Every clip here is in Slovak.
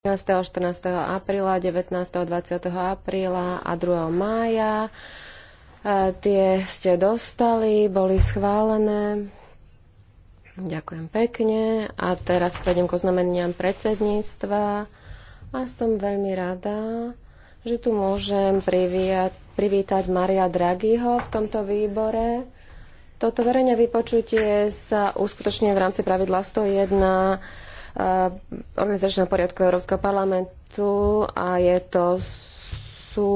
13. a 14. apríla, 19. a 20. apríla a 2. mája. E, tie ste dostali, boli schválené. Ďakujem pekne. A teraz prejdem k oznameniam predsedníctva. A som veľmi rada, že tu môžem privíjať, privítať Maria Draghiho v tomto výbore. Toto verejné vypočutie sa uskutočňuje v rámci pravidla 101 Eh, organizačného poriadku Európskeho parlamentu a je to sú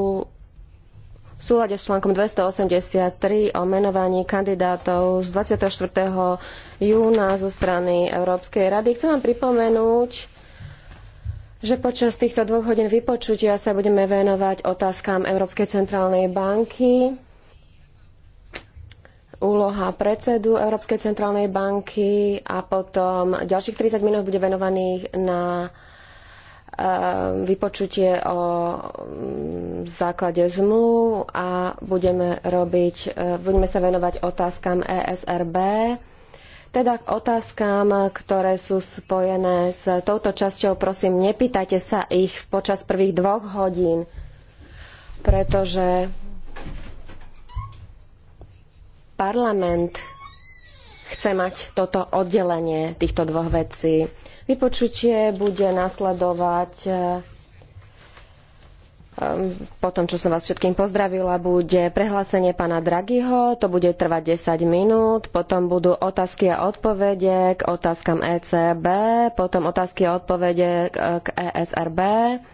v súlade s článkom 283 o menovaní kandidátov z 24. júna zo strany Európskej rady. Chcem vám pripomenúť, že počas týchto dvoch hodín vypočutia sa budeme venovať otázkam Európskej centrálnej banky úloha predsedu Európskej centrálnej banky a potom ďalších 30 minút bude venovaných na eh, vypočutie o mm, základe zmluv a budeme, robiť, eh, budeme sa venovať otázkam ESRB, teda k otázkam, ktoré sú spojené s touto časťou. Prosím, nepýtajte sa ich počas prvých dvoch hodín, pretože parlament chce mať toto oddelenie týchto dvoch vecí. Vypočutie bude nasledovať eh, eh, po tom, čo som vás všetkým pozdravila, bude prehlásenie pána Draghiho, to bude trvať 10 minút, potom budú otázky a odpovede k otázkam ECB, potom otázky a odpovede k ESRB, eh,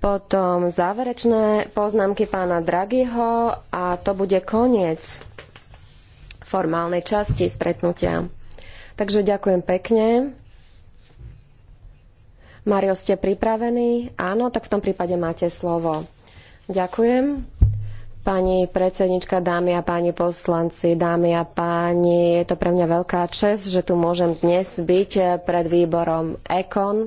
potom záverečné poznámky pána Draghiho a to bude koniec formálnej časti stretnutia. Takže ďakujem pekne. Mario, ste pripravení? Áno, tak v tom prípade máte slovo. Ďakujem. Pani predsednička, dámy a páni poslanci, dámy a páni, je to pre mňa veľká čest, že tu môžem dnes byť pred výborom EKON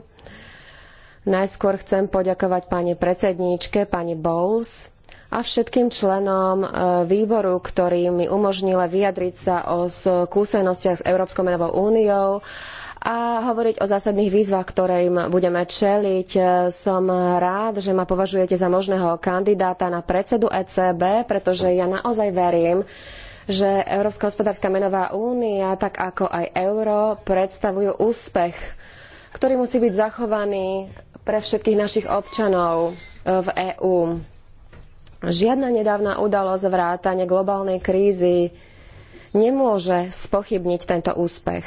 Najskôr chcem poďakovať pani predsedníčke, pani Bowles a všetkým členom e, výboru, ktorí mi umožnili vyjadriť sa o skúsenostiach s Európskou menovou úniou a hovoriť o zásadných výzvach, ktorým budeme čeliť. E, som rád, že ma považujete za možného kandidáta na predsedu ECB, pretože ja naozaj verím, že Európska hospodárska menová únia, tak ako aj euro, predstavujú úspech ktorý musí byť zachovaný pre všetkých našich občanov e, v EÚ. Žiadna nedávna udalosť vrátane globálnej krízy nemôže spochybniť tento úspech.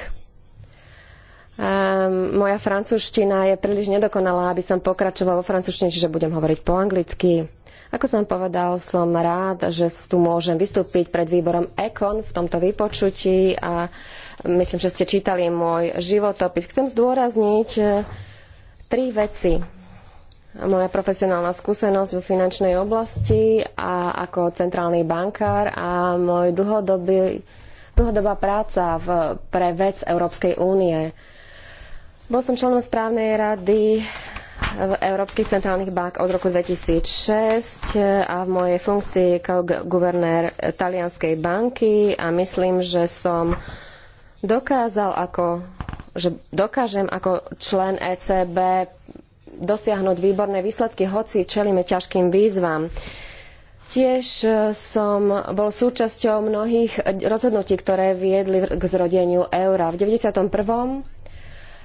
Um, moja francúzština je príliš nedokonalá, aby som pokračovala vo francúzštine, čiže budem hovoriť po anglicky. Ako som povedal, som rád, že tu môžem vystúpiť pred výborom EKON v tomto vypočutí a myslím, že ste čítali môj životopis. Chcem zdôrazniť e, tri veci. Moja profesionálna skúsenosť v finančnej oblasti a ako centrálny bankár a môj dlhodobý, dlhodobá práca v, pre vec Európskej únie. Bol som členom správnej rady Európskych centrálnych bank od roku 2006 e, a v mojej funkcii ako guvernér Talianskej banky a myslím, že som dokázal ako že dokážem ako člen ECB dosiahnuť výborné výsledky, hoci čelíme ťažkým výzvam. Tiež e, som bol súčasťou mnohých e, rozhodnutí, ktoré viedli k zrodeniu eura. V 91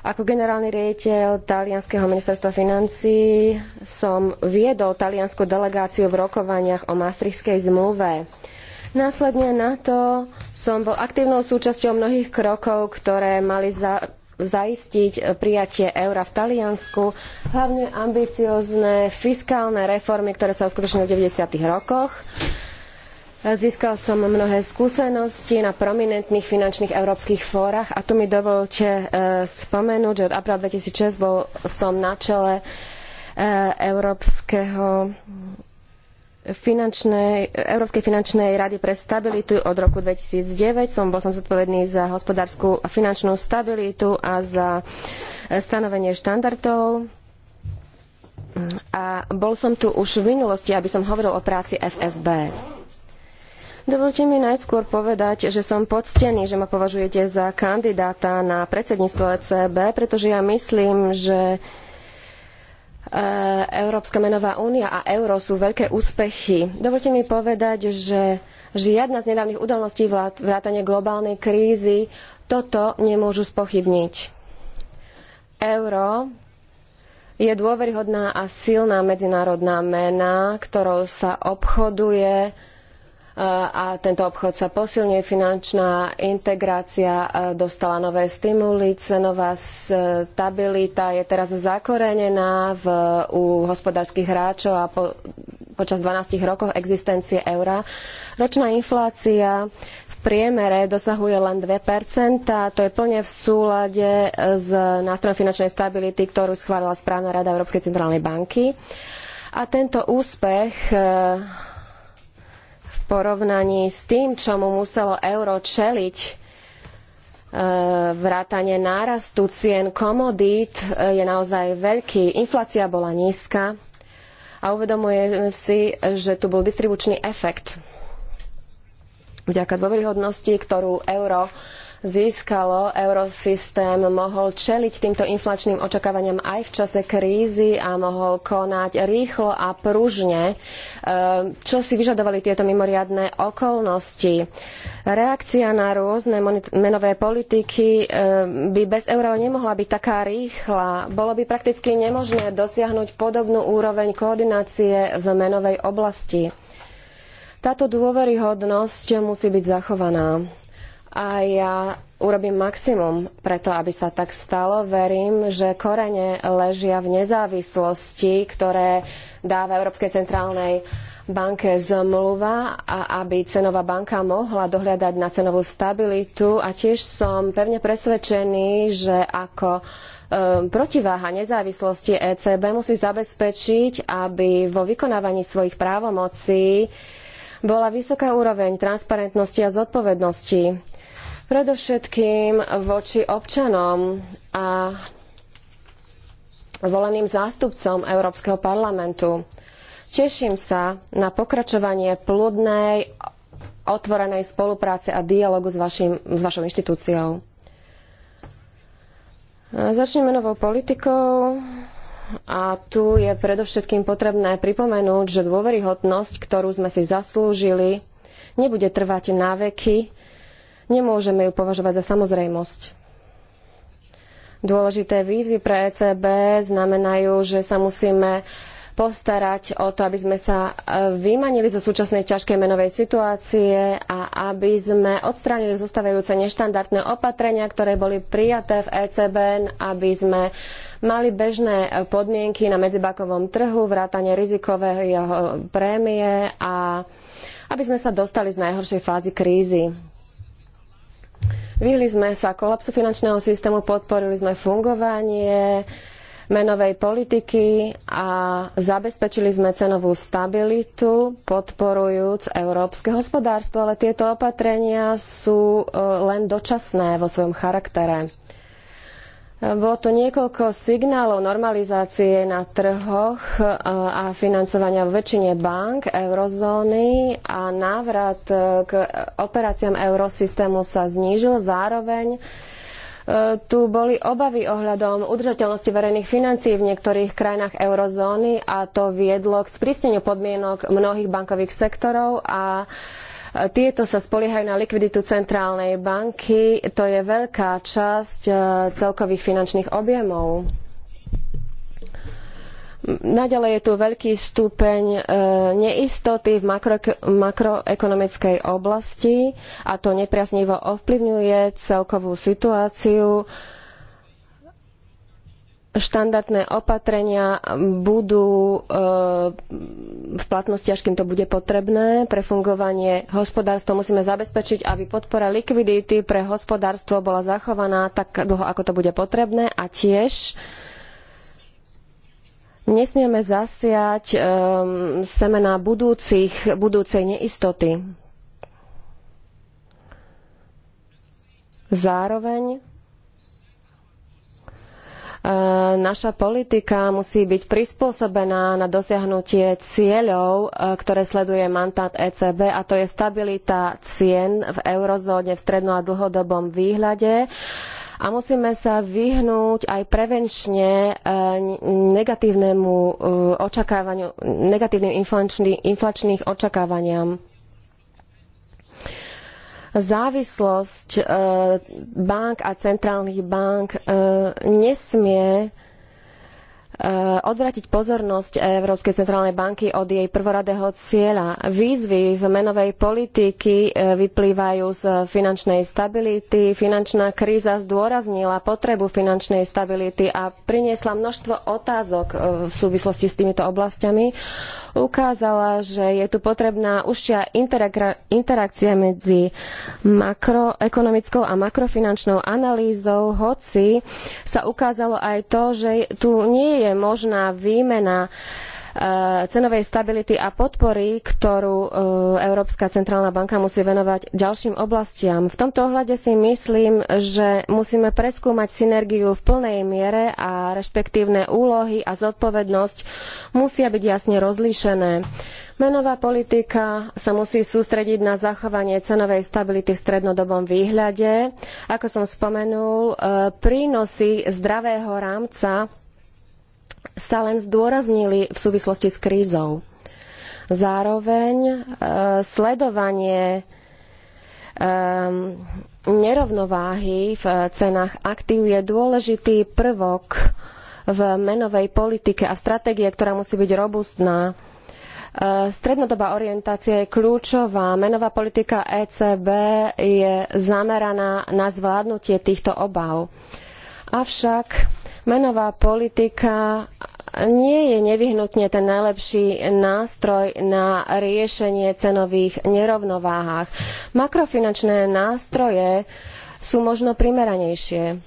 ako generálny riaditeľ Talianského ministerstva financí som viedol taliansku delegáciu v rokovaniach o Maastrichtskej zmluve. Následne na to som bol aktívnou súčasťou mnohých krokov, ktoré mali za, zaistiť prijatie eura v Taliansku, hlavne ambiciozne fiskálne reformy, ktoré sa uskutočnili v 90. rokoch Získal som mnohé skúsenosti na prominentných finančných európskych fórach a tu mi dovolte e, spomenúť, že od apríla 2006 bol som na čele e, Európskeho finančnej, Európskej finančnej rady pre stabilitu od roku 2009. Som, bol som zodpovedný za hospodársku a finančnú stabilitu a za e, stanovenie štandardov. A bol som tu už v minulosti, aby som hovoril o práci FSB. Dovolte mi najskôr povedať, že som poctený, že ma považujete za kandidáta na predsedníctvo ECB, pretože ja myslím, že e, Európska menová únia a euro sú veľké úspechy. Dovolte mi povedať, že žiadna z nedávnych udalností vrátane globálnej krízy toto nemôžu spochybniť. Euro je dôveryhodná a silná medzinárodná mena, ktorou sa obchoduje a tento obchod sa posilňuje. Finančná integrácia e, dostala nové stimuly, cenová stabilita je teraz zakorenená v, u hospodárskych hráčov a po, počas 12 rokov existencie eura. Ročná inflácia v priemere dosahuje len 2%. To je plne v súlade s nástrojom finančnej stability, ktorú schválila správna rada Európskej centrálnej banky. A tento úspech e, porovnaní s tým, čo mu muselo euro čeliť, e, vrátanie nárastu cien komodít e, je naozaj veľký. Inflácia bola nízka a uvedomujeme si, že tu bol distribučný efekt. Vďaka dôveryhodnosti, ktorú euro získalo, eurosystém mohol čeliť týmto inflačným očakávaniam aj v čase krízy a mohol konať rýchlo a pružne, e, čo si vyžadovali tieto mimoriadne okolnosti. Reakcia na rôzne menové politiky e, by bez euro nemohla byť taká rýchla. Bolo by prakticky nemožné dosiahnuť podobnú úroveň koordinácie v menovej oblasti. Táto dôveryhodnosť musí byť zachovaná a ja urobím maximum preto, aby sa tak stalo. Verím, že korene ležia v nezávislosti, ktoré dáva Európskej centrálnej banke zmluva a aby cenová banka mohla dohliadať na cenovú stabilitu a tiež som pevne presvedčený, že ako ehm, protiváha nezávislosti ECB musí zabezpečiť, aby vo vykonávaní svojich právomocí bola vysoká úroveň transparentnosti a zodpovednosti Predovšetkým voči občanom a voleným zástupcom Európskeho parlamentu. Teším sa na pokračovanie plodnej, otvorenej spolupráce a dialogu s, vašim, s vašou inštitúciou. Začneme novou politikou a tu je predovšetkým potrebné pripomenúť, že dôveryhodnosť, ktorú sme si zaslúžili, nebude trvať na veky Nemôžeme ju považovať za samozrejmosť. Dôležité výzvy pre ECB znamenajú, že sa musíme postarať o to, aby sme sa e, vymanili zo súčasnej ťažkej menovej situácie a aby sme odstránili zostávajúce neštandardné opatrenia, ktoré boli prijaté v ECB, aby sme mali bežné e, podmienky na medzibankovom trhu, vrátanie rizikového e, prémie a aby sme sa dostali z najhoršej fázy krízy. Vyhli sme sa kolapsu finančného systému, podporili sme fungovanie menovej politiky a zabezpečili sme cenovú stabilitu, podporujúc európske hospodárstvo, ale tieto opatrenia sú e, len dočasné vo svojom charaktere. Bolo to niekoľko signálov normalizácie na trhoch e, a financovania v väčšine bank eurozóny a návrat e, k operáciám eurosystému sa znížil. Zároveň e, tu boli obavy ohľadom udržateľnosti verejných financií v niektorých krajinách eurozóny a to viedlo k sprísneniu podmienok mnohých bankových sektorov a tieto sa spoliehajú na likviditu centrálnej banky. To je veľká časť e, celkových finančných objemov. Naďalej je tu veľký stupeň e, neistoty v makro, makroekonomickej oblasti a to nepriaznivo ovplyvňuje celkovú situáciu štandardné opatrenia budú e, v platnosti, až kým to bude potrebné. Pre fungovanie hospodárstva musíme zabezpečiť, aby podpora likvidity pre hospodárstvo bola zachovaná tak dlho, ako to bude potrebné a tiež nesmieme zasiať e, semená budúcich, budúcej neistoty. Zároveň E, naša politika musí byť prispôsobená na dosiahnutie cieľov, e, ktoré sleduje mandát ECB, a to je stabilita cien v eurozóne v stredno- a dlhodobom výhľade a musíme sa vyhnúť aj prevenčne e, negatívnemu očakávaniu, negatívnym inflačným, očakávaniam závislosť eh, bank a centrálnych bank eh, nesmie Eh, odvratiť pozornosť Európskej centrálnej banky od jej prvoradého cieľa. Výzvy v menovej politiky eh, vyplývajú z finančnej stability. Finančná kríza zdôraznila potrebu finančnej stability a priniesla množstvo otázok eh, v súvislosti s týmito oblastiami. Ukázala, že je tu potrebná užšia interakcia medzi makroekonomickou a makrofinančnou analýzou, hoci sa ukázalo aj to, že tu nie je je možná výmena e, cenovej stability a podpory, ktorú e, Európska centrálna banka musí venovať ďalším oblastiam. V tomto ohľade si myslím, že musíme preskúmať synergiu v plnej miere a rešpektívne úlohy a zodpovednosť musia byť jasne rozlíšené. Menová politika sa musí sústrediť na zachovanie cenovej stability v strednodobom výhľade. Ako som spomenul, e, prínosy zdravého rámca sa len zdôraznili v súvislosti s krízou. Zároveň e, sledovanie e, nerovnováhy v cenách aktív je dôležitý prvok v menovej politike a stratégie, ktorá musí byť robustná. E, strednodobá orientácia je kľúčová. Menová politika ECB je zameraná na zvládnutie týchto obav. Avšak Menová politika nie je nevyhnutne ten najlepší nástroj na riešenie cenových nerovnováhách. Makrofinančné nástroje sú možno primeranejšie.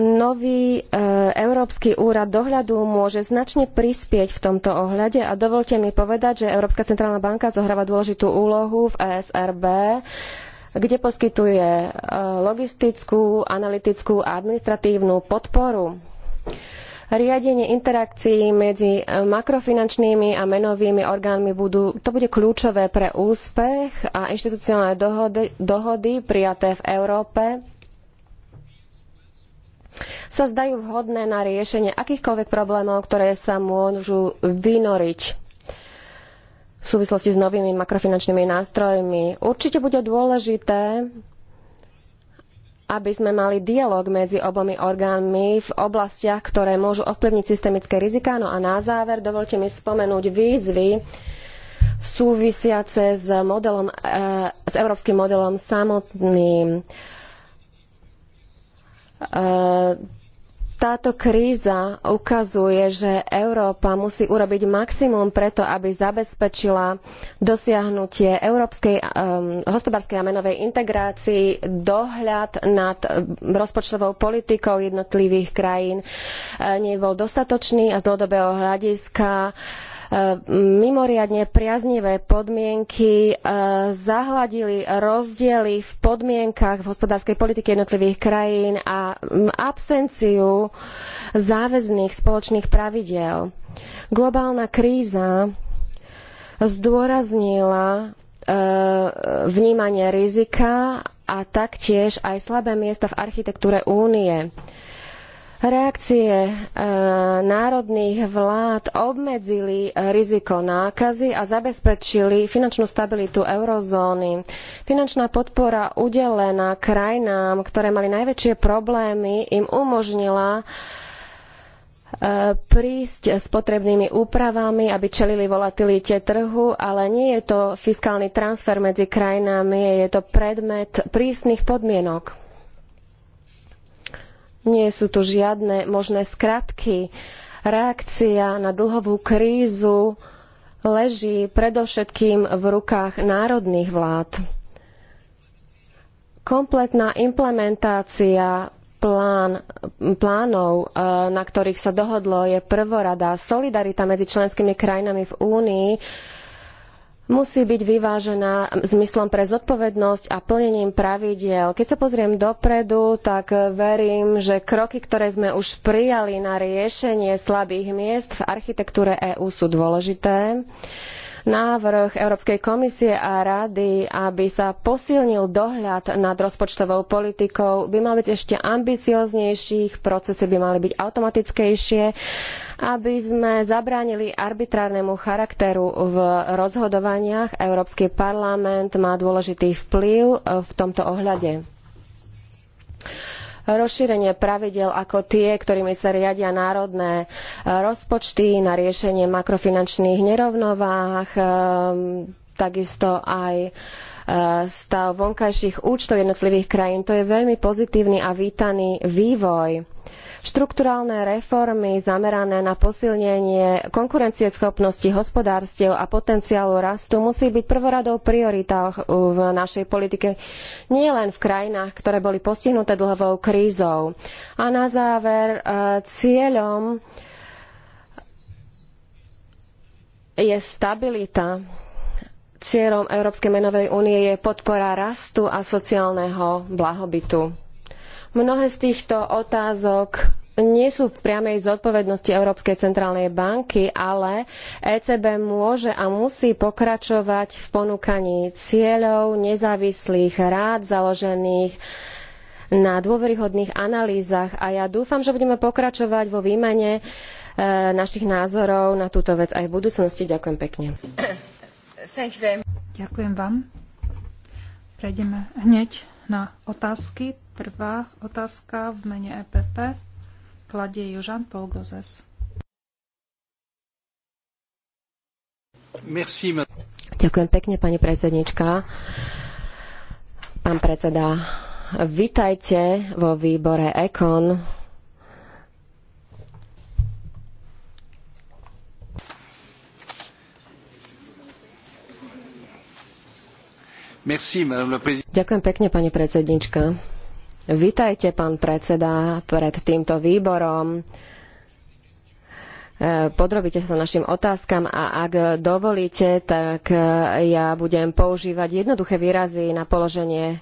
Nový e, Európsky úrad dohľadu môže značne prispieť v tomto ohľade a dovolte mi povedať, že Európska centrálna banka zohráva dôležitú úlohu v ESRB kde poskytuje e, logistickú, analytickú a administratívnu podporu. Riadenie interakcií medzi e, makrofinančnými a menovými orgánmi budú, to bude kľúčové pre úspech a inštitucionálne dohody, dohody prijaté v Európe sa zdajú vhodné na riešenie akýchkoľvek problémov, ktoré sa môžu vynoriť v súvislosti s novými makrofinančnými nástrojmi. Určite bude dôležité, aby sme mali dialog medzi obomi orgánmi v oblastiach, ktoré môžu ovplyvniť systemické riziká. No a na záver dovolte mi spomenúť výzvy súvisiace s, modelom, e, s európskym modelom samotným e, táto kríza ukazuje, že Európa musí urobiť maximum preto, aby zabezpečila dosiahnutie európskej um, hospodárskej a menovej integrácii, dohľad nad ehm, rozpočtovou politikou jednotlivých krajín e, nebol dostatočný a z dlhodobého hľadiska uh, E, mimoriadne priaznivé podmienky e, zahladili rozdiely v podmienkach v hospodárskej politike jednotlivých krajín a absenciu záväzných spoločných pravidiel. Globálna kríza zdôraznila e, vnímanie rizika a taktiež aj slabé miesta v architektúre únie. Reakcie e, národných vlád obmedzili e, riziko nákazy a zabezpečili finančnú stabilitu eurozóny. Finančná podpora udelená krajinám, ktoré mali najväčšie problémy, im umožnila e, prísť s potrebnými úpravami, aby čelili volatilite trhu, ale nie je to fiskálny transfer medzi krajinami, je to predmet prísnych podmienok nie sú tu žiadne možné skratky. Reakcia na dlhovú krízu leží predovšetkým v rukách národných vlád. Kompletná implementácia plán, plánov, e, na ktorých sa dohodlo, je prvoradá solidarita medzi členskými krajinami v Únii musí byť vyvážená zmyslom pre zodpovednosť a plnením pravidiel. Keď sa pozriem dopredu, tak verím, že kroky, ktoré sme už prijali na riešenie slabých miest v architektúre EÚ sú dôležité návrh Európskej komisie a rady, aby sa posilnil dohľad nad rozpočtovou politikou, by mal byť ešte ambicióznejší, procesy by mali byť automatickejšie aby sme zabránili arbitrárnemu charakteru v rozhodovaniach. Európsky parlament má dôležitý vplyv e, v tomto ohľade. Rozšírenie pravidel ako tie, ktorými sa riadia národné e, rozpočty na riešenie makrofinančných nerovnováh, e, takisto aj stav vonkajších účtov jednotlivých krajín. To je veľmi pozitívny a vítaný vývoj. Štrukturálne reformy zamerané na posilnenie konkurencieschopnosti hospodárstiev a potenciálu rastu musí byť prvoradou prioritou v našej politike nielen v krajinách, ktoré boli postihnuté dlhovou krízou. A na záver e, cieľom je stabilita cieľom Európskej menovej únie je podpora rastu a sociálneho blahobytu. Mnohé z týchto otázok nie sú v priamej zodpovednosti Európskej centrálnej banky, ale ECB môže a musí pokračovať v ponúkaní cieľov nezávislých rád založených na dôveryhodných analýzach a ja dúfam, že budeme pokračovať vo výmene e, našich názorov na túto vec aj v budúcnosti. Ďakujem pekne. Ďakujem vám. Prejdeme hneď na otázky. Prvá otázka v mene EPP kladie Jožan Polgozes. paul Gozes. Merci. Ďakujem pekne, pani predsednička. Pán predseda, vitajte vo výbore EKON. Merci, Ďakujem pekne, pani predsednička. Vitajte, pán predseda, pred týmto výborom. E, podrobíte sa našim otázkam a ak dovolíte, tak ja budem používať jednoduché výrazy na položenie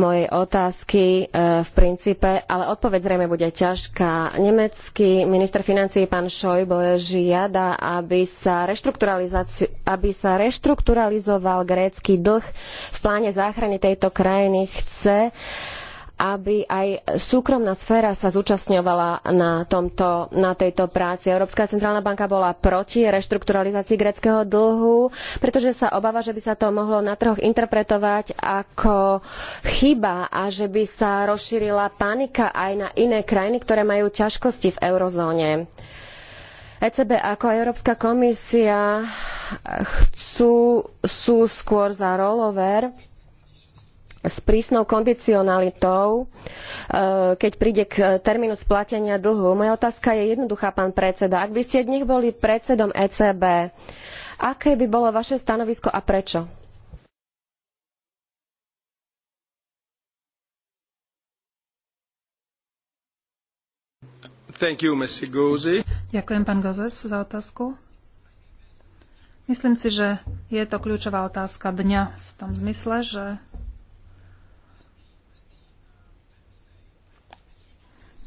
mojej otázky e, v princípe, ale odpoveď zrejme bude ťažká. Nemecký minister financí pán Šojbo žiada, aby sa, aby sa reštrukturalizoval grécky dlh v pláne záchrany tejto krajiny. Chce aby aj súkromná sféra sa zúčastňovala na, tomto, na tejto práci. Európska centrálna banka bola proti reštrukturalizácii gréckeho dlhu, pretože sa obáva, že by sa to mohlo na trhoch interpretovať ako chyba a že by sa rozšírila panika aj na iné krajiny, ktoré majú ťažkosti v eurozóne. ECB ako Európska komisia chcú, sú skôr za rollover s prísnou kondicionalitou, e, keď príde k termínu splatenia dlhu. Moja otázka je jednoduchá, pán predseda. Ak by ste dnes boli predsedom ECB, aké by bolo vaše stanovisko a prečo? You, Ďakujem, pán Gozes, za otázku. Myslím si, že je to kľúčová otázka dňa v tom zmysle, že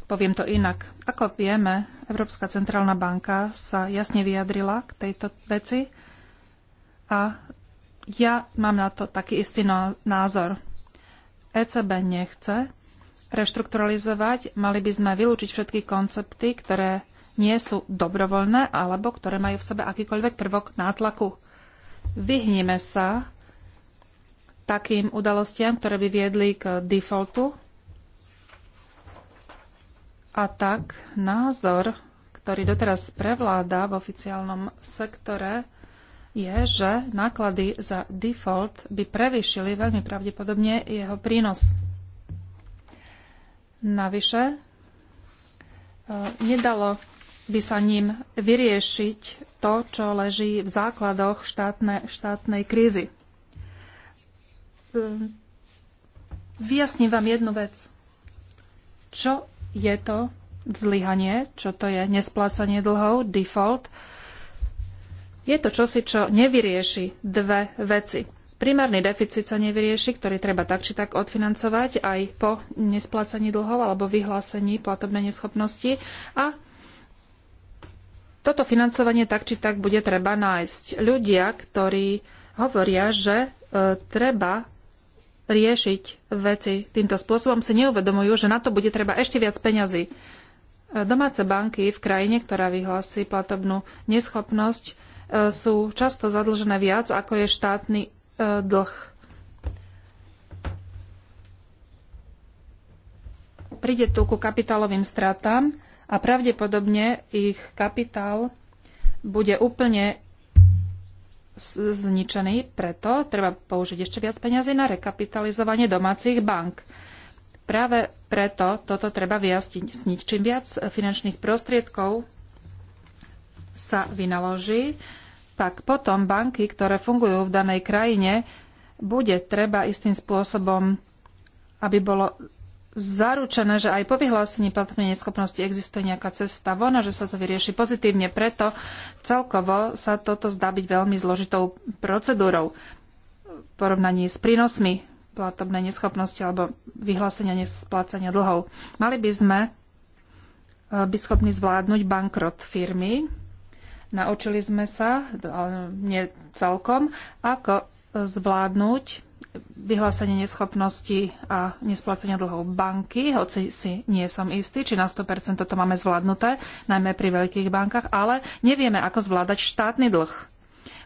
Poviem to inak. Ako vieme, Európska centrálna banka sa jasne vyjadrila k tejto veci a ja mám na to taký istý no- názor. ECB nechce reštrukturalizovať, mali by sme vylúčiť všetky koncepty, ktoré nie sú dobrovoľné alebo ktoré majú v sebe akýkoľvek prvok nátlaku. Vyhnime sa takým udalostiam, ktoré by viedli k defaultu a tak názor, ktorý doteraz prevláda v oficiálnom sektore, je, že náklady za default by prevýšili veľmi pravdepodobne jeho prínos. Navyše, e, nedalo by sa ním vyriešiť to, čo leží v základoch štátne, štátnej krízy. E, vyjasním vám jednu vec. Čo je to zlyhanie, čo to je nesplácanie dlhov, default. Je to čosi, čo nevyrieši dve veci. Primárny deficit sa nevyrieši, ktorý treba tak či tak odfinancovať aj po nesplácaní dlhov alebo vyhlásení platobnej neschopnosti. A toto financovanie tak či tak bude treba nájsť. Ľudia, ktorí hovoria, že e, treba riešiť veci týmto spôsobom, si neuvedomujú, že na to bude treba ešte viac peňazí. E, domáce banky v krajine, ktorá vyhlási platobnú neschopnosť, e, sú často zadlžené viac, ako je štátny e, dlh. Príde tu ku kapitálovým stratám a pravdepodobne ich kapitál bude úplne zničený, preto treba použiť ešte viac peniazy na rekapitalizovanie domácich bank. Práve preto toto treba vyjasniť. Čím viac finančných prostriedkov sa vynaloží, tak potom banky, ktoré fungujú v danej krajine, bude treba istým spôsobom, aby bolo zaručené, že aj po vyhlásení platobnej neschopnosti existuje nejaká cesta von a že sa to vyrieši pozitívne. Preto celkovo sa toto zdá byť veľmi zložitou procedúrou v porovnaní s prínosmi platobnej neschopnosti alebo vyhlásenia nesplácania dlhov. Mali by sme eh, byť schopní zvládnuť bankrot firmy. Naučili sme sa, ale nie celkom, ako zvládnuť vyhlásenie neschopnosti a nesplacenia dlhov banky, hoci si nie som istý, či na 100% toto máme zvládnuté, najmä pri veľkých bankách, ale nevieme, ako zvládať štátny dlh.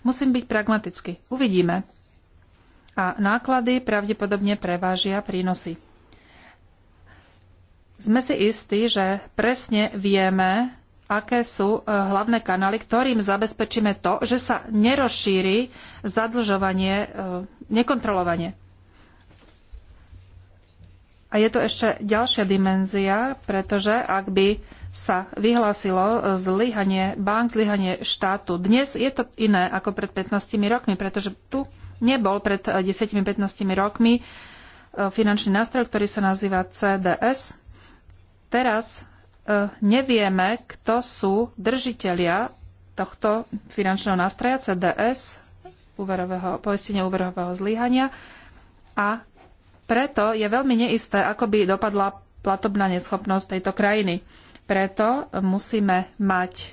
Musím byť pragmatický. Uvidíme. A náklady pravdepodobne prevážia prínosy. Sme si istí, že presne vieme, aké sú e, hlavné kanály, ktorým zabezpečíme to, že sa nerozšíri zadlžovanie e, nekontrolovanie. A je to ešte ďalšia dimenzia, pretože ak by sa vyhlásilo e, zlyhanie bank, zlyhanie štátu, dnes je to iné ako pred 15 rokmi, pretože tu nebol pred 10-15 rokmi finančný nástroj, ktorý sa nazýva CDS. Teraz E, nevieme, kto sú držitelia tohto finančného nástroja CDS, úverového, poistenia úverového zlíhania a preto je veľmi neisté, ako by dopadla platobná neschopnosť tejto krajiny. Preto musíme mať e,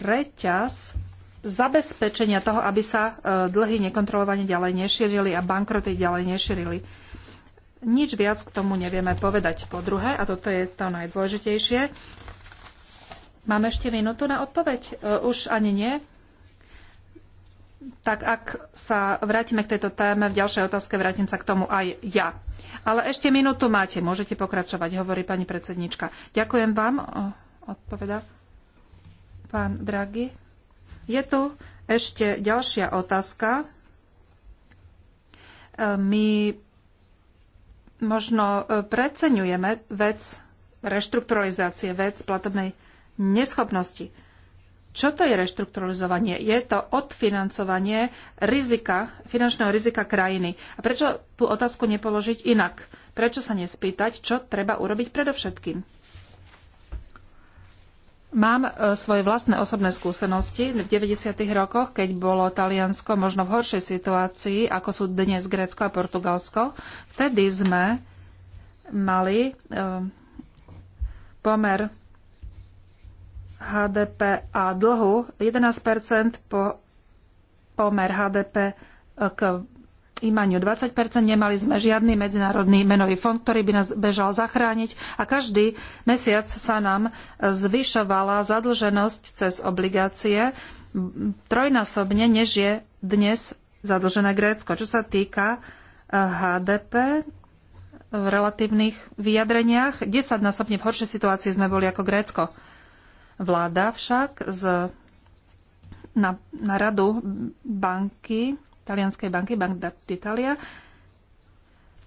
reťaz zabezpečenia toho, aby sa e, dlhy nekontrolovane ďalej nešírili a bankroty ďalej nešírili. Nič viac k tomu nevieme povedať. Po druhé, a toto je to najdôležitejšie, máme ešte minútu na odpoveď? E, už ani nie? Tak ak sa vrátime k tejto téme, v ďalšej otázke vrátim sa k tomu aj ja. Ale ešte minútu máte, môžete pokračovať, hovorí pani predsednička. Ďakujem vám, odpoveda pán Draghi. Je tu ešte ďalšia otázka. E, my možno e, preceňujeme vec reštrukturalizácie, vec platobnej neschopnosti. Čo to je reštrukturalizovanie? Je to odfinancovanie rizika, finančného rizika krajiny. A prečo tú otázku nepoložiť inak? Prečo sa nespýtať, čo treba urobiť predovšetkým? Mám e, svoje vlastné osobné skúsenosti v 90. rokoch, keď bolo Taliansko možno v horšej situácii, ako sú dnes Grécko a Portugalsko. Vtedy sme mali e, pomer HDP a dlhu 11 po pomer HDP k imaniu 20 nemali sme žiadny medzinárodný menový fond, ktorý by nás bežal zachrániť a každý mesiac sa nám zvyšovala zadlženosť cez obligácie trojnásobne, než je dnes zadlžené Grécko. Čo sa týka HDP eh, v relatívnych vyjadreniach, desaťnásobne v horšej situácii sme boli ako Grécko. Vláda však z, na, na radu banky talianskej banky Bank d'Italia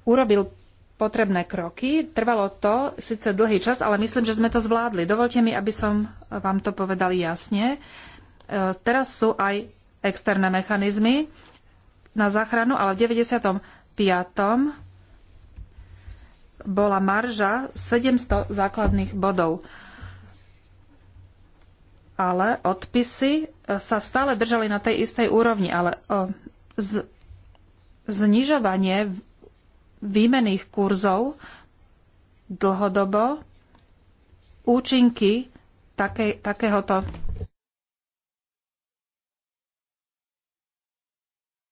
urobil potrebné kroky. Trvalo to síce dlhý čas, ale myslím, že sme to zvládli. Dovolte mi, aby som vám to povedal jasne. E, teraz sú aj externé mechanizmy na záchranu, ale v 95. bola marža 700 základných bodov. Ale odpisy e, sa stále držali na tej istej úrovni, ale e, z, znižovanie výmených kurzov dlhodobo účinky take, takéhoto.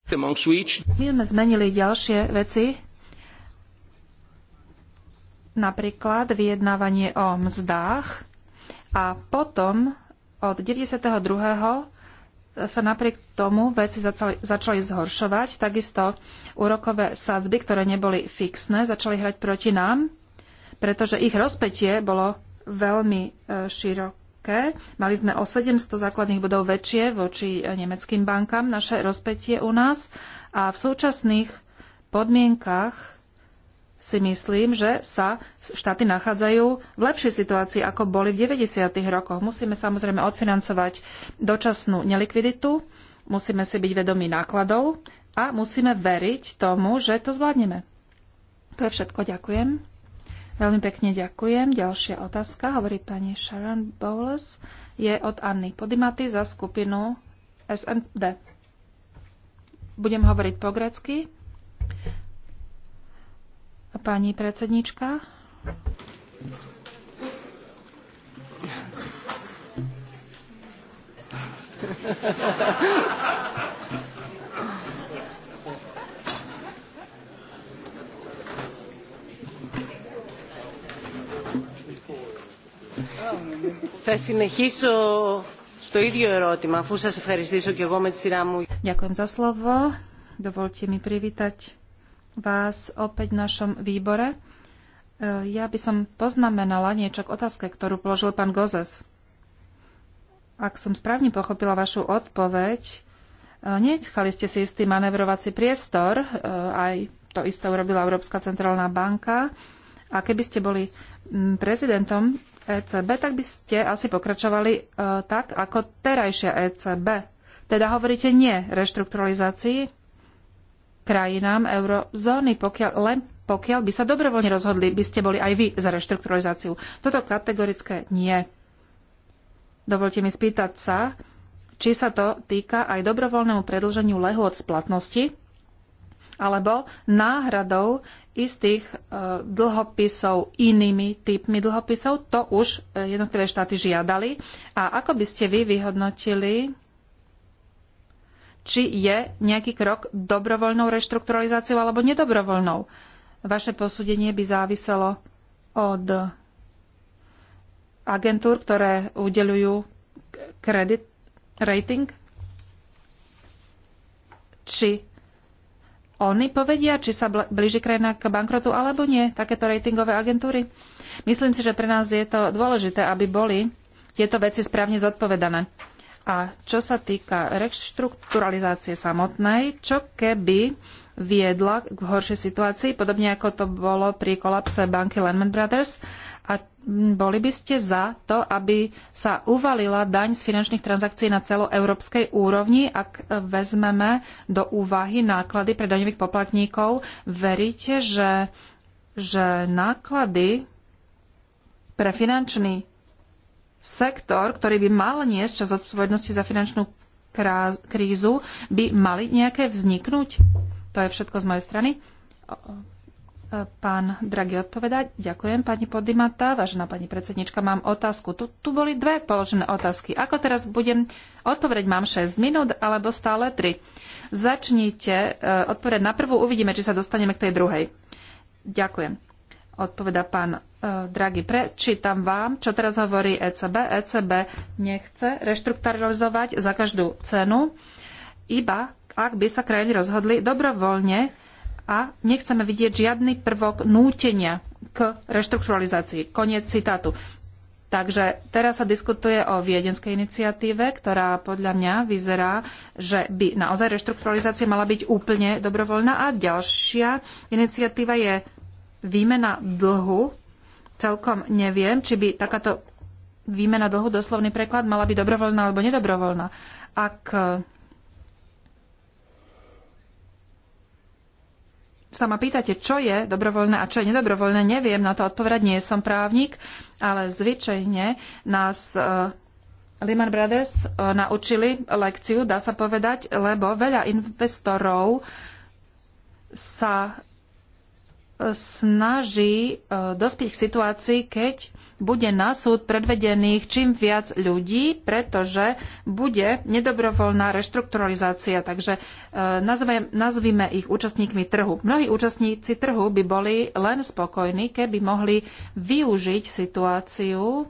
My sme zmenili ďalšie veci, napríklad vyjednávanie o mzdách a potom od 92 sa napriek tomu veci začali, začali zhoršovať. Takisto úrokové sadzby, ktoré neboli fixné, začali hrať proti nám, pretože ich rozpetie bolo veľmi e, široké. Mali sme o 700 základných bodov väčšie voči e, nemeckým bankám naše rozpetie u nás a v súčasných podmienkach si myslím, že sa štáty nachádzajú v lepšej situácii, ako boli v 90. rokoch. Musíme samozrejme odfinancovať dočasnú nelikviditu, musíme si byť vedomí nákladov a musíme veriť tomu, že to zvládneme. To je všetko. Ďakujem. Veľmi pekne ďakujem. Ďalšia otázka, hovorí pani Sharon Bowles, je od Anny Podimaty za skupinu SND. Budem hovoriť po grecky. Pani predsednička. Θα συνεχίσω στο ίδιο ερώτημα, αφού σας ευχαριστήσω και εγώ με τη σειρά μου. Ďakujem za slovo. Dovolte mi privítať vás opäť v našom výbore. E, ja by som poznamenala niečo k otázke, ktorú položil pán Gozes. Ak som správne pochopila vašu odpoveď, e, nechali ste si istý manevrovací priestor, e, aj to isté urobila Európska centrálna banka. A keby ste boli prezidentom ECB, tak by ste asi pokračovali tak, ako terajšia ECB. Teda hovoríte nie reštrukturalizácii, krajinám eurozóny, pokiaľ, len pokiaľ by sa dobrovoľne rozhodli, by ste boli aj vy za reštrukturalizáciu. Toto kategorické nie. Dovolte mi spýtať sa, či sa to týka aj dobrovoľnému predlženiu od splatnosti alebo náhradou istých e, dlhopisov inými typmi dlhopisov. To už e, jednotlivé štáty žiadali. A ako by ste vy vyhodnotili či je nejaký krok dobrovoľnou reštrukturalizáciou alebo nedobrovoľnou. Vaše posúdenie by záviselo od agentúr, ktoré udelujú kredit rating? Či oni povedia, či sa blíži krajina k bankrotu alebo nie, takéto ratingové agentúry? Myslím si, že pre nás je to dôležité, aby boli tieto veci správne zodpovedané. A čo sa týka reštrukturalizácie samotnej, čo keby viedla k horšej situácii, podobne ako to bolo pri kolapse banky Lehman Brothers. A boli by ste za to, aby sa uvalila daň z finančných transakcií na celoeurópskej úrovni, ak vezmeme do úvahy náklady pre daňových poplatníkov. Veríte, že, že náklady pre finančný sektor, ktorý by mal niesť čas odpovednosti za finančnú krízu, by mali nejaké vzniknúť? To je všetko z mojej strany. Pán Draghi odpovedať. Ďakujem, pani Podimata. Vážená pani predsednička, mám otázku. Tu, tu boli dve položené otázky. Ako teraz budem odpovedať? Mám 6 minút alebo stále 3? Začnite e, odpovedať na prvú, uvidíme, či sa dostaneme k tej druhej. Ďakujem. Odpoveda pán Eh, Dragi, prečítam vám, čo teraz hovorí ECB. ECB nechce reštrukturalizovať za každú cenu, iba ak by sa krajiny rozhodli dobrovoľne a nechceme vidieť žiadny prvok nútenia k reštrukturalizácii. Koniec citátu. Takže teraz sa diskutuje o viedenskej iniciatíve, ktorá podľa mňa vyzerá, že by naozaj reštrukturalizácia mala byť úplne dobrovoľná. A ďalšia iniciatíva je výmena dlhu celkom neviem, či by takáto výmena dlhu, doslovný preklad, mala byť dobrovoľná alebo nedobrovoľná. Ak e, sa ma pýtate, čo je dobrovoľné a čo je nedobrovoľné, neviem na to odpovedať, nie som právnik, ale zvyčajne nás e, Lehman Brothers e, naučili lekciu, dá sa povedať, lebo veľa investorov sa snaží e, dospieť k situácii, keď bude na súd predvedených čím viac ľudí, pretože bude nedobrovoľná reštrukturalizácia. Takže e, nazvime, ich účastníkmi trhu. Mnohí účastníci trhu by boli len spokojní, keby mohli využiť situáciu,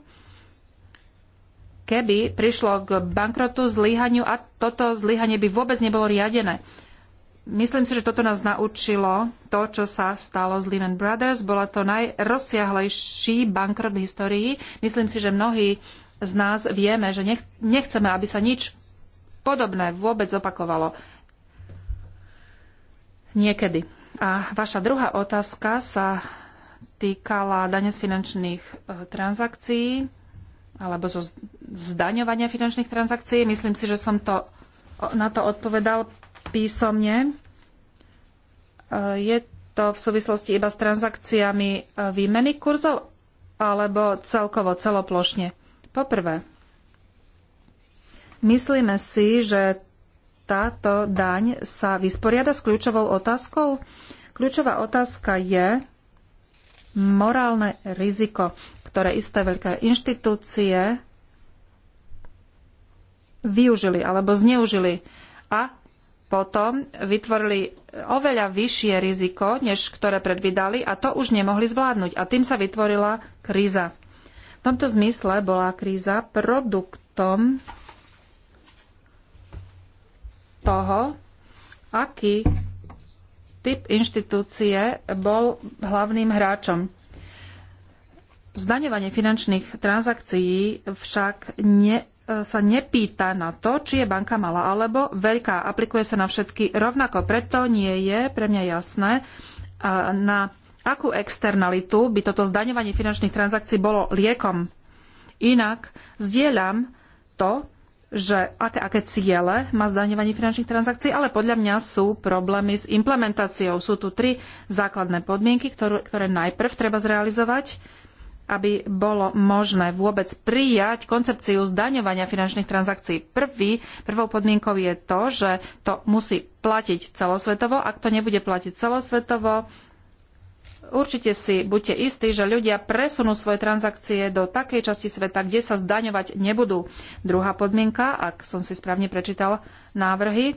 keby prišlo k bankrotu, zlyhaniu a toto zlyhanie by vôbec nebolo riadené. Myslím si, že toto nás naučilo to, čo sa stalo s Lehman Brothers. Bola to najrozsiahlejší bankrot v histórii. Myslím si, že mnohí z nás vieme, že nechceme, aby sa nič podobné vôbec opakovalo. Niekedy. A vaša druhá otázka sa týkala dane z finančných e, transakcií alebo zo zdaňovania finančných transakcií. Myslím si, že som to, na to odpovedal písomne. Je to v súvislosti iba s transakciami výmeny kurzov alebo celkovo, celoplošne? Poprvé, myslíme si, že táto daň sa vysporiada s kľúčovou otázkou? Kľúčová otázka je morálne riziko, ktoré isté veľké inštitúcie využili alebo zneužili. A potom vytvorili oveľa vyššie riziko, než ktoré predvídali a to už nemohli zvládnuť. A tým sa vytvorila kríza. V tomto zmysle bola kríza produktom toho, aký typ inštitúcie bol hlavným hráčom. Zdaňovanie finančných transakcií však ne sa nepýta na to, či je banka malá alebo veľká. Aplikuje sa na všetky rovnako. Preto nie je pre mňa jasné, na akú externalitu by toto zdaňovanie finančných transakcií bolo liekom. Inak zdieľam to, že aké, aké ciele má zdaňovanie finančných transakcií, ale podľa mňa sú problémy s implementáciou. Sú tu tri základné podmienky, ktoré najprv treba zrealizovať aby bolo možné vôbec prijať koncepciu zdaňovania finančných transakcií. Prvý, prvou podmienkou je to, že to musí platiť celosvetovo. Ak to nebude platiť celosvetovo, určite si buďte istí, že ľudia presunú svoje transakcie do takej časti sveta, kde sa zdaňovať nebudú. Druhá podmienka, ak som si správne prečítal návrhy,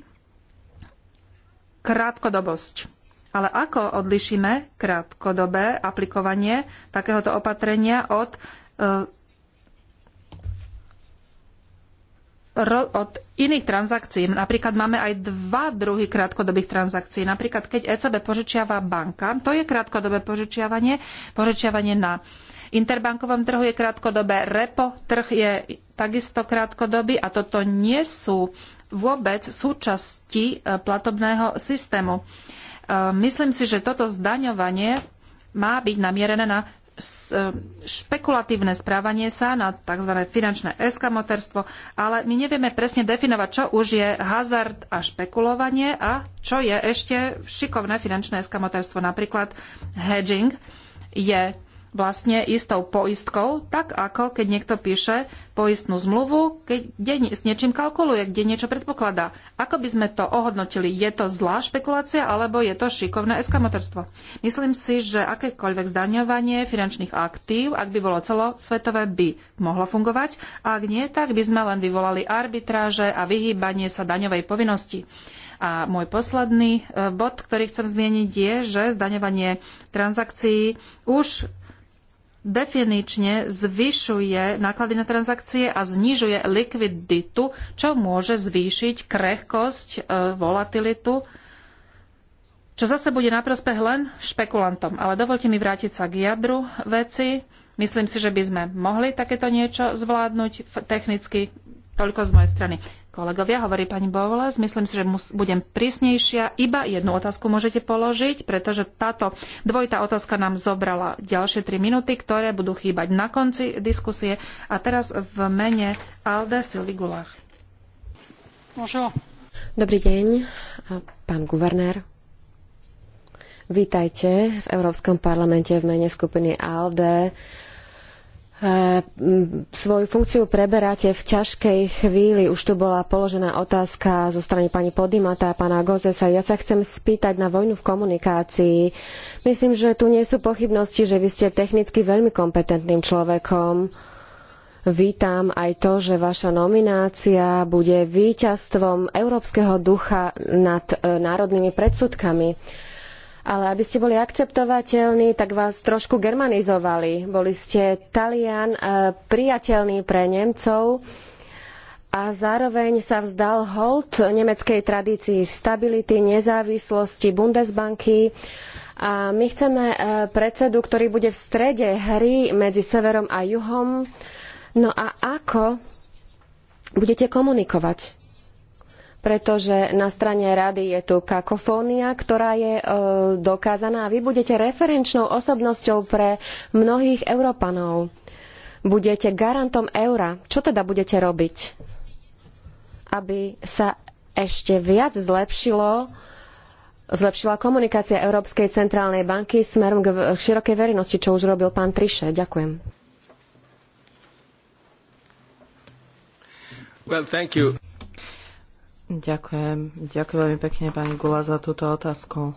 krátkodobosť ale ako odlišíme krátkodobé aplikovanie takéhoto opatrenia od, eh, od iných transakcií? Napríklad máme aj dva druhy krátkodobých transakcií. Napríklad, keď ECB požičiava banka, to je krátkodobé požičiavanie, požičiavanie na interbankovom trhu je krátkodobé, repo trh je takisto krátkodobý a toto nie sú vôbec súčasti eh, platobného systému. E, myslím si, že toto zdaňovanie má byť namierené na e, špekulatívne správanie sa na tzv. finančné eskamoterstvo, ale my nevieme presne definovať, čo už je hazard a špekulovanie a čo je ešte šikovné finančné eskamoterstvo. Napríklad hedging je vlastne istou poistkou, tak ako keď niekto píše poistnú zmluvu, keď, kde s niečím kalkuluje, kde niečo predpokladá. Ako by sme to ohodnotili? Je to zlá špekulácia alebo je to šikovné eskamotorstvo? Myslím si, že akékoľvek zdaňovanie finančných aktív, ak by bolo celosvetové, by mohlo fungovať. A ak nie, tak by sme len vyvolali arbitráže a vyhýbanie sa daňovej povinnosti. A môj posledný e, bod, ktorý chcem zmieniť, je, že zdaňovanie transakcií už definične zvyšuje náklady na transakcie a znižuje likviditu, čo môže zvýšiť krehkosť, e, volatilitu, čo zase bude na prospech len špekulantom. Ale dovolte mi vrátiť sa k jadru veci. Myslím si, že by sme mohli takéto niečo zvládnuť technicky. Toľko z mojej strany. Kolegovia, hovorí pani Bowles, myslím si, že mus, budem prísnejšia. Iba jednu otázku môžete položiť, pretože táto dvojitá otázka nám zobrala ďalšie tri minúty, ktoré budú chýbať na konci diskusie. A teraz v mene Alde Sylvie Goulart. Dobrý deň, pán guvernér. Vítajte v Európskom parlamente v mene skupiny ALDE. Eh, svoju funkciu preberáte v ťažkej chvíli. Už tu bola položená otázka zo strany pani Podimata a pána Gozesa. Ja sa chcem spýtať na vojnu v komunikácii. Myslím, že tu nie sú pochybnosti, že vy ste technicky veľmi kompetentným človekom. Vítam aj to, že vaša nominácia bude víťazstvom európskeho ducha nad eh, národnými predsudkami. Ale aby ste boli akceptovateľní, tak vás trošku germanizovali. Boli ste Talian, e, priateľný pre Nemcov a zároveň sa vzdal hold nemeckej tradícii stability, nezávislosti Bundesbanky. A my chceme e, predsedu, ktorý bude v strede hry medzi severom a juhom. No a ako budete komunikovať? pretože na strane rady je tu kakofónia, ktorá je e, dokázaná a vy budete referenčnou osobnosťou pre mnohých Európanov. Budete garantom eura. Čo teda budete robiť, aby sa ešte viac zlepšilo zlepšila komunikácia Európskej centrálnej banky smerom k širokej verejnosti, čo už robil pán Triše. Ďakujem. Well, Ďakujem. Ďakujem veľmi pekne, pani Gula, za túto otázku.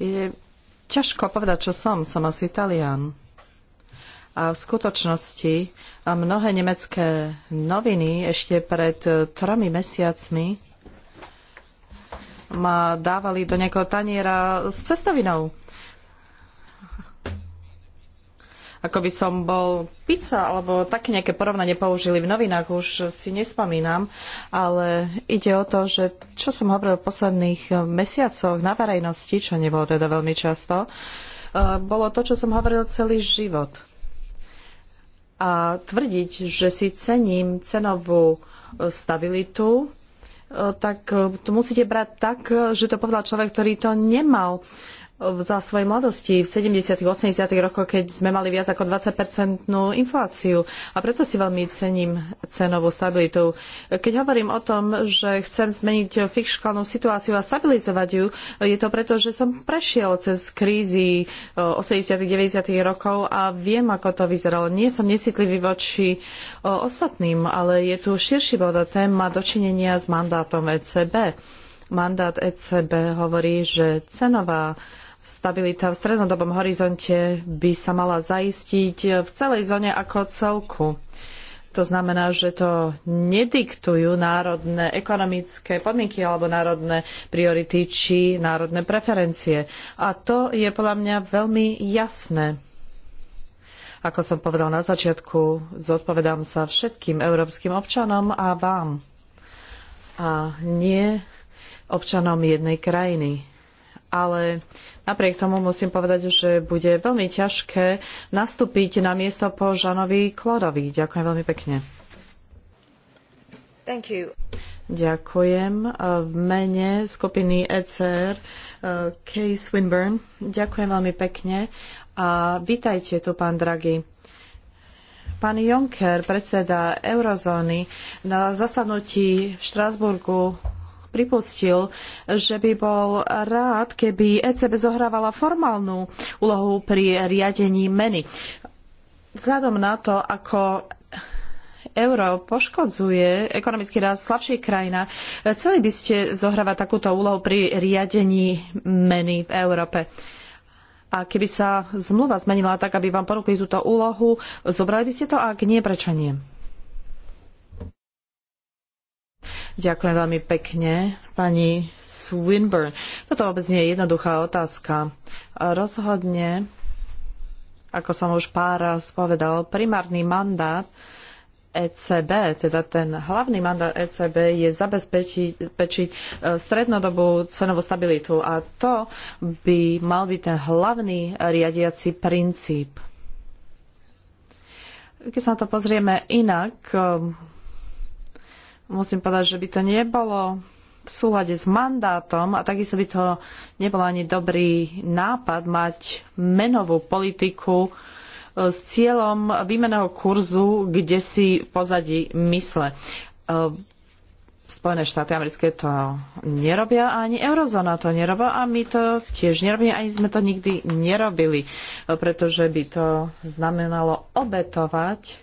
Je ťažko povedať, čo som. Som asi Italian. A v skutočnosti a mnohé nemecké noviny ešte pred tromi mesiacmi ma dávali do nejakého taniera s cestovinou. ako by som bol pizza, alebo také nejaké porovnanie použili v novinách, už si nespomínam, ale ide o to, že čo som hovoril v posledných eh, mesiacoch na verejnosti, čo nebolo teda veľmi často, eh, bolo to, čo som hovoril celý život. A tvrdiť, že si cením cenovú eh, stabilitu, tak to musíte brať tak, že to povedal človek, ktorý to nemal za svojej mladosti v 70. 80. rokoch, keď sme mali viac ako 20-percentnú infláciu. A preto si veľmi cením cenovú stabilitu. Keď hovorím o tom, že chcem zmeniť fiskálnu situáciu a stabilizovať ju, je to preto, že som prešiel cez krízy 80. 90. rokov a viem, ako to vyzeralo. Nie som necitlivý voči ostatným, ale je tu širší bod téma dočinenia s mandátom ECB mandát ECB hovorí, že cenová Stabilita v strednodobom horizonte by sa mala zaistiť v celej zóne ako celku. To znamená, že to nediktujú národné ekonomické podmienky alebo národné priority či národné preferencie. A to je podľa mňa veľmi jasné. Ako som povedal na začiatku, zodpovedám sa všetkým európskym občanom a vám. A nie občanom jednej krajiny ale napriek tomu musím povedať, že bude veľmi ťažké nastúpiť na miesto po Žanovi Klodovi. Ďakujem veľmi pekne. Thank you. Ďakujem. V mene skupiny ECR eh, Kay Swinburne. Ďakujem veľmi pekne a vítajte tu, pán Draghi. Pán Juncker, predseda eurozóny, na zasadnutí v Štrásburgu pripustil, že by bol rád, keby ECB zohrávala formálnu úlohu pri riadení meny. Vzhľadom na to, ako euro poškodzuje ekonomický rast slabších krajina. Chceli by ste zohrávať takúto úlohu pri riadení meny v Európe? A keby sa zmluva zmenila tak, aby vám ponúkli túto úlohu, zobrali by ste to? Ak nie, prečo nie? Ďakujem veľmi pekne, pani Swinburne. Toto vôbec nie je jednoduchá otázka. Rozhodne, ako som už pár raz povedal, primárny mandát ECB, teda ten hlavný mandát ECB je zabezpečiť e, strednodobú cenovú stabilitu a to by mal byť ten hlavný riadiaci princíp. Keď sa na to pozrieme inak, e, musím povedať, že by to nebolo v súlade s mandátom a takisto by to nebol ani dobrý nápad mať menovú politiku e, s cieľom výmeného kurzu, kde si pozadí mysle. E, Spojené štáty americké to nerobia a ani eurozóna to nerobia a my to tiež nerobíme, ani sme to nikdy nerobili, e, pretože by to znamenalo obetovať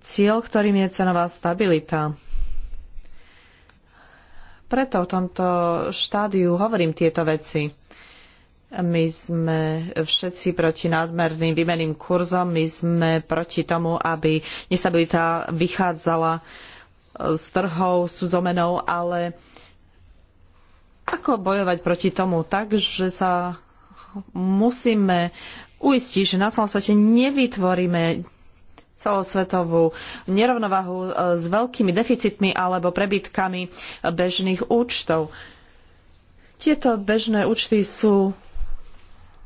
cieľ, ktorým je cenová stabilita. Preto v tomto štádiu hovorím tieto veci. My sme všetci proti nadmerným výmeným kurzom, my sme proti tomu, aby nestabilita vychádzala z trhov, zomenou, ale ako bojovať proti tomu tak, že sa musíme uistiť, že na celom svete nevytvoríme celosvetovú nerovnovahu e, s veľkými deficitmi alebo prebytkami bežných účtov. Tieto bežné účty sú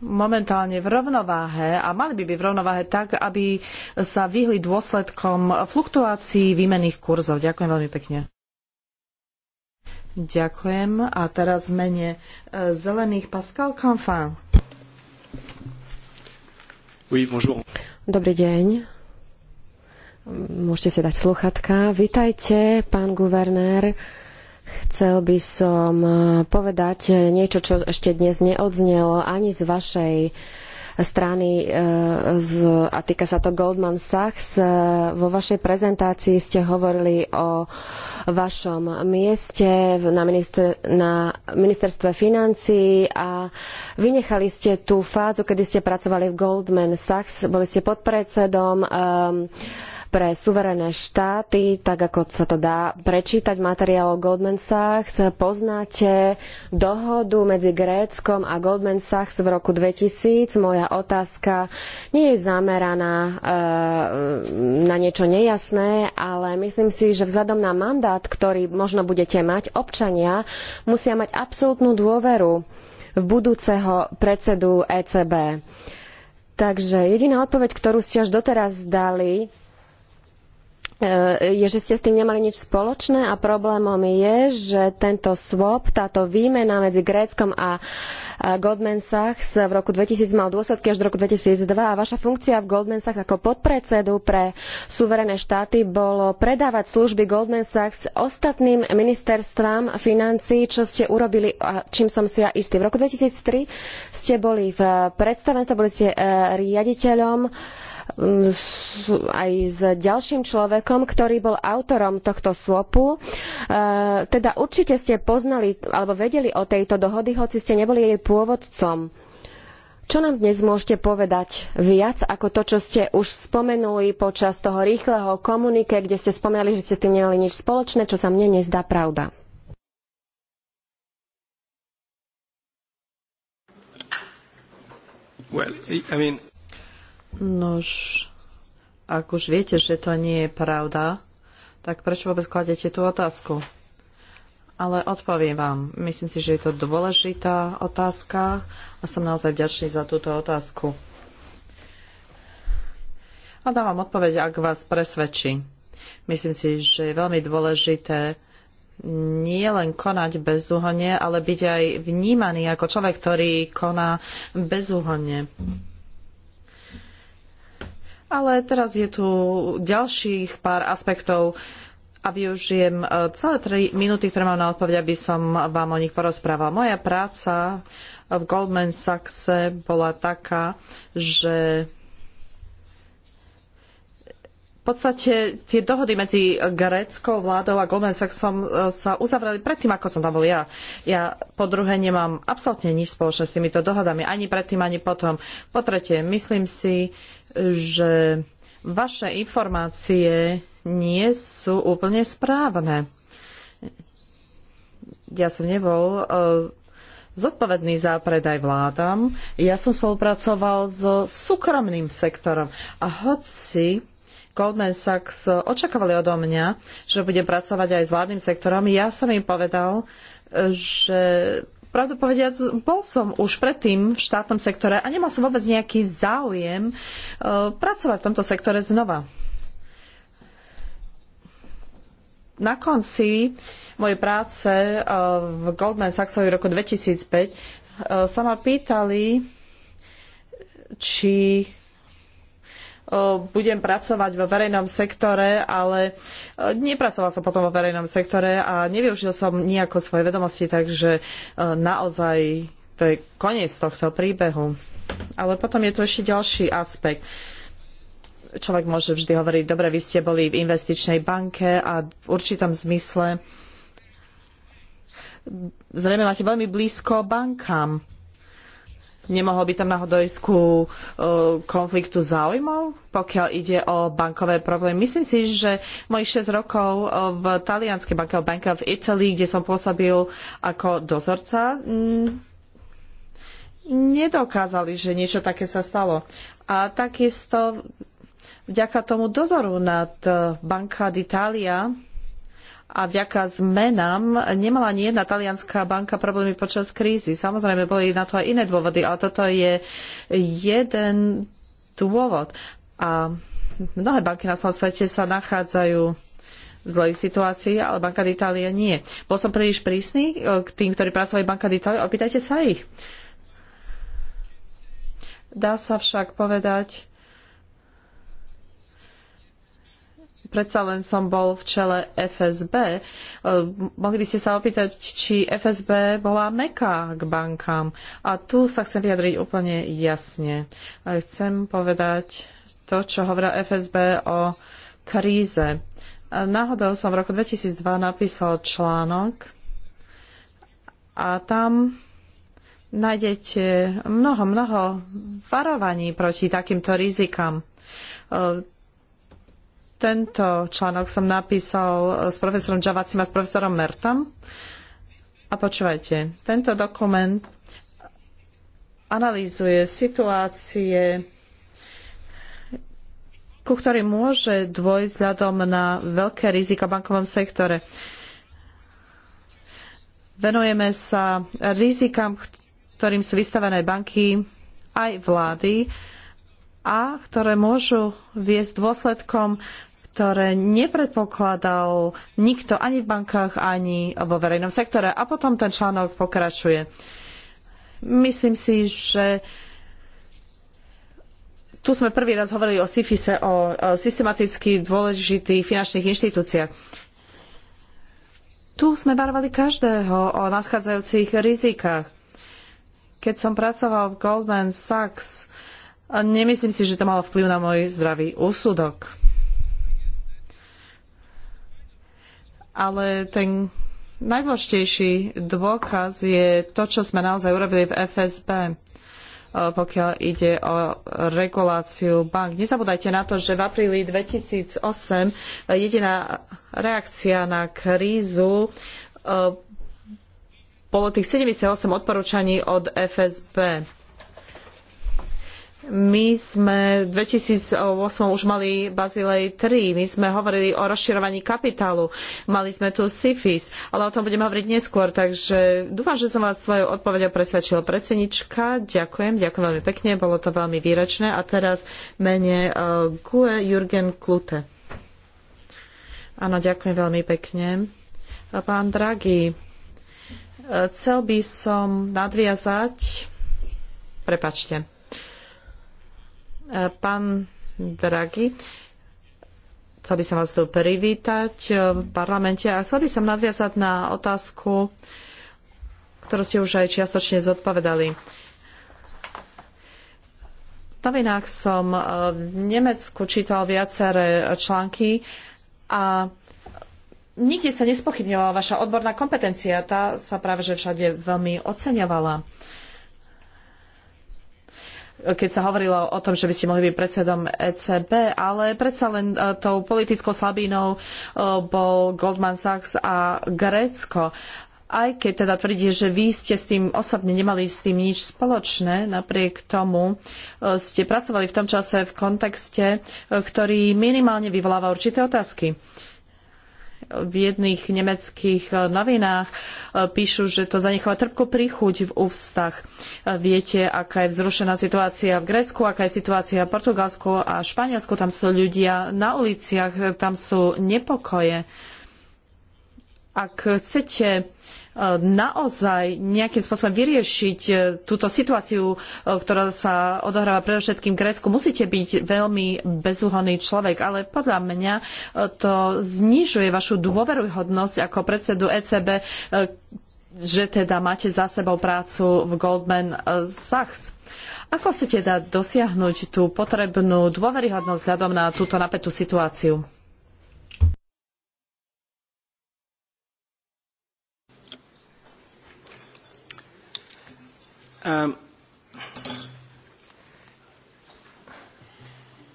momentálne v rovnováhe a mali by byť v rovnováhe tak, aby sa vyhli dôsledkom fluktuácií výmenných kurzov. Ďakujem veľmi pekne. Ďakujem. A teraz v mene e, zelených Pascal Canfin. Oui, Dobrý deň. Môžete si dať sluchatka. Vitajte, pán guvernér. Chcel by som eh, povedať niečo, čo ešte dnes neodznelo ani z vašej eh, strany eh, z, a týka sa to Goldman Sachs. Vo vašej prezentácii ste hovorili o vašom mieste na, minister, na ministerstve financií a vynechali ste tú fázu, kedy ste pracovali v Goldman Sachs, boli ste podpredsedom um, pre suverené štáty, tak ako sa to dá prečítať v o Goldman Sachs. Poznáte dohodu medzi Gréckom a Goldman Sachs v roku 2000. Moja otázka nie je zameraná eh, na niečo nejasné, ale myslím si, že vzhľadom na mandát, ktorý možno budete mať, občania musia mať absolútnu dôveru v budúceho predsedu ECB. Takže jediná odpoveď, ktorú ste až doteraz dali, Eh, je, že ste s tým nemali nič spoločné a problémom je, že tento swap, táto výmena medzi Gréckom a Goldman Sachs v roku 2000 mal dôsledky až do roku 2002 a vaša funkcia v Goldman Sachs ako podpredsedu pre suverené štáty bolo predávať služby Goldman Sachs ostatným ministerstvám financií, čo ste urobili a čím som si ja istý. V roku 2003 ste boli v predstavenstve, boli ste eh, riaditeľom aj s ďalším človekom, ktorý bol autorom tohto swapu. E, teda určite ste poznali alebo vedeli o tejto dohody, hoci ste neboli jej pôvodcom. Čo nám dnes môžete povedať viac ako to, čo ste už spomenuli počas toho rýchleho komunike, kde ste spomenuli, že ste s tým nemali nič spoločné, čo sa mne nezdá pravda? Well, I mean... Nož, ak už viete, že to nie je pravda, tak prečo vôbec kladete tú otázku? Ale odpoviem vám. Myslím si, že je to dôležitá otázka a som naozaj vďačný za túto otázku. A dám vám odpoveď, ak vás presvedčí. Myslím si, že je veľmi dôležité nie len konať bezúhonne, ale byť aj vnímaný ako človek, ktorý koná bezúhonne. Mm. Ale teraz je tu ďalších pár aspektov a využijem e, celé tri minúty, ktoré mám na odpoveď, aby som vám o nich porozprávala. Moja práca v Goldman Sachse bola taká, že v podstate tie dohody medzi gréckou vládou a Goldman Sachsom e, sa uzavreli predtým, ako som tam bol ja. Ja po druhé nemám absolútne nič spoločné s týmito dohodami, ani predtým, ani potom. Po tretie, myslím si, že vaše informácie nie sú úplne správne. Ja som nebol e, zodpovedný za predaj vládam. Ja som spolupracoval so súkromným sektorom. A hoci Goldman Sachs očakávali odo mňa, že budem pracovať aj s vládnym sektorom. Ja som im povedal, že pravdu povediac, bol som už predtým v štátnom sektore a nemal som vôbec nejaký záujem e, pracovať v tomto sektore znova. Na konci mojej práce e, v Goldman Sachsovi roku 2005 e, sa ma pýtali, či budem pracovať vo verejnom sektore, ale e, nepracoval som potom vo verejnom sektore a nevyužil som nejako svoje vedomosti, takže e, naozaj to je koniec tohto príbehu. Ale potom je tu ešte ďalší aspekt. Človek môže vždy hovoriť, dobre, vy ste boli v investičnej banke a v určitom zmysle zrejme máte veľmi blízko bankám Nemohlo by tam náhodou ísť ku e, konfliktu záujmov, pokiaľ ide o bankové problémy. Myslím si, že mojich 6 rokov e, v talianskej banke, v banke v Italii, kde som pôsobil ako dozorca, mm, nedokázali, že niečo také sa stalo. A takisto vďaka tomu dozoru nad e, Banka d'Italia a vďaka zmenám nemala ani jedna talianská banka problémy počas krízy. Samozrejme, boli na to aj iné dôvody, ale toto je jeden dôvod. A mnohé banky na svojom svete sa nachádzajú v zlej situácii, ale Banka d'Italia nie. Bol som príliš prísny e, k tým, ktorí pracovali Banka d'Italia? Opýtajte sa ich. Dá sa však povedať, predsa len som bol v čele FSB. E, mohli by ste sa opýtať, či FSB bola meká k bankám. A tu sa chcem vyjadriť úplne jasne. E, chcem povedať to, čo hovorila FSB o kríze. E, náhodou som v roku 2002 napísal článok a tam nájdete mnoho, mnoho varovaní proti takýmto rizikám tento článok som napísal s profesorom Javacim a s profesorom Mertom. A počúvajte, tento dokument analýzuje situácie, ku ktorým môže dôjsť vzhľadom na veľké riziko v bankovom sektore. Venujeme sa rizikám, ktorým sú vystavené banky aj vlády a ktoré môžu viesť dôsledkom ktoré nepredpokladal nikto ani v bankách, ani vo verejnom sektore. A potom ten článok pokračuje. Myslím si, že tu sme prvý raz hovorili o SIFISE, o systematicky dôležitých finančných inštitúciách. Tu sme varovali každého o nadchádzajúcich rizikách. Keď som pracoval v Goldman Sachs, nemyslím si, že to malo vplyv na môj zdravý úsudok. ale ten najdôležitejší dôkaz je to, čo sme naozaj urobili v FSB eh, pokiaľ ide o reguláciu bank. Nezabúdajte na to, že v apríli 2008 eh, jediná reakcia na krízu eh, bolo tých 78 odporúčaní od FSB. My sme v 2008 už mali Bazilej 3, my sme hovorili o rozširovaní kapitálu, mali sme tu SIFIS, ale o tom budeme hovoriť neskôr, takže dúfam, že som vás svojou odpoveďou presvedčila. Predsednička, ďakujem, ďakujem veľmi pekne, bolo to veľmi výračné a teraz mene eh, GUE Jürgen Klute. Áno, ďakujem veľmi pekne. Eh, pán Draghi, eh, chcel by som nadviazať, prepačte, Eh, pán Draghi, chcel by som vás tu privítať eh, v parlamente a chcel by som nadviazať na otázku, ktorú ste už aj čiastočne zodpovedali. V novinách som eh, v Nemecku čítal viaceré články a nikde sa nespochybňovala vaša odborná kompetencia. Tá sa práve že všade veľmi oceňovala keď sa hovorilo o tom, že by ste mohli byť predsedom ECB, ale predsa len e, tou politickou slabinou e, bol Goldman Sachs a Grécko. Aj keď teda tvrdíte, že vy ste s tým osobne nemali s tým nič spoločné, napriek tomu e, ste pracovali v tom čase v kontexte, ktorý minimálne vyvoláva určité otázky. Uh, v jedných nemeckých eh, novinách eh, píšu, že to zanecháva trpko príchuť v ústach. Eh, viete, aká je vzrušená situácia v Grécku, aká je situácia v Portugalsku a Španielsku. Tam sú ľudia na uliciach, tam sú nepokoje. Ak chcete naozaj nejakým spôsobom vyriešiť e, túto situáciu, e, ktorá sa odohráva predovšetkým v Grécku, musíte byť veľmi bezúhonný človek, ale podľa mňa e, to znižuje vašu dôveryhodnosť ako predsedu ECB, že teda máte za sebou prácu v Goldman Sachs. Ako chcete teda dosiahnuť tú potrebnú dôveryhodnosť vzhľadom na túto napätú situáciu? Um,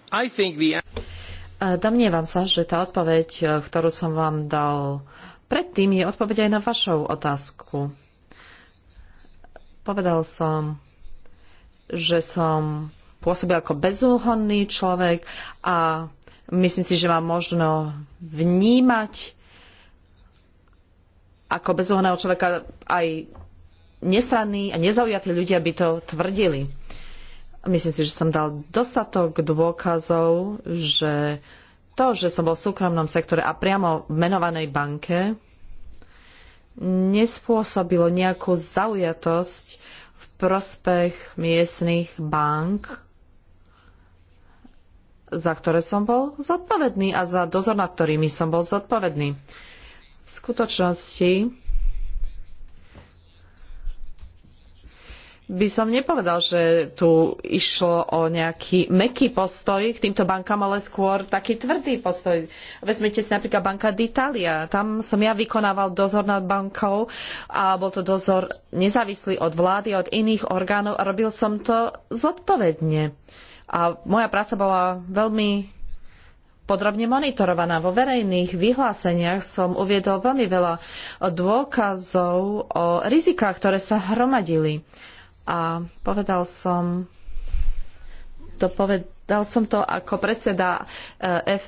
I think the... Domnievam sa, že tá odpoveď, eh, ktorú som vám dal predtým, je odpoveď aj na vašu otázku. Povedal som, že som pôsobil ako bezúhonný človek a myslím si, že mám možno vnímať ako bezúhonného človeka aj nestranní a nezaujatí ľudia by to tvrdili. Myslím si, že som dal dostatok dôkazov, že to, že som bol v súkromnom sektore a priamo v menovanej banke, nespôsobilo nejakú zaujatosť v prospech miestnych bank, za ktoré som bol zodpovedný a za dozor, nad ktorými som bol zodpovedný. V skutočnosti by som nepovedal, že tu išlo o nejaký meký postoj k týmto bankám, ale skôr taký tvrdý postoj. Vezmite si napríklad Banka d'Italia. Tam som ja vykonával dozor nad bankou a bol to dozor nezávislý od vlády, od iných orgánov a robil som to zodpovedne. A moja práca bola veľmi podrobne monitorovaná. Vo verejných vyhláseniach som uviedol veľmi veľa dôkazov o rizikách, ktoré sa hromadili a povedal som to, povedal som to ako predseda eh, F,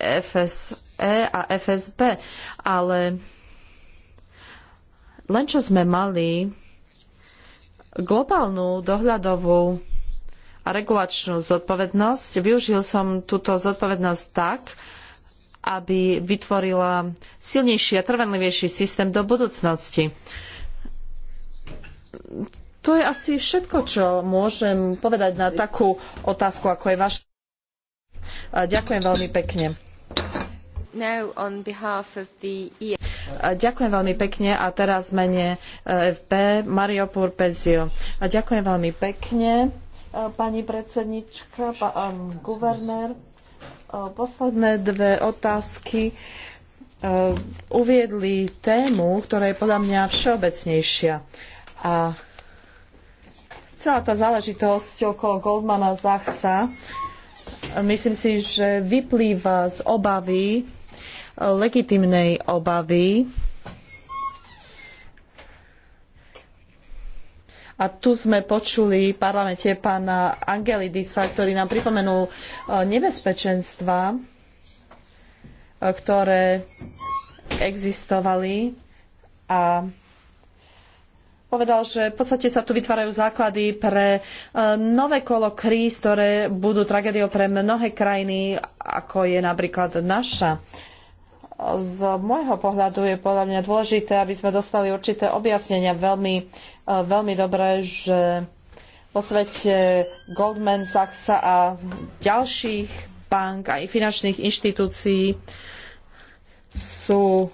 FSE a FSB, ale len čo sme mali globálnu dohľadovú a regulačnú zodpovednosť, využil som túto zodpovednosť tak, aby vytvorila silnejší a trvanlivejší systém do budúcnosti. Uh, to je asi všetko, čo môžem povedať na takú otázku, ako je vaša. Ďakujem veľmi pekne. The... E ďakujem veľmi pekne a teraz mene e, FP Mario Purpezio. Ďakujem veľmi pekne, e, pani predsednička, pán guvernér. Posledné dve otázky uviedli tému, ktorá je podľa mňa všeobecnejšia a celá tá záležitosť okolo Goldmana Zachsa myslím si, že vyplýva z obavy, legitimnej obavy, A tu sme počuli v parlamente pána Angelidisa, ktorý nám pripomenul e, nebezpečenstva, e, ktoré existovali a povedal, že v podstate sa tu vytvárajú základy pre e, nové kolo kríz, ktoré budú tragédiou pre mnohé krajiny, ako je napríklad naša. Z môjho pohľadu je podľa mňa dôležité, aby sme dostali určité objasnenia veľmi, e, veľmi dobré, že vo svete Goldman Sachs a ďalších bank a finančných inštitúcií sú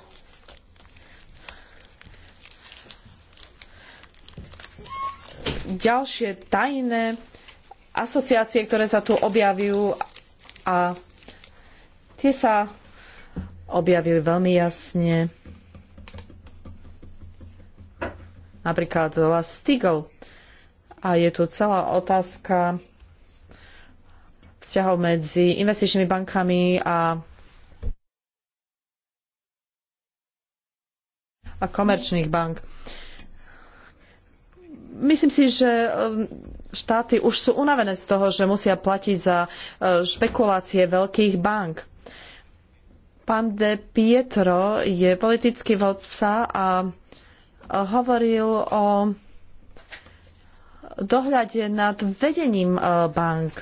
ďalšie tajné asociácie, ktoré sa tu objavujú a tie sa objavili veľmi jasne. Napríklad Las Stigl. A je tu celá otázka vzťahov medzi investičnými bankami a a komerčných bank. Myslím si, že um, štáty už sú unavené z toho, že musia platiť za uh, špekulácie veľkých bank. Pán de Pietro je politický vodca a uh, hovoril o dohľade nad vedením uh, bank.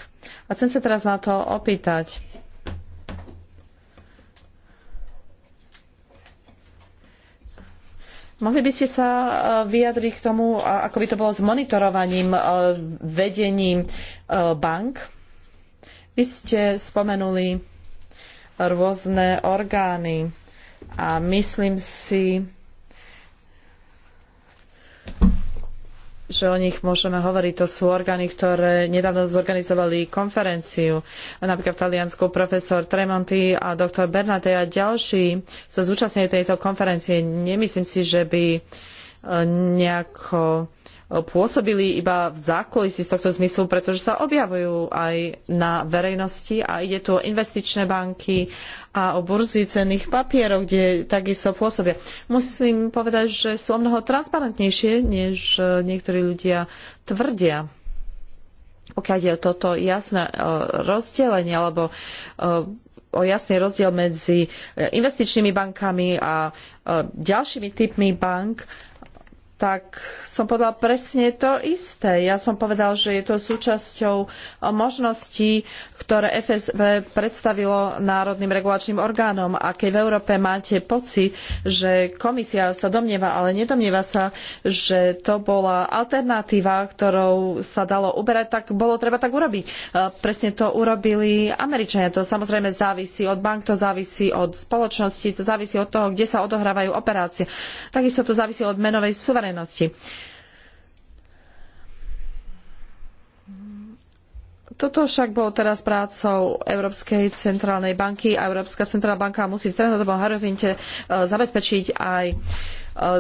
A chcem sa teraz na to opýtať Mohli by ste sa eh, vyjadriť k tomu, ako by to bolo s monitorovaním, eh, vedením eh, bank? Vy ste spomenuli rôzne orgány a myslím si, že o nich môžeme hovoriť. To sú orgány, ktoré nedávno zorganizovali konferenciu. Napríklad v Taliansku profesor Tremonti a doktor Bernate a ďalší sa zúčastnili tejto konferencie. Nemyslím si, že by e, nejako pôsobili iba v zákulisí z tohto zmyslu, pretože sa objavujú aj na verejnosti a ide tu o investičné banky a o burzy cenných papierov, kde takisto pôsobia. Musím povedať, že sú o mnoho transparentnejšie, než e, niektorí ľudia tvrdia. Pokiaľ je toto jasné e, rozdelenie alebo e, o jasný rozdiel medzi investičnými bankami a ďalšími typmi bank, tak som povedal presne to isté. Ja som povedal, že je to súčasťou možností, ktoré FSV predstavilo národným regulačným orgánom. A keď v Európe máte pocit, že komisia sa domnieva, ale nedomnieva sa, že to bola alternatíva, ktorou sa dalo uberať, tak bolo treba tak urobiť. Presne to urobili Američania. To samozrejme závisí od bank, to závisí od spoločnosti, to závisí od toho, kde sa odohrávajú operácie. Takisto to závisí od menovej suverenity verejnosti. Toto však bolo teraz prácou Európskej centrálnej banky a Európska centrálna banka musí v strednodobom horizonte e, zabezpečiť aj e,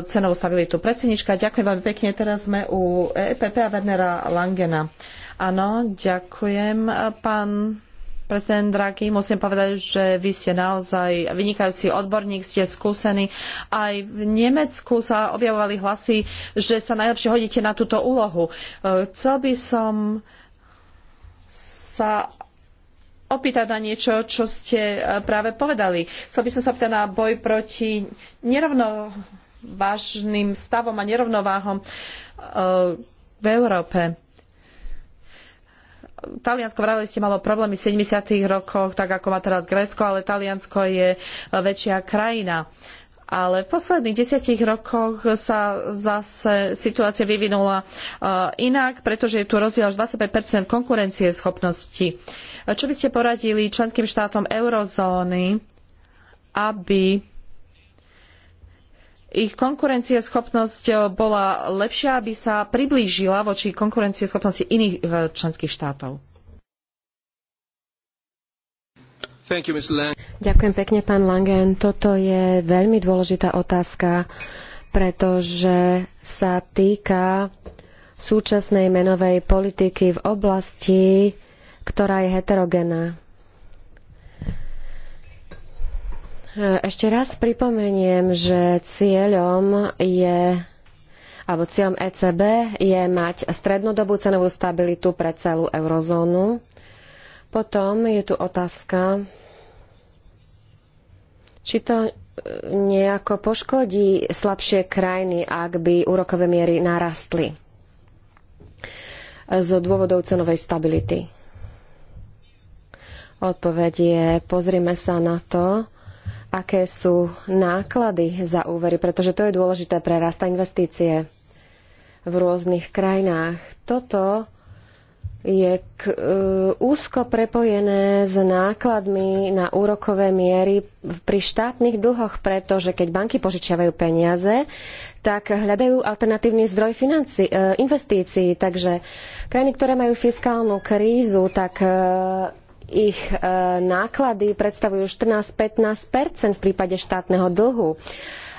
cenovú stabilitu. Predsednička, ďakujem veľmi pekne. Teraz sme u EPP a Wernera Langena. Áno, ďakujem, e, pán Prezident Draghi, musím povedať, že vy ste naozaj vynikajúci odborník, ste skúsení. Aj v Nemecku sa objavovali hlasy, že sa najlepšie hodíte na túto úlohu. E, chcel by som sa opýtať na niečo, čo ste e, práve povedali. Chcel by som sa opýtať na boj proti nerovnovážnym stavom a nerovnováhom e, v Európe Taliansko, vravili ste, malo problémy v 70. rokoch, tak ako má teraz Grécko, ale Taliansko je e, väčšia krajina. Ale v posledných desiatich rokoch sa zase situácia vyvinula e, inak, pretože je tu rozdiel až 25 konkurencie schopnosti. E, čo by ste poradili členským štátom eurozóny, aby ich konkurencieschopnosť eh, bola lepšia, aby sa priblížila voči konkurencieschopnosti iných eh, členských štátov. You, Ďakujem pekne, pán Langen. Toto je veľmi dôležitá otázka, pretože sa týka súčasnej menovej politiky v oblasti, ktorá je heterogénna. Ešte raz pripomeniem, že cieľom je alebo cieľom ECB je mať strednodobú cenovú stabilitu pre celú eurozónu. Potom je tu otázka, či to e, nejako poškodí slabšie krajiny, ak by úrokové miery narastli z dôvodov cenovej stability. Odpoveď je, pozrime sa na to, aké sú náklady za úvery, pretože to je dôležité pre rast a investície v rôznych krajinách. Toto je k, uh, úzko prepojené s nákladmi na úrokové miery pri štátnych dlhoch, pretože keď banky požičiavajú peniaze, tak hľadajú alternatívny zdroj financí, uh, e, investícií. Takže krajiny, ktoré majú fiskálnu krízu, tak uh, ich e, náklady predstavujú 14-15 v prípade štátneho dlhu.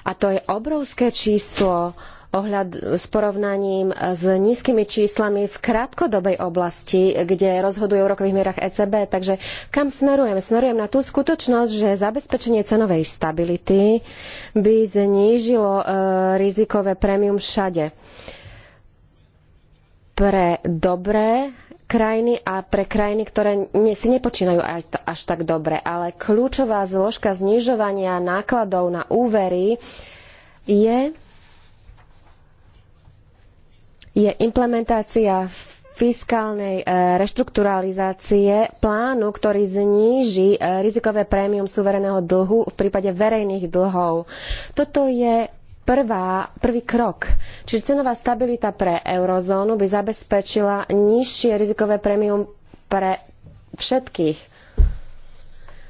A to je obrovské číslo ohľad s porovnaním e, s nízkymi číslami v krátkodobej oblasti, kde rozhoduje o rokových mierach ECB. Takže kam smerujem? Smerujem na tú skutočnosť, že zabezpečenie cenovej stability by znížilo e, rizikové prémium všade pre dobré krajiny a pre krajiny, ktoré si nepočínajú až tak dobre. Ale kľúčová zložka znižovania nákladov na úvery je, je implementácia fiskálnej e, reštrukturalizácie plánu, ktorý zníži e, rizikové prémium suvereného dlhu v prípade verejných dlhov. Toto je prvá, prvý krok. Čiže cenová stabilita pre eurozónu by zabezpečila nižšie rizikové premium pre všetkých.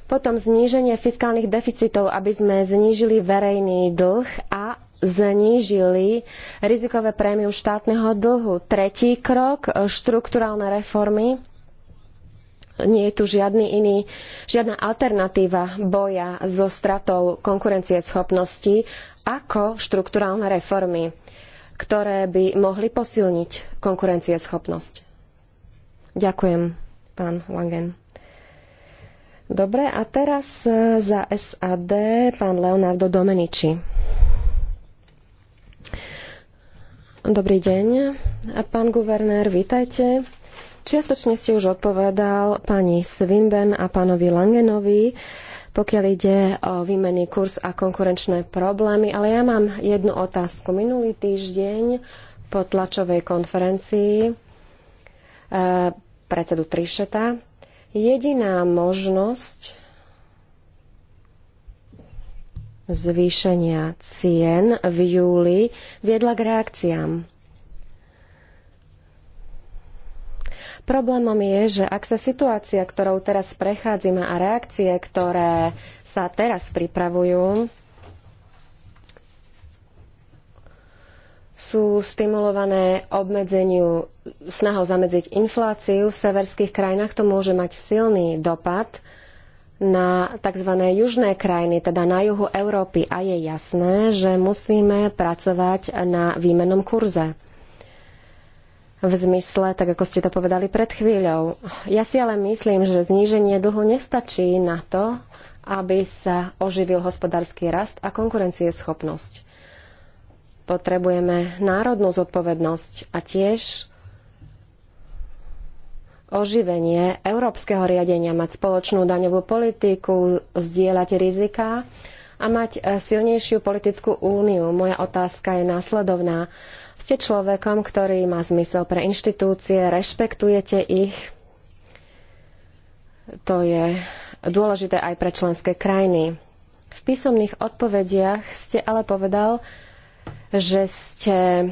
Potom zníženie fiskálnych deficitov, aby sme znížili verejný dlh a znížili rizikové prémium štátneho dlhu. Tretí krok, štrukturálne reformy. Nie je tu žiadny iný, žiadna alternatíva boja so stratou konkurencieschopnosti ako štrukturálne reformy, ktoré by mohli posilniť konkurencieschopnosť. Ďakujem, pán Langen. Dobre, a teraz e, za SAD pán Leonardo Domeniči. Dobrý deň. Pán guvernér, vítajte. Čiastočne ste už odpovedal pani Svinben a pánovi Langenovi. Uh, pokiaľ ide o výmenný kurz a konkurenčné problémy, ale ja mám jednu otázku. Minulý týždeň po tlačovej konferencii e, predsedu Trišeta jediná možnosť zvýšenia cien v júli viedla k reakciám Problémom je, že ak sa situácia, ktorou teraz prechádzame a reakcie, ktoré sa teraz pripravujú, sú stimulované obmedzeniu snahou zamedziť infláciu v severských krajinách, to môže mať silný dopad na tzv. južné krajiny, teda na juhu Európy. A je jasné, že musíme pracovať na výmenom kurze v zmysle, tak ako ste to povedali pred chvíľou. Ja si ale myslím, že zníženie dlhu nestačí na to, aby sa oživil hospodársky rast a konkurencieschopnosť. Potrebujeme národnú zodpovednosť a tiež oživenie európskeho riadenia, mať spoločnú daňovú politiku, zdieľať riziká a mať silnejšiu politickú úniu. Moja otázka je následovná. Ste človekom, ktorý má zmysel pre inštitúcie, rešpektujete ich. To je dôležité aj pre členské krajiny. V písomných odpovediach ste ale povedal, že ste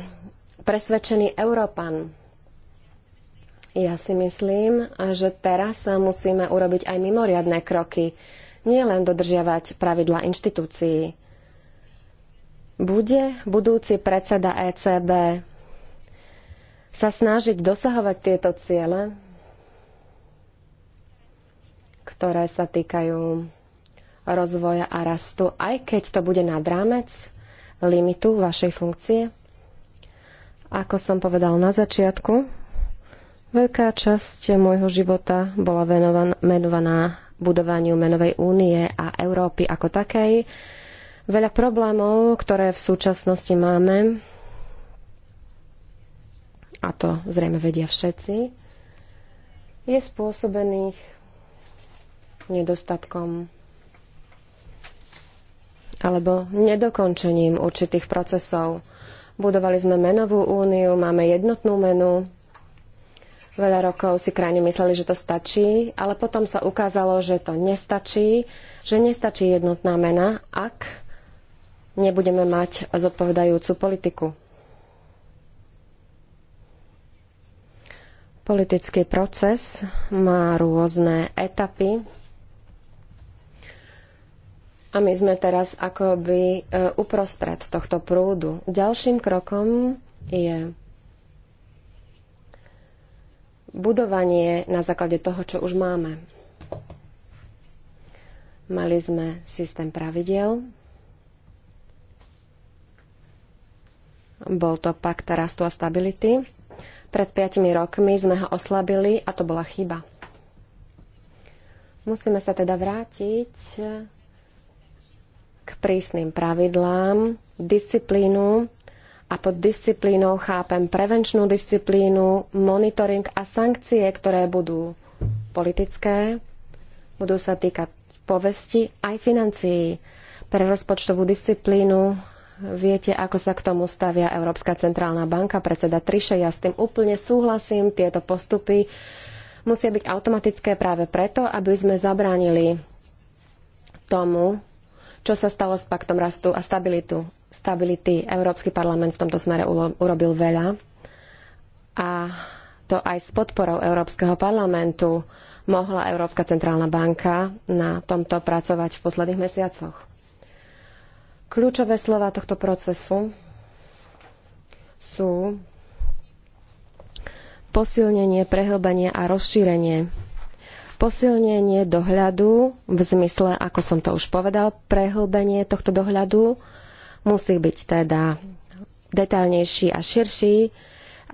presvedčený Európan. Ja si myslím, že teraz musíme urobiť aj mimoriadne kroky, nielen dodržiavať pravidla inštitúcií. Bude budúci predseda ECB sa snažiť dosahovať tieto ciele, ktoré sa týkajú rozvoja a rastu, aj keď to bude nad rámec limitu vašej funkcie? Ako som povedal na začiatku, veľká časť môjho života bola venovaná budovaniu menovej únie a Európy ako takej veľa problémov, ktoré v súčasnosti máme, a to zrejme vedia všetci, je spôsobených nedostatkom alebo nedokončením určitých procesov. Budovali sme menovú úniu, máme jednotnú menu. Veľa rokov si krajne mysleli, že to stačí, ale potom sa ukázalo, že to nestačí, že nestačí jednotná mena, ak nebudeme mať zodpovedajúcu politiku. Politický proces má rôzne etapy a my sme teraz akoby e, uprostred tohto prúdu. Ďalším krokom je budovanie na základe toho, čo už máme. Mali sme systém pravidel, Bol to pakt rastu a stability. Pred 5 rokmi sme ho oslabili a to bola chyba. Musíme sa teda vrátiť k prísnym pravidlám, disciplínu a pod disciplínou chápem prevenčnú disciplínu, monitoring a sankcie, ktoré budú politické, budú sa týkať povesti aj financií. Pre rozpočtovú disciplínu Viete, ako sa k tomu stavia Európska centrálna banka, predseda Triše, ja s tým úplne súhlasím, tieto postupy musia byť automatické práve preto, aby sme zabránili tomu, čo sa stalo s paktom rastu a stabilitu. stability. Európsky parlament v tomto smere urobil veľa a to aj s podporou Európskeho parlamentu mohla Európska centrálna banka na tomto pracovať v posledných mesiacoch. Kľúčové slova tohto procesu sú posilnenie, prehlbenie a rozšírenie. Posilnenie dohľadu v zmysle, ako som to už povedal, prehlbenie tohto dohľadu musí byť teda detailnejší a širší,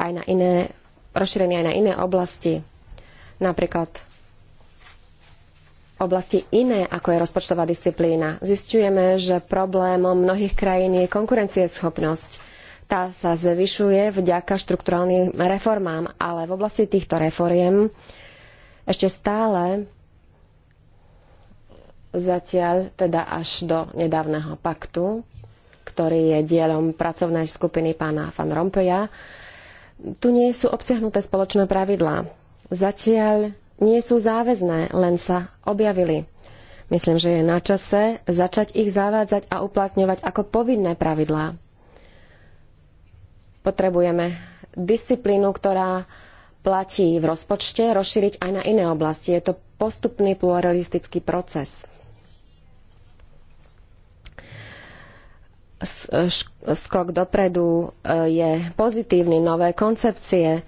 aj na iné, rozšírenie aj na iné oblasti. Napríklad oblasti iné, ako je rozpočtová disciplína. Zistujeme, že problémom mnohých krajín je konkurencieschopnosť. Tá sa zvyšuje vďaka štrukturálnym reformám, ale v oblasti týchto reforiem ešte stále zatiaľ teda až do nedávneho paktu, ktorý je dielom pracovnej skupiny pána Van Rompuya, tu nie sú obsiahnuté spoločné pravidlá. Zatiaľ nie sú záväzné, len sa objavili. Myslím, že je na čase začať ich zavádzať a uplatňovať ako povinné pravidlá. Potrebujeme disciplínu, ktorá platí v rozpočte, rozšíriť aj na iné oblasti. Je to postupný pluralistický proces. Skok dopredu e, je pozitívny, nové koncepcie,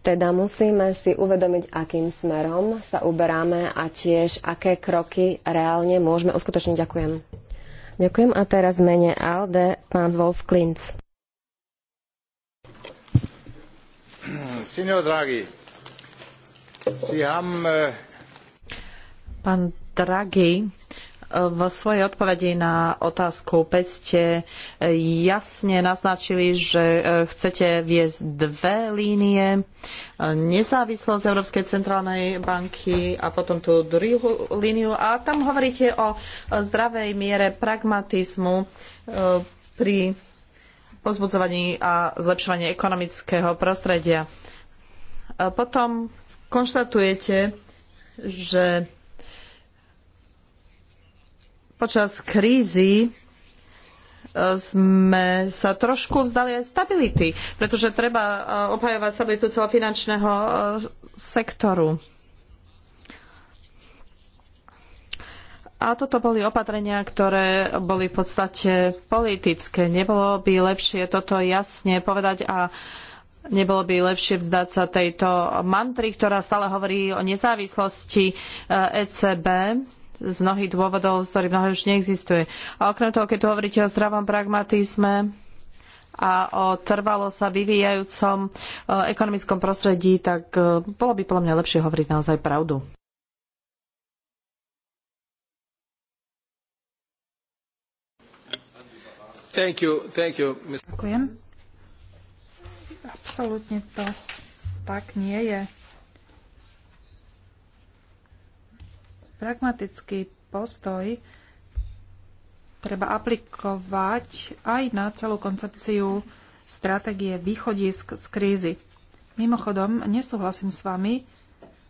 teda musíme si uvedomiť, akým smerom sa uberáme a tiež aké kroky reálne môžeme uskutočniť. Ďakujem. Ďakujem a teraz mene ALDE pán Wolf Klinc. Signor Draghi, si ham... Eh, pán Draghi, v svojej odpovedi na otázku 5 ste jasne naznačili, že e, chcete viesť dve línie. E, nezávislosť Európskej centrálnej banky a potom tú druhú líniu. A tam hovoríte o zdravej miere pragmatizmu e, pri pozbudzovaní a zlepšovaní ekonomického prostredia. Potom konštatujete, že Počas krízy e, sme sa trošku vzdali aj stability, pretože treba e, obhajovať stabilitu celého finančného e, sektoru. A toto boli opatrenia, ktoré boli v podstate politické. Nebolo by lepšie toto jasne povedať a nebolo by lepšie vzdať sa tejto mantry, ktorá stále hovorí o nezávislosti ECB z mnohých dôvodov, z ktorých mnoho už neexistuje. A okrem toho, keď tu hovoríte o zdravom pragmatizme a o trvalo sa vyvíjajúcom e, ekonomickom prostredí, tak e, bolo by podľa mňa lepšie hovoriť naozaj pravdu. Thank you, thank you, Ďakujem. Absolútne to tak nie je pragmatický postoj treba aplikovať aj na celú koncepciu stratégie východisk z krízy. Mimochodom, nesúhlasím s vami,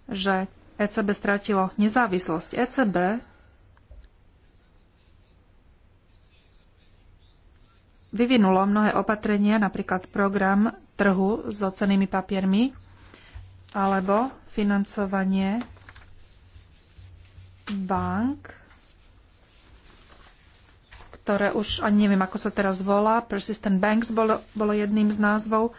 že ECB stratilo nezávislosť. ECB vyvinulo mnohé opatrenia, napríklad program trhu s ocenými papiermi alebo financovanie bank, ktoré už ani neviem, ako sa teraz volá, Persistent Banks bolo, bolo jedným z názvov.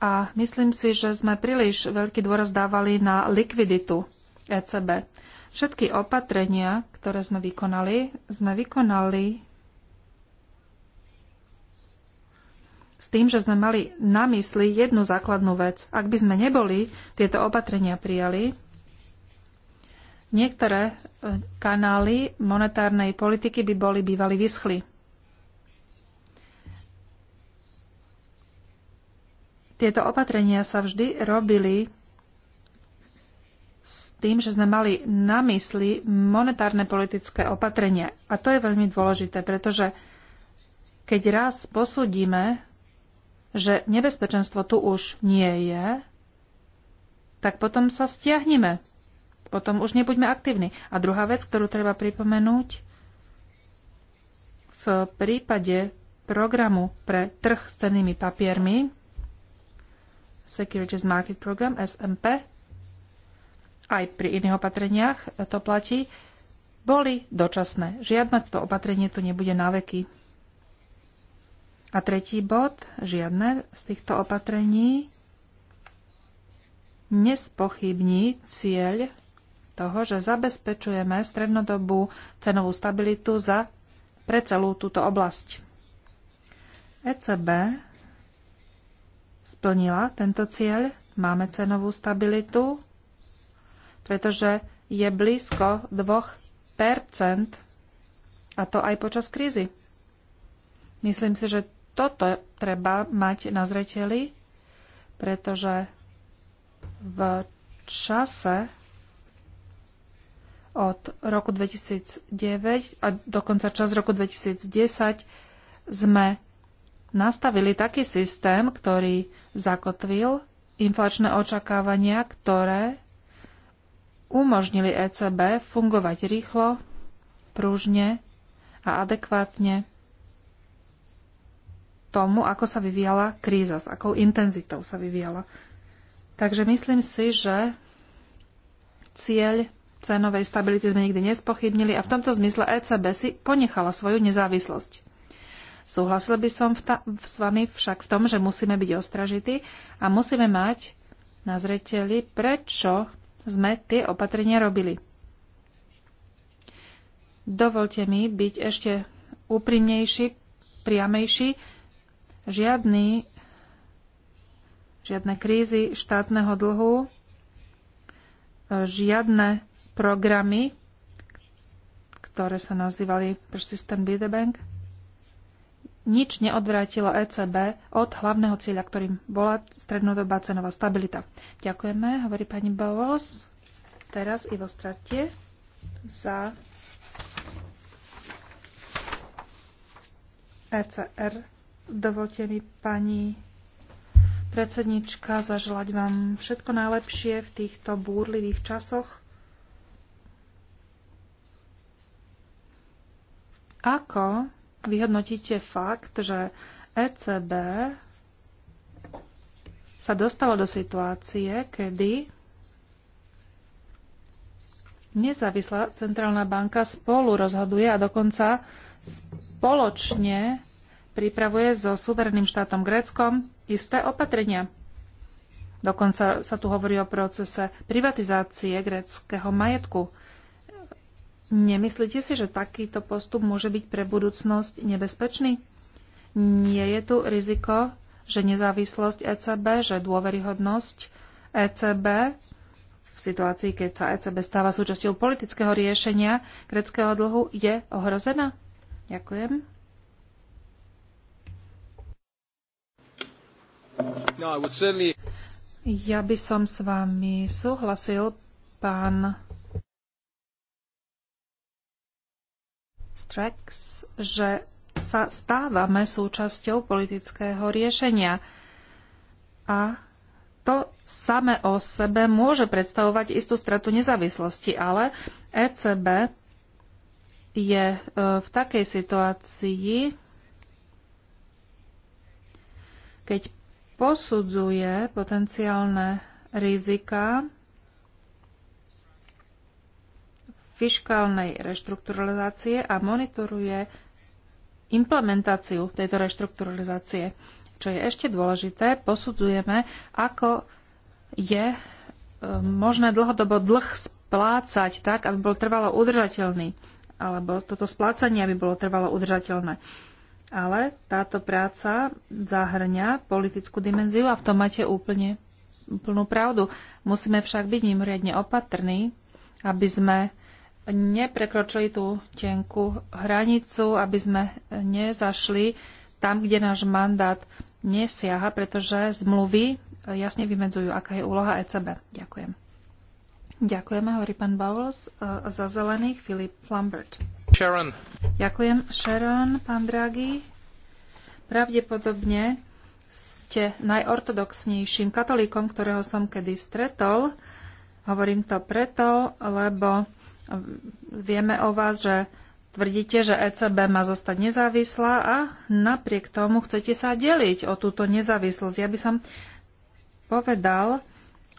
A myslím si, že sme príliš veľký dôraz dávali na likviditu ECB. Všetky opatrenia, ktoré sme vykonali, sme vykonali s tým, že sme mali na mysli jednu základnú vec. Ak by sme neboli tieto opatrenia prijali, Niektoré e, kanály monetárnej politiky by boli bývali vyschli. Tieto opatrenia sa vždy robili s tým, že sme mali na mysli monetárne politické opatrenia. A to je veľmi dôležité, pretože keď raz posúdime, že nebezpečenstvo tu už nie je, tak potom sa stiahneme potom už nebuďme aktívni. A druhá vec, ktorú treba pripomenúť, v prípade programu pre trh s cennými papiermi, Securities Market Program, SMP, aj pri iných opatreniach to platí, boli dočasné. Žiadne to opatrenie tu nebude na veky. A tretí bod, žiadne z týchto opatrení nespochybní cieľ toho, že zabezpečujeme strednodobú cenovú stabilitu za, pre celú túto oblasť. ECB splnila tento cieľ, máme cenovú stabilitu, pretože je blízko 2 a to aj počas krízy. Myslím si, že toto treba mať na zreteli, pretože v čase od roku 2009 a dokonca čas roku 2010 sme nastavili taký systém, ktorý zakotvil inflačné očakávania, ktoré umožnili ECB fungovať rýchlo, pružne a adekvátne tomu, ako sa vyvíjala kríza, s akou intenzitou sa vyvíjala. Takže myslím si, že cieľ cenovej stability sme nikdy nespochybnili a v tomto zmysle ECB si ponechala svoju nezávislosť. Súhlasil by som s vami však v tom, že musíme byť ostražití a musíme mať na zreteli, prečo sme tie opatrenia robili. Dovolte mi byť ešte úprimnejší, priamejší. Žiadny, žiadne krízy štátneho dlhu, e, žiadne programy, ktoré sa nazývali Persistent Bidder Bank, nič neodvrátilo ECB od hlavného cieľa, ktorým bola strednodobá cenová stabilita. Ďakujeme, hovorí pani Bowles. Teraz i vo strate za ECR. Dovolte mi, pani predsednička, zaželať vám všetko najlepšie v týchto búrlivých časoch Ako vyhodnotíte fakt, že ECB sa dostalo do situácie, kedy nezávislá centrálna banka spolu rozhoduje a dokonca spoločne pripravuje so suverenným štátom Gréckom isté opatrenia. Dokonca sa tu hovorí o procese privatizácie gréckého majetku. Nemyslíte si, že takýto postup môže byť pre budúcnosť nebezpečný? Nie je tu riziko, že nezávislosť ECB, že dôveryhodnosť ECB v situácii, keď sa ECB stáva súčasťou politického riešenia greckého dlhu, je ohrozená? Ďakujem. No, ja by som s vami súhlasil, pán Strax, že sa stávame súčasťou politického riešenia. A to same o sebe môže predstavovať istú stratu nezávislosti, ale ECB je e, v takej situácii, keď posudzuje potenciálne rizika fiškálnej reštrukturalizácie a monitoruje implementáciu tejto reštrukturalizácie. Čo je ešte dôležité, posudzujeme, ako je e, možné dlhodobo dlh splácať tak, aby bol trvalo udržateľný, alebo toto splácanie aby bolo trvalo udržateľné. Ale táto práca zahrňa politickú dimenziu a v tom máte úplne plnú pravdu. Musíme však byť mimoriadne opatrní, aby sme neprekročili tú tenkú hranicu, aby sme nezašli tam, kde náš mandát nesiaha, pretože zmluvy jasne vymedzujú, aká je úloha ECB. Ďakujem. Ďakujeme, hovorí pán Bowles. E, za zelených Filip Lambert. Sharon. Ďakujem, Sharon, pán Draghi. Pravdepodobne ste najortodoxnejším katolíkom, ktorého som kedy stretol. Hovorím to preto, lebo Vieme o vás, že tvrdíte, že ECB má zostať nezávislá a napriek tomu chcete sa deliť o túto nezávislosť. Ja by som povedal,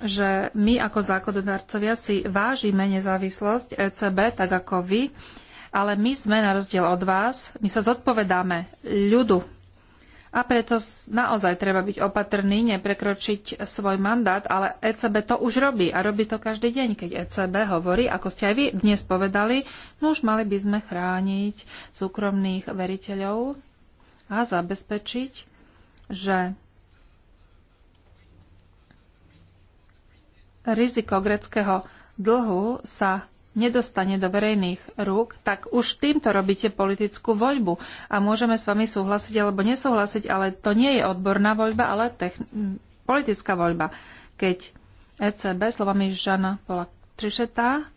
že my ako zákonodarcovia si vážime nezávislosť ECB, tak ako vy, ale my sme na rozdiel od vás, my sa zodpovedáme ľudu, a preto naozaj treba byť opatrný, neprekročiť svoj mandát, ale ECB to už robí a robí to každý deň, keď ECB hovorí, ako ste aj vy dnes povedali, no už mali by sme chrániť súkromných veriteľov a zabezpečiť, že riziko greckého dlhu sa nedostane do verejných rúk, tak už týmto robíte politickú voľbu. A môžeme s vami súhlasiť alebo nesúhlasiť, ale to nie je odborná voľba, ale techn- politická voľba. Keď ECB, slovami Žana Pola Trišetá,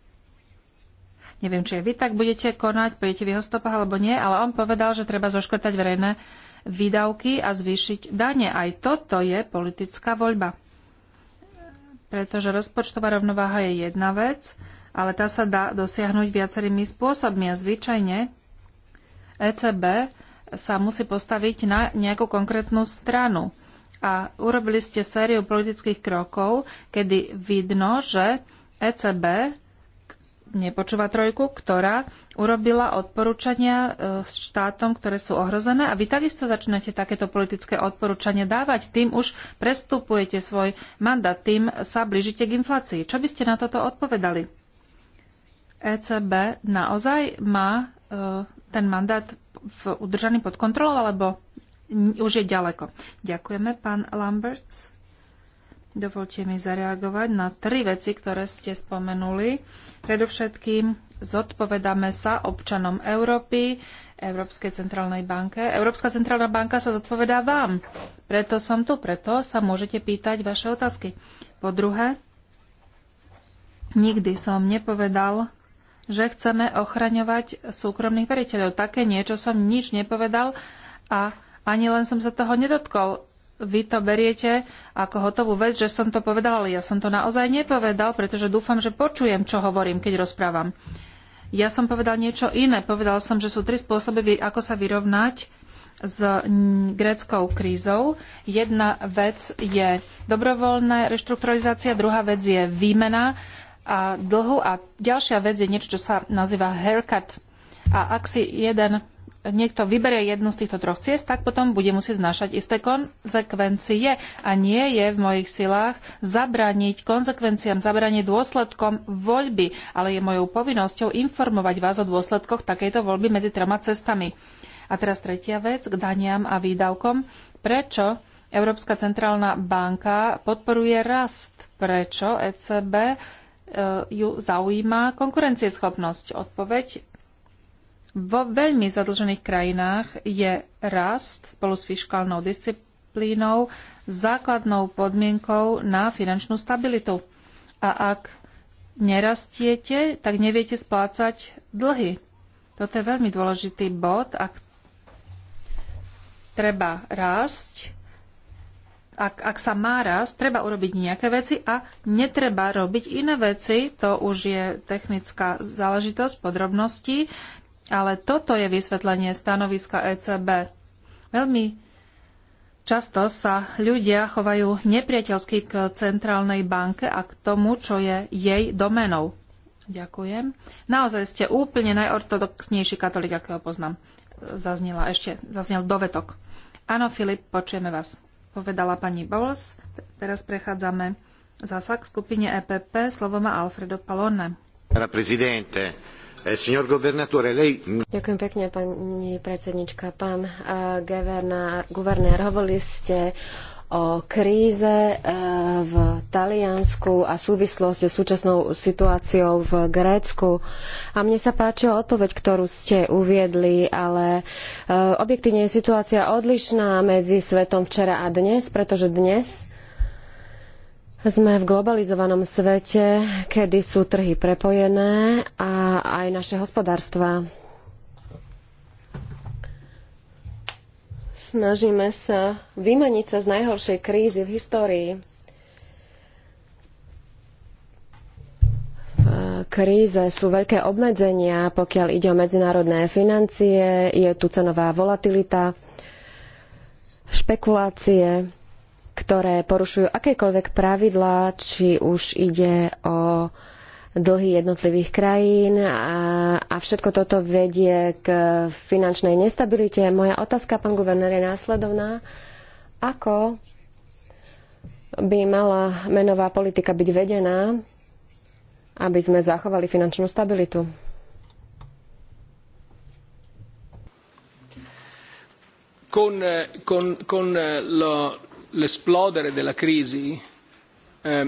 neviem, či aj vy tak budete konať, pôjdete v jeho stopách alebo nie, ale on povedal, že treba zoškrtať verejné výdavky a zvýšiť dane. Aj toto je politická voľba. Pretože rozpočtová rovnováha je jedna vec, ale tá sa dá dosiahnuť viacerými spôsobmi a zvyčajne ECB sa musí postaviť na nejakú konkrétnu stranu. A urobili ste sériu politických krokov, kedy vidno, že ECB nepočúva trojku, ktorá urobila odporúčania e, štátom, ktoré sú ohrozené a vy takisto začnete takéto politické odporúčania dávať. Tým už prestupujete svoj mandát, tým sa blížite k inflácii. Čo by ste na toto odpovedali? ECB naozaj má e, ten mandát v udržaný pod kontrolou, alebo už je ďaleko. Ďakujeme, pán Lamberts. Dovolte mi zareagovať na tri veci, ktoré ste spomenuli. Predovšetkým zodpovedáme sa občanom Európy, Európskej centrálnej banke. Európska centrálna banka sa zodpovedá vám. Preto som tu, preto sa môžete pýtať vaše otázky. Po druhé, nikdy som nepovedal, že chceme ochraňovať súkromných veriteľov. Také niečo som nič nepovedal a ani len som sa toho nedotkol. Vy to beriete ako hotovú vec, že som to povedal, ale ja som to naozaj nepovedal, pretože dúfam, že počujem, čo hovorím, keď rozprávam. Ja som povedal niečo iné. Povedal som, že sú tri spôsoby, ako sa vyrovnať s gréckou krízou. Jedna vec je dobrovoľná reštrukturalizácia, druhá vec je výmena a dlhu. A ďalšia vec je niečo, čo sa nazýva haircut. A ak si jeden, niekto vyberie jednu z týchto troch ciest, tak potom bude musieť znášať isté konzekvencie. A nie je v mojich silách zabraniť konzekvenciám, zabraniť dôsledkom voľby, ale je mojou povinnosťou informovať vás o dôsledkoch takejto voľby medzi troma cestami. A teraz tretia vec k daniam a výdavkom. Prečo Európska centrálna banka podporuje rast? Prečo ECB E, ju zaujíma konkurencieschopnosť. Odpoveď vo veľmi zadlžených krajinách je rast spolu s fiskálnou disciplínou základnou podmienkou na finančnú stabilitu. A ak nerastiete, tak neviete splácať dlhy. Toto je veľmi dôležitý bod. Ak treba rásť, ak, ak sa má raz, treba urobiť nejaké veci a netreba robiť iné veci. To už je technická záležitosť, podrobnosti, ale toto je vysvetlenie stanoviska ECB. Veľmi často sa ľudia chovajú nepriateľsky k centrálnej banke a k tomu, čo je jej domenou. Ďakujem. Naozaj ste úplne najortodoxnejší katolík, akého poznám. Zaznela ešte, zaznel dovetok. Áno, Filip, počujeme vás povedala pani Bowles. Teraz prechádzame zasa k skupine EPP. Slovo má Alfredo Palone. Eh, Ďakujem pekne, pani predsednička. Pán eh, guvernér, hovorili ste o kríze e, v Taliansku a súvislosť s súčasnou situáciou v Grécku. A mne sa páčila odpoveď, ktorú ste uviedli, ale e, objektívne je situácia odlišná medzi svetom včera a dnes, pretože dnes sme v globalizovanom svete, kedy sú trhy prepojené a aj naše hospodárstva Snažíme sa vymaniť sa z najhoršej krízy v histórii. V kríze sú veľké obmedzenia, pokiaľ ide o medzinárodné financie, je tu cenová volatilita, špekulácie, ktoré porušujú akékoľvek pravidlá, či už ide o dlhy jednotlivých krajín a, a všetko toto vedie k finančnej nestabilite. Moja otázka, pán guvernér, je následovná. Ako by mala menová politika byť vedená, aby sme zachovali finančnú stabilitu? Con, con, con l'esplodere della crisi, eh...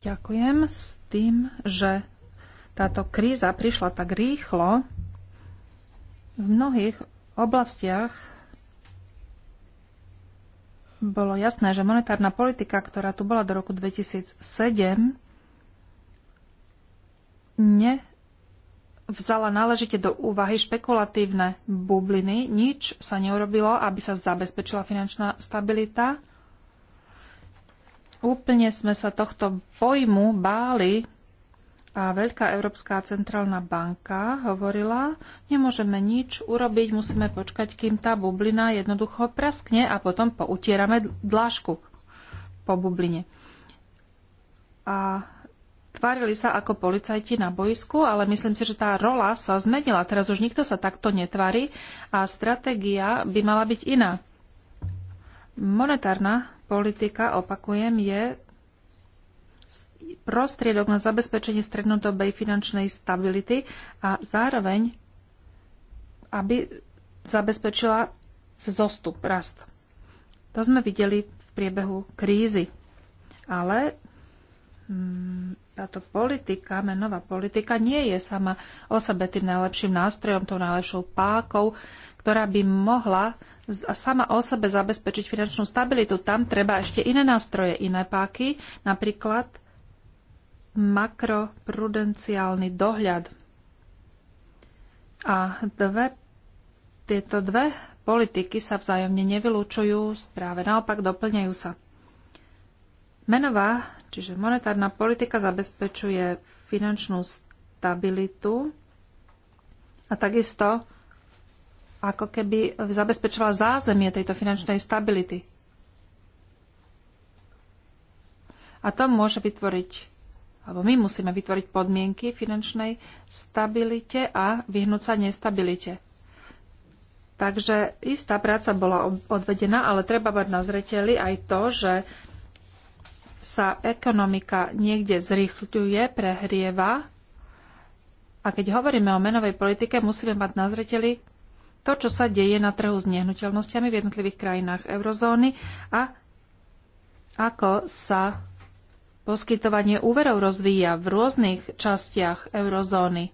Ďakujem. S tým, že táto kríza prišla tak rýchlo, v mnohých oblastiach bolo jasné, že monetárna politika, ktorá tu bola do roku 2007, nevzala náležite do úvahy špekulatívne bubliny, nič sa neurobilo, aby sa zabezpečila finančná stabilita Úplne sme sa tohto pojmu báli a Veľká Európska centrálna banka hovorila, nemôžeme nič urobiť, musíme počkať, kým tá bublina jednoducho praskne a potom poutierame dlážku po bubline. A tvárili sa ako policajti na boisku, ale myslím si, že tá rola sa zmenila. Teraz už nikto sa takto netvári a stratégia by mala byť iná. Monetárna politika, opakujem, je prostriedok na zabezpečenie strednodobej finančnej stability a zároveň, aby zabezpečila vzostup, rast. To sme videli v priebehu krízy. Ale mm, táto politika, menová politika, nie je sama o sebe tým najlepším nástrojom, tou najlepšou pákou, ktorá by mohla sama o sebe zabezpečiť finančnú stabilitu. Tam treba ešte iné nástroje, iné páky, napríklad makroprudenciálny dohľad. A dve, tieto dve politiky sa vzájomne nevylúčujú, práve naopak doplňajú sa. Menová, čiže monetárna politika zabezpečuje finančnú stabilitu a takisto ako keby zabezpečovala zázemie tejto finančnej stability. A to môže vytvoriť, alebo my musíme vytvoriť podmienky finančnej stabilite a vyhnúť sa nestabilite. Takže istá práca bola odvedená, ale treba mať na zreteli aj to, že sa ekonomika niekde zrýchľuje, prehrieva. A keď hovoríme o menovej politike, musíme mať na zreteli to, čo sa deje na trhu s nehnuteľnosťami v jednotlivých krajinách eurozóny a ako sa poskytovanie úverov rozvíja v rôznych častiach eurozóny.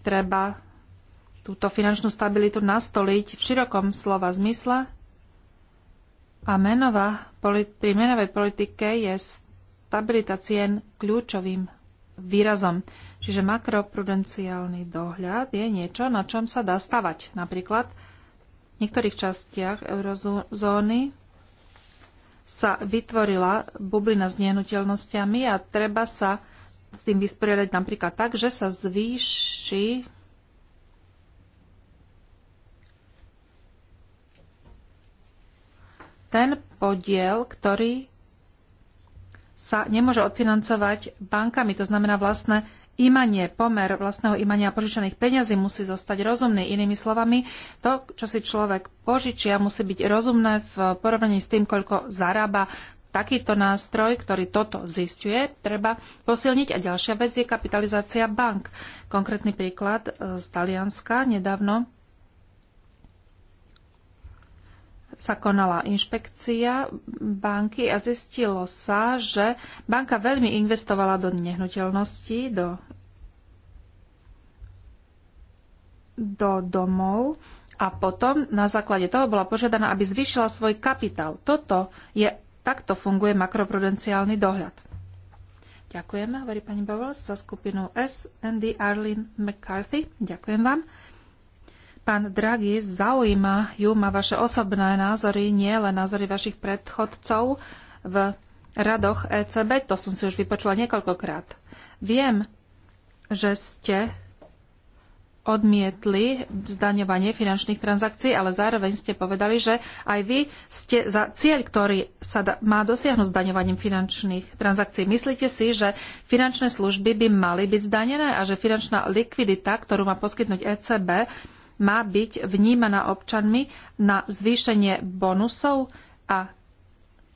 Treba túto finančnú stabilitu nastoliť v širokom slova zmysle a menová, pri menovej politike je stabilita cien kľúčovým výrazom. Čiže makroprudenciálny dohľad je niečo, na čom sa dá stavať. Napríklad v niektorých častiach eurozóny sa vytvorila bublina s nehnuteľnosťami a treba sa s tým vysporiadať napríklad tak, že sa zvýši ten podiel, ktorý sa nemôže odfinancovať bankami, to znamená vlastné imanie, pomer vlastného imania a požičaných peňazí musí zostať rozumný. Inými slovami, to, čo si človek požičia, musí byť rozumné v porovnaní s tým, koľko zarába. Takýto nástroj, ktorý toto zistuje, treba posilniť. A ďalšia vec je kapitalizácia bank. Konkrétny príklad e, z Talianska nedávno sa konala inšpekcia banky a zistilo sa, že banka veľmi investovala do nehnuteľností, do, do domov a potom na základe toho bola požiadaná, aby zvýšila svoj kapitál. Toto je, takto funguje makroprudenciálny dohľad. Ďakujeme, hovorí pani Bowles za skupinu S. Andy Arlene McCarthy. Ďakujem vám. Pán Draghi, ju ma vaše osobné názory, nie len názory vašich predchodcov v radoch ECB. To som si už vypočula niekoľkokrát. Viem, že ste odmietli zdaňovanie finančných transakcií, ale zároveň ste povedali, že aj vy ste za cieľ, ktorý sa má dosiahnuť zdaňovaním finančných transakcií. Myslíte si, že finančné služby by mali byť zdanené a že finančná likvidita, ktorú má poskytnúť ECB, má byť vnímaná občanmi na zvýšenie bonusov a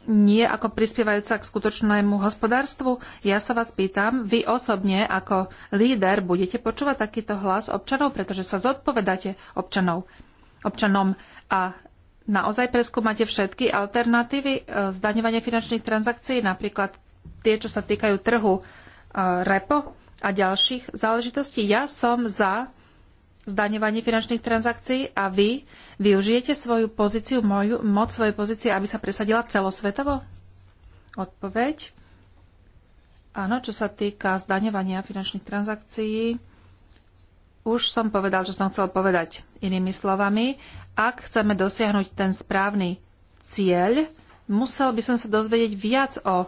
nie ako prispievajúca k skutočnému hospodárstvu? Ja sa vás pýtam, vy osobne ako líder budete počúvať takýto hlas občanov, pretože sa zodpovedáte občanov, občanom a naozaj preskúmate všetky alternatívy e, zdaňovania finančných transakcií, napríklad tie, čo sa týkajú trhu e, repo a ďalších záležitostí. Ja som za Zdaňovanie finančných transakcií a vy využijete svoju pozíciu, moju, moc svojej pozície, aby sa presadila celosvetovo? Odpoveď. Áno, čo sa týka zdaňovania finančných transakcií, už som povedal, čo som chcel povedať. Inými slovami, ak chceme dosiahnuť ten správny cieľ, musel by som sa dozvedieť viac o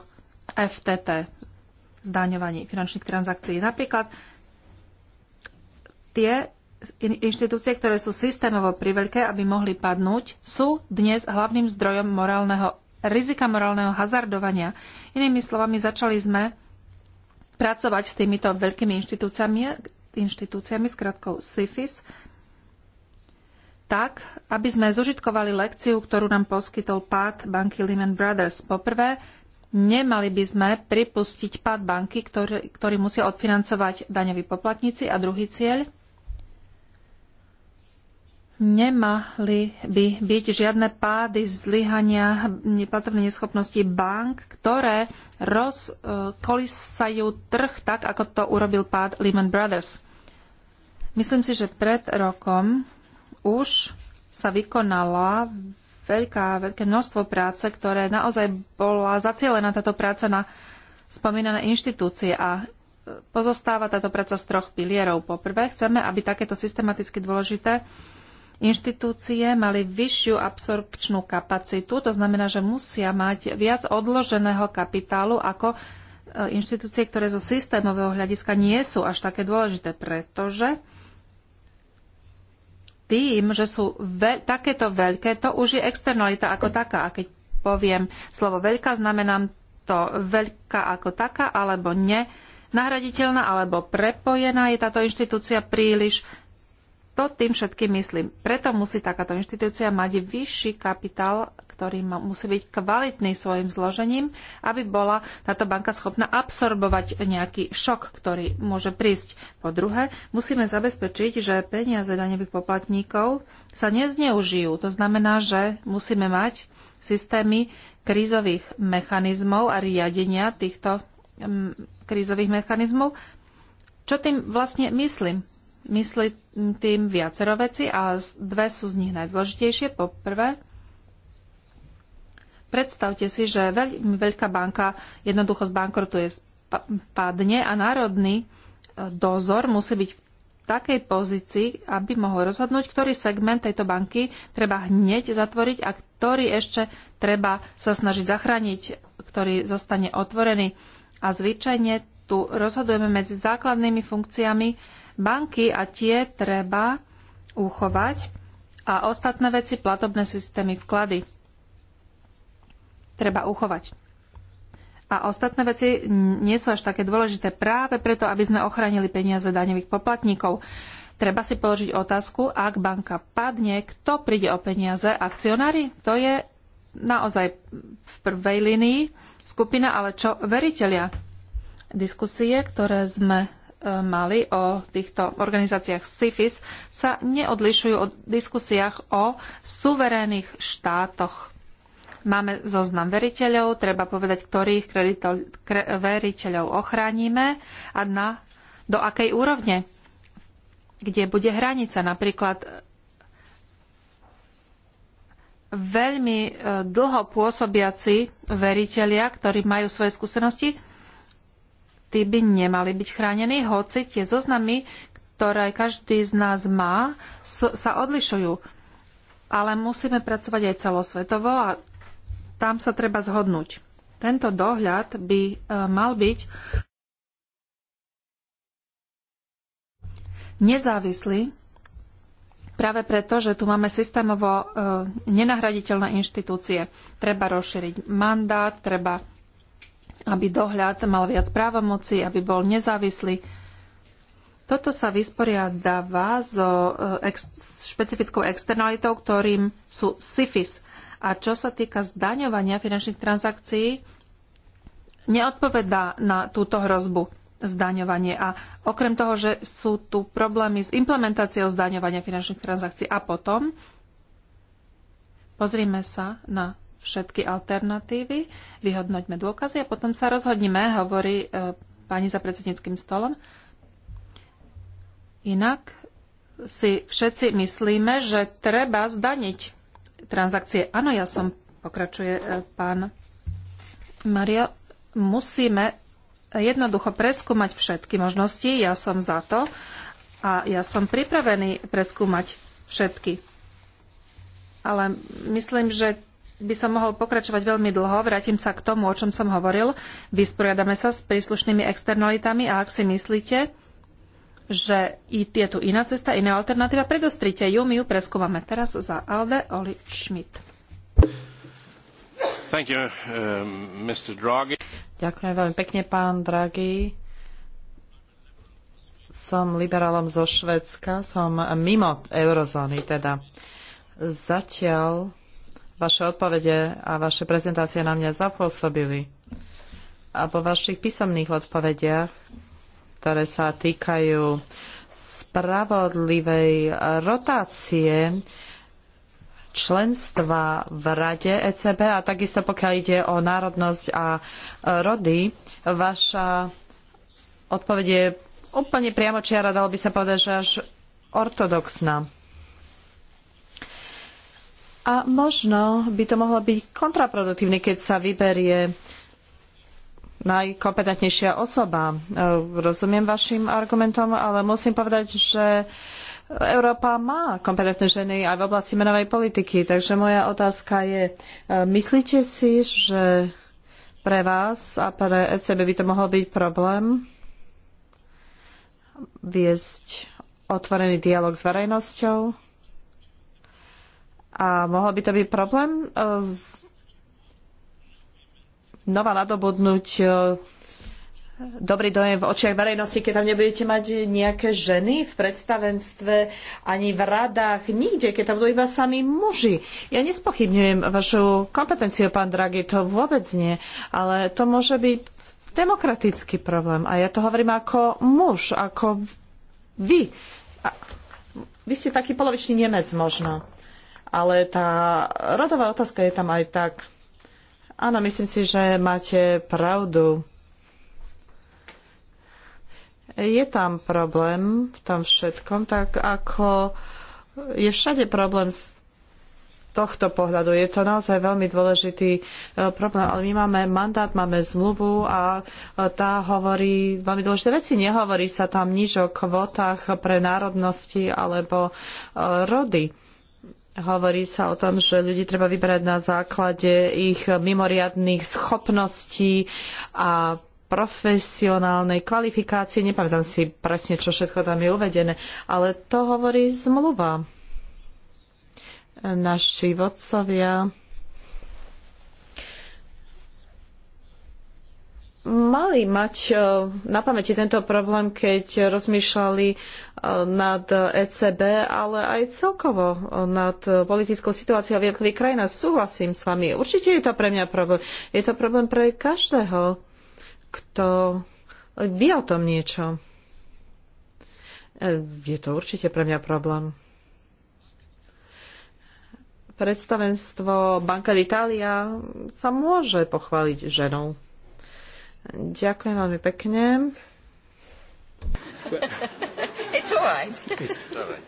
FTT, zdaňovaní finančných transakcií. Napríklad tie inštitúcie, ktoré sú systémovo priveľké, aby mohli padnúť, sú dnes hlavným zdrojom morálneho, rizika morálneho hazardovania. Inými slovami, začali sme pracovať s týmito veľkými inštitúciami, inštitúciami s krátkou SIFIS, tak, aby sme zužitkovali lekciu, ktorú nám poskytol pád banky Lehman Brothers. Poprvé, nemali by sme pripustiť pád banky, ktorý, ktorý musia odfinancovať daňoví poplatníci. A druhý cieľ – Nemali by byť žiadne pády, zlyhania, platobnej neschopnosti bank, ktoré rozkolisajú trh tak, ako to urobil pád Lehman Brothers. Myslím si, že pred rokom už sa vykonala veľká, veľké množstvo práce, ktoré naozaj bola zacielená táto práca na spomínané inštitúcie a pozostáva táto práca z troch pilierov. Po prvé, chceme, aby takéto systematicky dôležité inštitúcie mali vyššiu absorpčnú kapacitu, to znamená, že musia mať viac odloženého kapitálu ako e, inštitúcie, ktoré zo systémového hľadiska nie sú až také dôležité, pretože tým, že sú ve- takéto veľké, to už je externalita ako taká. A keď poviem slovo veľká, znamená to veľká ako taká, alebo ne, nahraditeľná, alebo prepojená, je táto inštitúcia príliš pod tým všetkým myslím. Preto musí takáto inštitúcia mať vyšší kapitál, ktorý musí byť kvalitný svojim zložením, aby bola táto banka schopná absorbovať nejaký šok, ktorý môže prísť. Po druhé, musíme zabezpečiť, že peniaze daňových poplatníkov sa nezneužijú. To znamená, že musíme mať systémy krízových mechanizmov a riadenia týchto mm, krízových mechanizmov. Čo tým vlastne myslím? myslí tým viacero veci a dve sú z nich najdôležitejšie. Po prvé, predstavte si, že veľ, veľká banka jednoducho zbankrotuje, padne a národný e, dozor musí byť v takej pozícii, aby mohol rozhodnúť, ktorý segment tejto banky treba hneď zatvoriť a ktorý ešte treba sa snažiť zachrániť, ktorý zostane otvorený. A zvyčajne tu rozhodujeme medzi základnými funkciami banky a tie treba uchovať a ostatné veci, platobné systémy, vklady, treba uchovať. A ostatné veci nie sú až také dôležité práve preto, aby sme ochránili peniaze daňových poplatníkov. Treba si položiť otázku, ak banka padne, kto príde o peniaze? Akcionári? To je naozaj v prvej línii skupina, ale čo veriteľia? Diskusie, ktoré sme mali o týchto organizáciách SIFIS, sa neodlišujú od diskusiách o suverénnych štátoch. Máme zoznam veriteľov, treba povedať, ktorých kredito, kre, veriteľov ochránime a na, do akej úrovne, kde bude hranica. Napríklad e, veľmi e, dlho pôsobiaci veriteľia, ktorí majú svoje skúsenosti, tí by nemali byť chránení, hoci tie zoznamy, ktoré každý z nás má, sa odlišujú. Ale musíme pracovať aj celosvetovo a tam sa treba zhodnúť. Tento dohľad by e, mal byť nezávislý práve preto, že tu máme systémovo e, nenahraditeľné inštitúcie. Treba rozšíriť mandát, treba aby dohľad mal viac právomoci, aby bol nezávislý. Toto sa vysporiadáva so eh, ex- špecifickou externalitou, ktorým sú SIFIS. A čo sa týka zdaňovania finančných transakcií, neodpovedá na túto hrozbu zdaňovanie. A okrem toho, že sú tu problémy s implementáciou zdaňovania finančných transakcií a potom, pozrime sa na všetky alternatívy, vyhodnoťme dôkazy a potom sa rozhodnime, hovorí e, pani za predsedníckým stolom. Inak si všetci myslíme, že treba zdaniť transakcie. Áno, ja som, pokračuje e, pán Mario, musíme jednoducho preskúmať všetky možnosti. Ja som za to a ja som pripravený preskúmať všetky. Ale myslím, že by som mohol pokračovať veľmi dlho, vrátim sa k tomu, o čom som hovoril, vysporiadame sa s príslušnými externalitami a ak si myslíte, že je tu iná cesta, iná alternatíva, predostrite ju, my ju preskúmame teraz za Alde Oli Schmidt. You, um, Ďakujem veľmi pekne, pán Draghi. Som liberálom zo Švedska, som mimo eurozóny teda. Zatiaľ Vaše odpovede a vaše prezentácie na mňa zapôsobili. A po vašich písomných odpovediach, ktoré sa týkajú spravodlivej rotácie členstva v Rade ECB a takisto pokiaľ ide o národnosť a rody, vaša odpoveď je úplne priamočiara, dalo by sa povedať, že až ortodoxná. A možno by to mohlo byť kontraproduktívne, keď sa vyberie najkompetentnejšia osoba. E, rozumiem vašim argumentom, ale musím povedať, že Európa má kompetentné ženy aj v oblasti menovej politiky, takže moja otázka je, e, myslíte si, že pre vás a pre ECB by to mohol byť problém viesť otvorený dialog s verejnosťou? A mohol by to byť problém e, znova nadobudnúť e, dobrý dojem v očiach verejnosti, keď tam nebudete mať nejaké ženy v predstavenstve, ani v radách, nikde, keď tam budú iba sami muži. Ja nespochybňujem vašu kompetenciu, pán Draghi, to vôbec nie, ale to môže byť demokratický problém. A ja to hovorím ako muž, ako vy. A vy ste taký polovičný Nemec možno ale tá rodová otázka je tam aj tak. Áno, myslím si, že máte pravdu. Je tam problém v tom všetkom, tak ako je všade problém s tohto pohľadu. Je to naozaj veľmi dôležitý e, problém, ale my máme mandát, máme zmluvu a e, tá hovorí veľmi dôležité veci. Nehovorí sa tam nič o kvotách pre národnosti alebo e, rody. Hovorí sa o tom, že ľudí treba vybrať na základe ich mimoriadných schopností a profesionálnej kvalifikácie. Nepamätám si presne, čo všetko tam je uvedené, ale to hovorí zmluva. Naši vodcovia mali mať e, na pamäti tento problém, keď rozmýšľali e, nad ECB, ale aj celkovo e, nad politickou situáciou v jednotlivých krajinách. Súhlasím s vami. Určite je to pre mňa problém. Je to problém pre každého, kto vie o tom niečo. Je to určite pre mňa problém. Predstavenstvo Banka d'Italia sa môže pochváliť ženou Ďakujem veľmi pekne. It's all right. It's all right.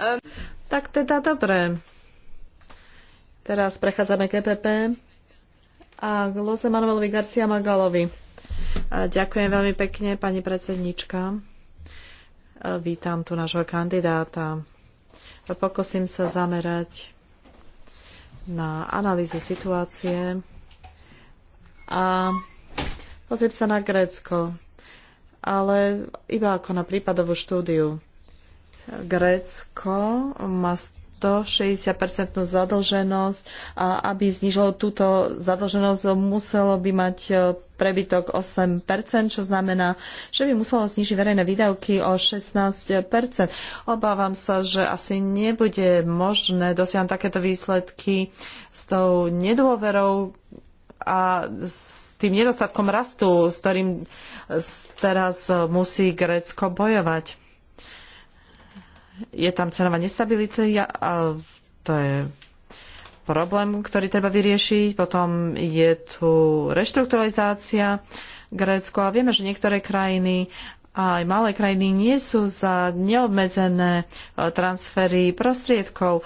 Um... Tak teda dobre. Teraz prechádzame k EPP a k Lose Manuelovi Garcia Magalovi. A ďakujem veľmi pekne, pani predsednička. A vítam tu nášho kandidáta. A pokosím sa zamerať na analýzu situácie a Pozriem sa na Grécko, ale iba ako na prípadovú štúdiu. Grécko má 160% zadlženosť a aby znižilo túto zadlženosť, muselo by mať e, prebytok 8%, čo znamená, že by muselo znižiť verejné výdavky o 16%. Obávam sa, že asi nebude možné dosiahnuť takéto výsledky s tou nedôverou, a s tým nedostatkom rastu, s ktorým teraz musí Grécko bojovať. Je tam cenová nestabilita a to je problém, ktorý treba vyriešiť. Potom je tu reštrukturalizácia Grécko a vieme, že niektoré krajiny a aj malé krajiny nie sú za neobmedzené e, transfery prostriedkov.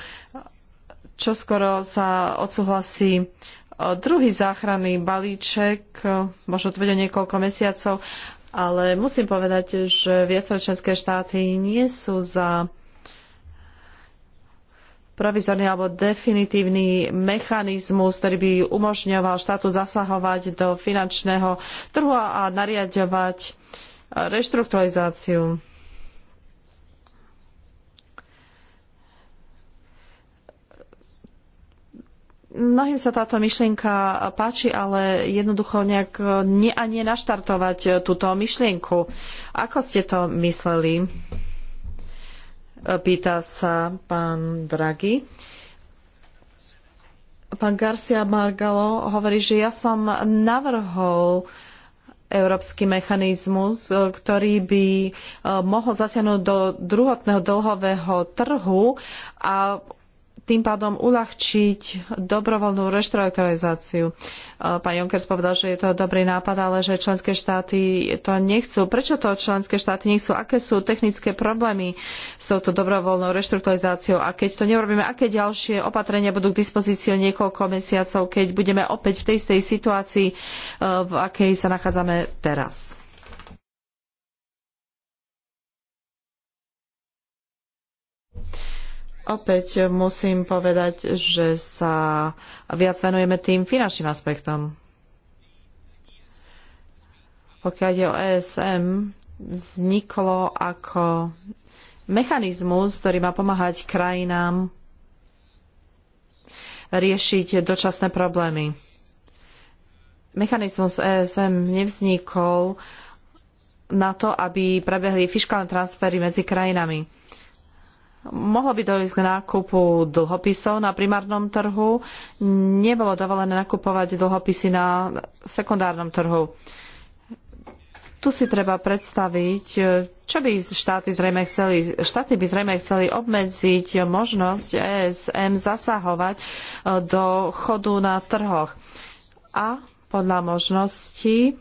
Čo skoro sa odsúhlasí Eh, druhý záchranný balíček, eh, možno to bude niekoľko mesiacov, ale musím povedať, že viaceré členské štáty nie sú za provizorný alebo definitívny mechanizmus, ktorý by umožňoval štátu zasahovať do finančného trhu a nariadovať eh, reštrukturalizáciu. Mnohým sa táto myšlienka páči, ale jednoducho nejak e, nie a nie naštartovať e, túto myšlienku. Ako ste to mysleli? E, pýta sa pán Draghi. Pán Garcia Margalo hovorí, že ja som navrhol európsky mechanizmus, ktorý by mohol zasiahnuť do druhotného dlhového trhu a tým pádom uľahčiť dobrovoľnú reštrukturalizáciu. E, pán Junkers povedal, že je to dobrý nápad, ale že členské štáty to nechcú. Prečo to členské štáty nechcú? Aké sú technické problémy s touto dobrovoľnou reštrukturalizáciou? A keď to neurobíme, aké ďalšie opatrenia budú k dispozícii niekoľko mesiacov, keď budeme opäť v tej istej situácii, e, v akej sa nachádzame teraz? Opäť musím povedať, že sa viac venujeme tým finančným aspektom. Pokiaľ ide o ESM, vzniklo ako mechanizmus, ktorý má pomáhať krajinám riešiť dočasné problémy. Mechanizmus ESM nevznikol na to, aby prebehli fiskálne transfery medzi krajinami mohlo by dojsť k nákupu dlhopisov na primárnom trhu. Nebolo dovolené nakupovať dlhopisy na sekundárnom trhu. Tu si treba predstaviť, čo by štáty zrejme chceli. Štáty by zrejme chceli obmedziť možnosť ESM zasahovať do chodu na trhoch. A podľa možností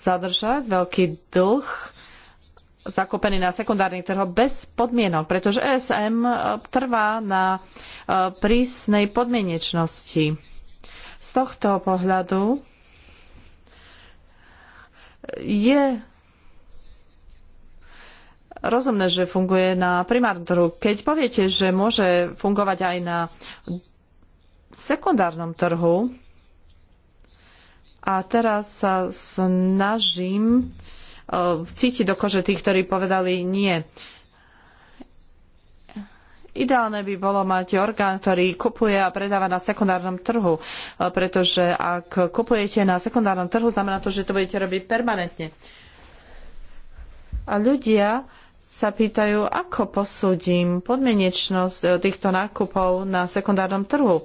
zadržať veľký dlh zakopený na sekundárnych trh bez podmienok, pretože ESM e, trvá na e, prísnej podmienečnosti. Z tohto pohľadu je rozumné, že funguje na primárnom trhu. Keď poviete, že môže fungovať aj na sekundárnom trhu, a teraz sa snažím eh, cítiť do kože tých, ktorí povedali nie. Ideálne by bolo mať orgán, ktorý kupuje a predáva na sekundárnom trhu, eh, pretože ak kupujete na sekundárnom trhu, znamená to, že to budete robiť permanentne. A ľudia sa pýtajú, ako posúdim podmienečnosť eh, týchto nákupov na sekundárnom trhu. Uh,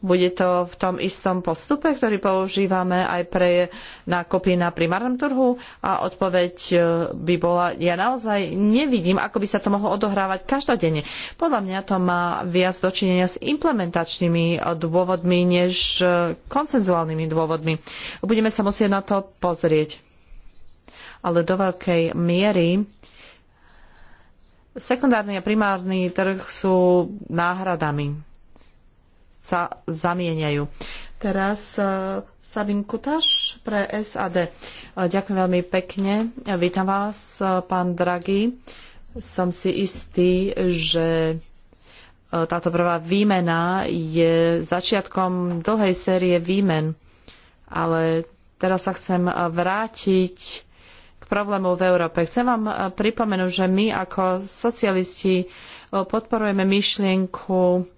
bude to v tom istom postupe, ktorý používame aj pre nákupy na primárnom trhu? A odpoveď e, by bola, ja naozaj nevidím, ako by sa to mohlo odohrávať každodenne. Podľa mňa to má viac dočinenia s implementačnými e, dôvodmi, než e, konsenzuálnymi dôvodmi. Budeme sa musieť na to pozrieť. Ale do veľkej miery sekundárny a primárny trh sú náhradami sa zamieňajú. Teraz e, Sabin Kutaš pre SAD. E, ďakujem veľmi pekne. Vítam vás, e, pán Draghi. Som si istý, že táto prvá výmena je začiatkom dlhej série výmen. Ale teraz sa chcem vrátiť k problému v Európe. Chcem vám pripomenúť, že my ako socialisti podporujeme myšlienku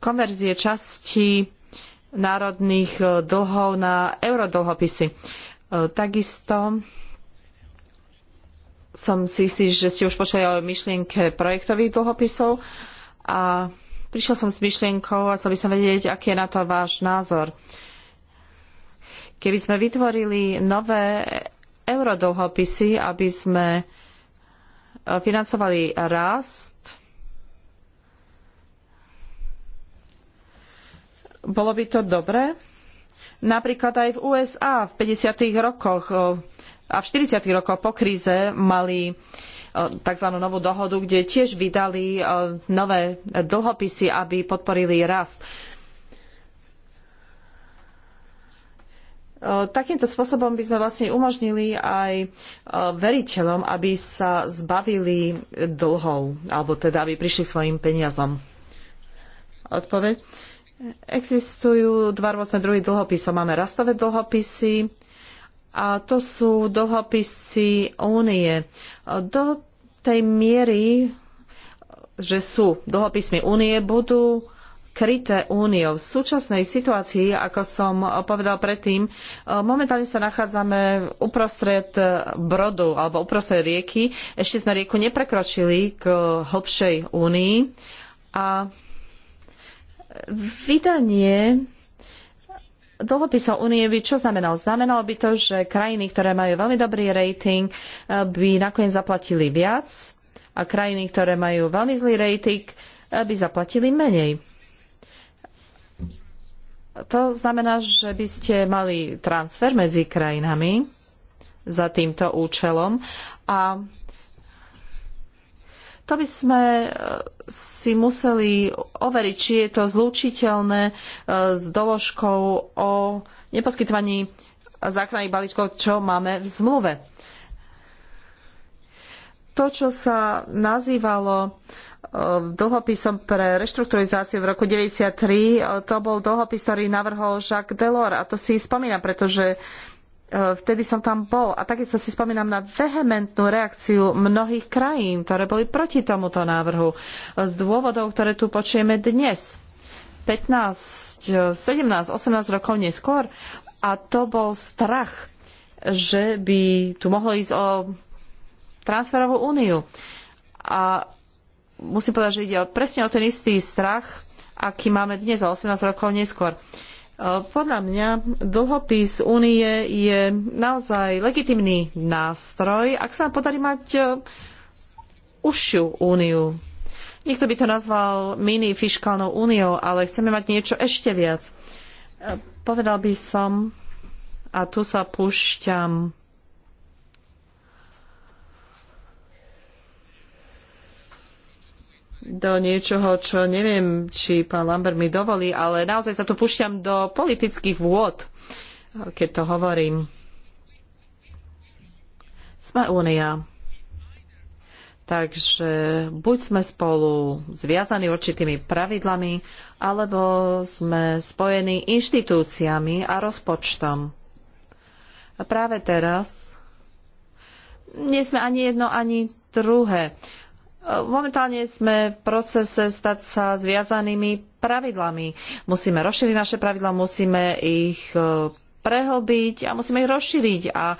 konverzie časti národných e, dlhov na eurodlhopisy. E, takisto som si istý, že ste už počuli o myšlienke projektových dlhopisov a prišiel som s myšlienkou a chcel by som vedieť, aký je na to váš názor. Keby sme vytvorili nové eurodlhopisy, aby sme e, financovali rast Bolo by to dobré? Napríklad aj v USA v 50. rokoch a v 40. E, rokoch po kríze mali e, tzv. novú dohodu, kde tiež vydali e, nové dlhopisy, aby podporili rast. Takýmto spôsobom by sme vlastne umožnili aj veriteľom, aby sa zbavili dlhov, alebo teda aby prišli svojim peniazom. Odpoveď? Existujú dva rôzne druhy dlhopisov. Máme rastové dlhopisy a to sú dlhopisy únie. Do tej miery, že sú dlhopismi únie, budú kryté úniou. V súčasnej situácii, ako som povedal predtým, momentálne sa nachádzame uprostred brodu alebo uprostred rieky. Ešte sme rieku neprekročili k hlbšej únii a Vydanie dlhopisov únie by čo znamenalo? Znamenalo by to, že krajiny, ktoré majú veľmi dobrý rating, by nakoniec zaplatili viac a krajiny, ktoré majú veľmi zlý rating, by zaplatili menej. To znamená, že by ste mali transfer medzi krajinami za týmto účelom a to by sme e, si museli overiť, či je to zlúčiteľné e, s doložkou o neposkytovaní záchranných balíčkov, čo máme v zmluve. To, čo sa nazývalo e, dlhopisom pre reštrukturizáciu v roku 1993, to bol dlhopis, ktorý navrhol Jacques Delors. A to si spomínam, pretože E, vtedy som tam bol a takisto si spomínam na vehementnú reakciu mnohých krajín, ktoré boli proti tomuto návrhu z dôvodov, ktoré tu počujeme dnes. 15, 17, 18 rokov neskôr a to bol strach, že by tu mohlo ísť o transferovú úniu. A musím povedať, že ide presne o ten istý strach, aký máme dnes o 18 rokov neskôr. Uh, E, podľa mňa dlhopis únie je naozaj legitimný nástroj, ak sa nám podarí mať e, užšiu úniu. Niekto by to nazval mini fiškálnou úniou, ale chceme mať niečo ešte viac. E, povedal by som, a tu sa púšťam do niečoho, čo neviem, či pán Lambert mi dovolí, ale naozaj sa tu púšťam do politických vôd, keď to hovorím. Sme únia. Takže buď sme spolu zviazaní určitými pravidlami, alebo sme spojení inštitúciami a rozpočtom. A práve teraz nie sme ani jedno, ani druhé. Momentálne sme v procese stať sa zviazanými pravidlami. Musíme rozšíriť naše pravidlá, musíme ich e, prehlbiť a musíme ich rozšíriť. A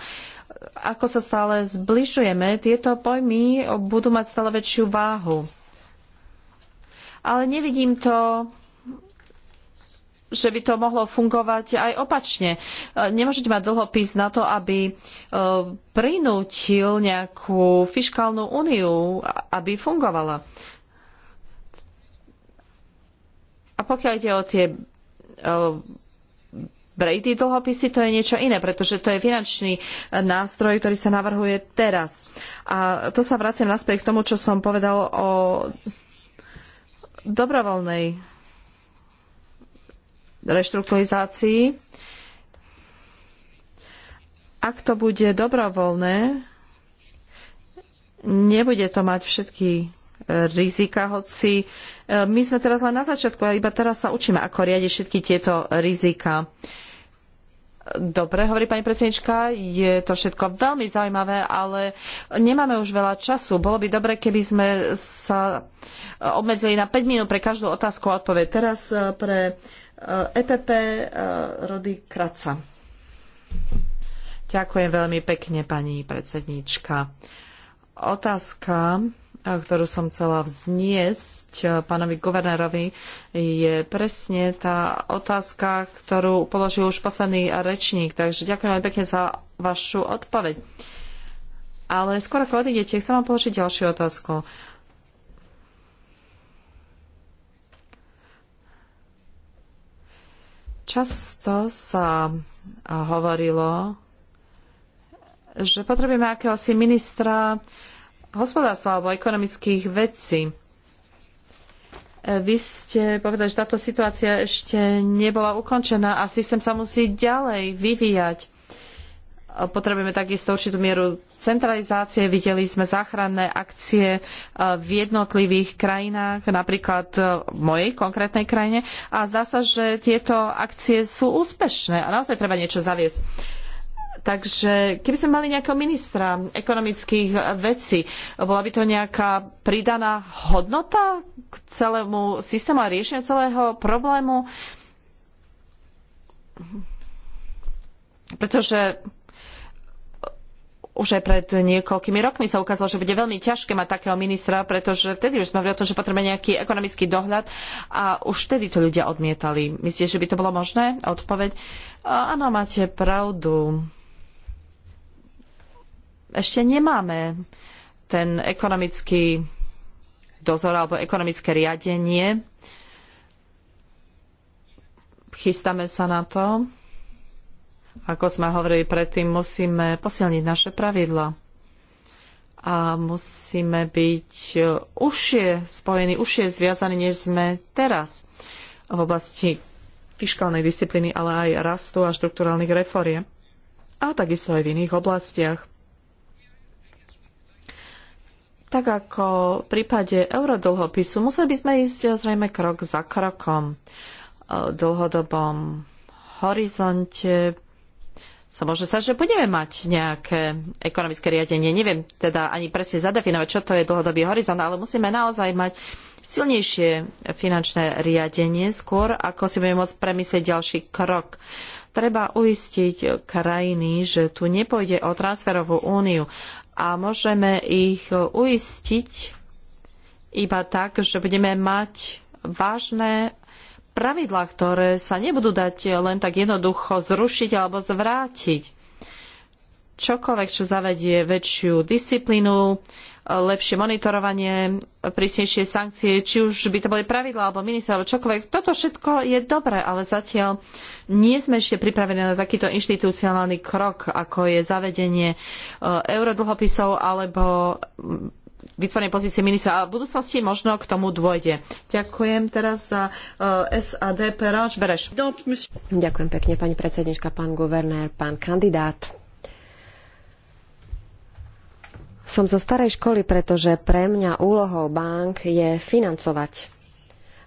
ako sa stále zbližujeme, tieto pojmy budú mať stále väčšiu váhu. Ale nevidím to že by to mohlo fungovať aj opačne. Nemôžete mať dlhopis na to, aby e, prinútil nejakú fiskálnu úniu, aby fungovala. A pokiaľ ide o tie e, Brady dlhopisy, to je niečo iné, pretože to je finančný e, nástroj, ktorý sa navrhuje teraz. A to sa vraciam naspäť k tomu, čo som povedal o dobrovoľnej reštrukturalizácii. Ak to bude dobrovoľné, nebude to mať všetky e, rizika, hoci e, my sme teraz len na začiatku a iba teraz sa učíme, ako riadiť všetky tieto rizika. Dobre, hovorí pani predsednička, je to všetko veľmi zaujímavé, ale nemáme už veľa času. Bolo by dobre, keby sme sa obmedzili na 5 minút pre každú otázku a odpoveď. Teraz e, pre EPP e e, Rody Kraca. Ďakujem veľmi pekne, pani predsednička. Otázka, e, ktorú som chcela vzniesť pánovi guvernérovi, je presne tá otázka, ktorú položil už posledný rečník. Takže ďakujem veľmi pekne za vašu odpoveď. Ale skôr ako odídete, chcem vám položiť ďalšiu otázku. Často sa hovorilo, že potrebujeme akéhosi ministra hospodárstva alebo ekonomických vecí. Vy ste povedali, že táto situácia ešte nebola ukončená a systém sa musí ďalej vyvíjať potrebujeme takisto určitú mieru centralizácie. Videli sme záchranné akcie e, v jednotlivých krajinách, napríklad e, v mojej konkrétnej krajine. A zdá sa, že tieto akcie sú úspešné a naozaj treba niečo zaviesť. Takže keby sme mali nejakého ministra ekonomických vecí, bola by to nejaká pridaná hodnota k celému systému a riešeniu celého problému? Pretože už aj pred niekoľkými rokmi sa ukázalo, že bude veľmi ťažké mať takého ministra, pretože vtedy už sme hovorili o tom, že potrebujeme nejaký ekonomický dohľad a už vtedy to ľudia odmietali. Myslíte, že by to bolo možné? Odpoveď? Áno, máte pravdu. Ešte nemáme ten ekonomický dozor alebo ekonomické riadenie. Chystáme sa na to ako sme hovorili predtým, musíme posilniť naše pravidla a musíme byť užšie spojení, užšie zviazaní, než sme teraz v oblasti fiskálnej disciplíny, ale aj rastu a štrukturálnych reforiem. A takisto aj v iných oblastiach. Tak ako v prípade eurodlhopisu, museli by sme ísť zrejme krok za krokom. V dlhodobom horizonte sa môže sa, že budeme mať nejaké ekonomické riadenie. Neviem teda ani presne zadefinovať, čo to je dlhodobý horizont, ale musíme naozaj mať silnejšie finančné riadenie skôr, ako si budeme môcť premyslieť ďalší krok. Treba uistiť krajiny, že tu nepôjde o transferovú úniu a môžeme ich uistiť iba tak, že budeme mať vážne pravidlá, ktoré sa nebudú dať len tak jednoducho zrušiť alebo zvrátiť. Čokoľvek, čo zavedie väčšiu disciplínu, lepšie monitorovanie, prísnejšie sankcie, či už by to boli pravidlá alebo minister, alebo čokoľvek. Toto všetko je dobré, ale zatiaľ nie sme ešte pripravení na takýto inštitucionálny krok, ako je zavedenie e, eurodlhopisov alebo vytvorenej pozície ministra. A v budúcnosti možno k tomu dôjde. Ďakujem teraz za eh, SAD Peráč Bereš. Ďakujem pekne, pani predsednička, pán guvernér, pán kandidát. Som zo starej školy, pretože pre mňa úlohou bank je financovať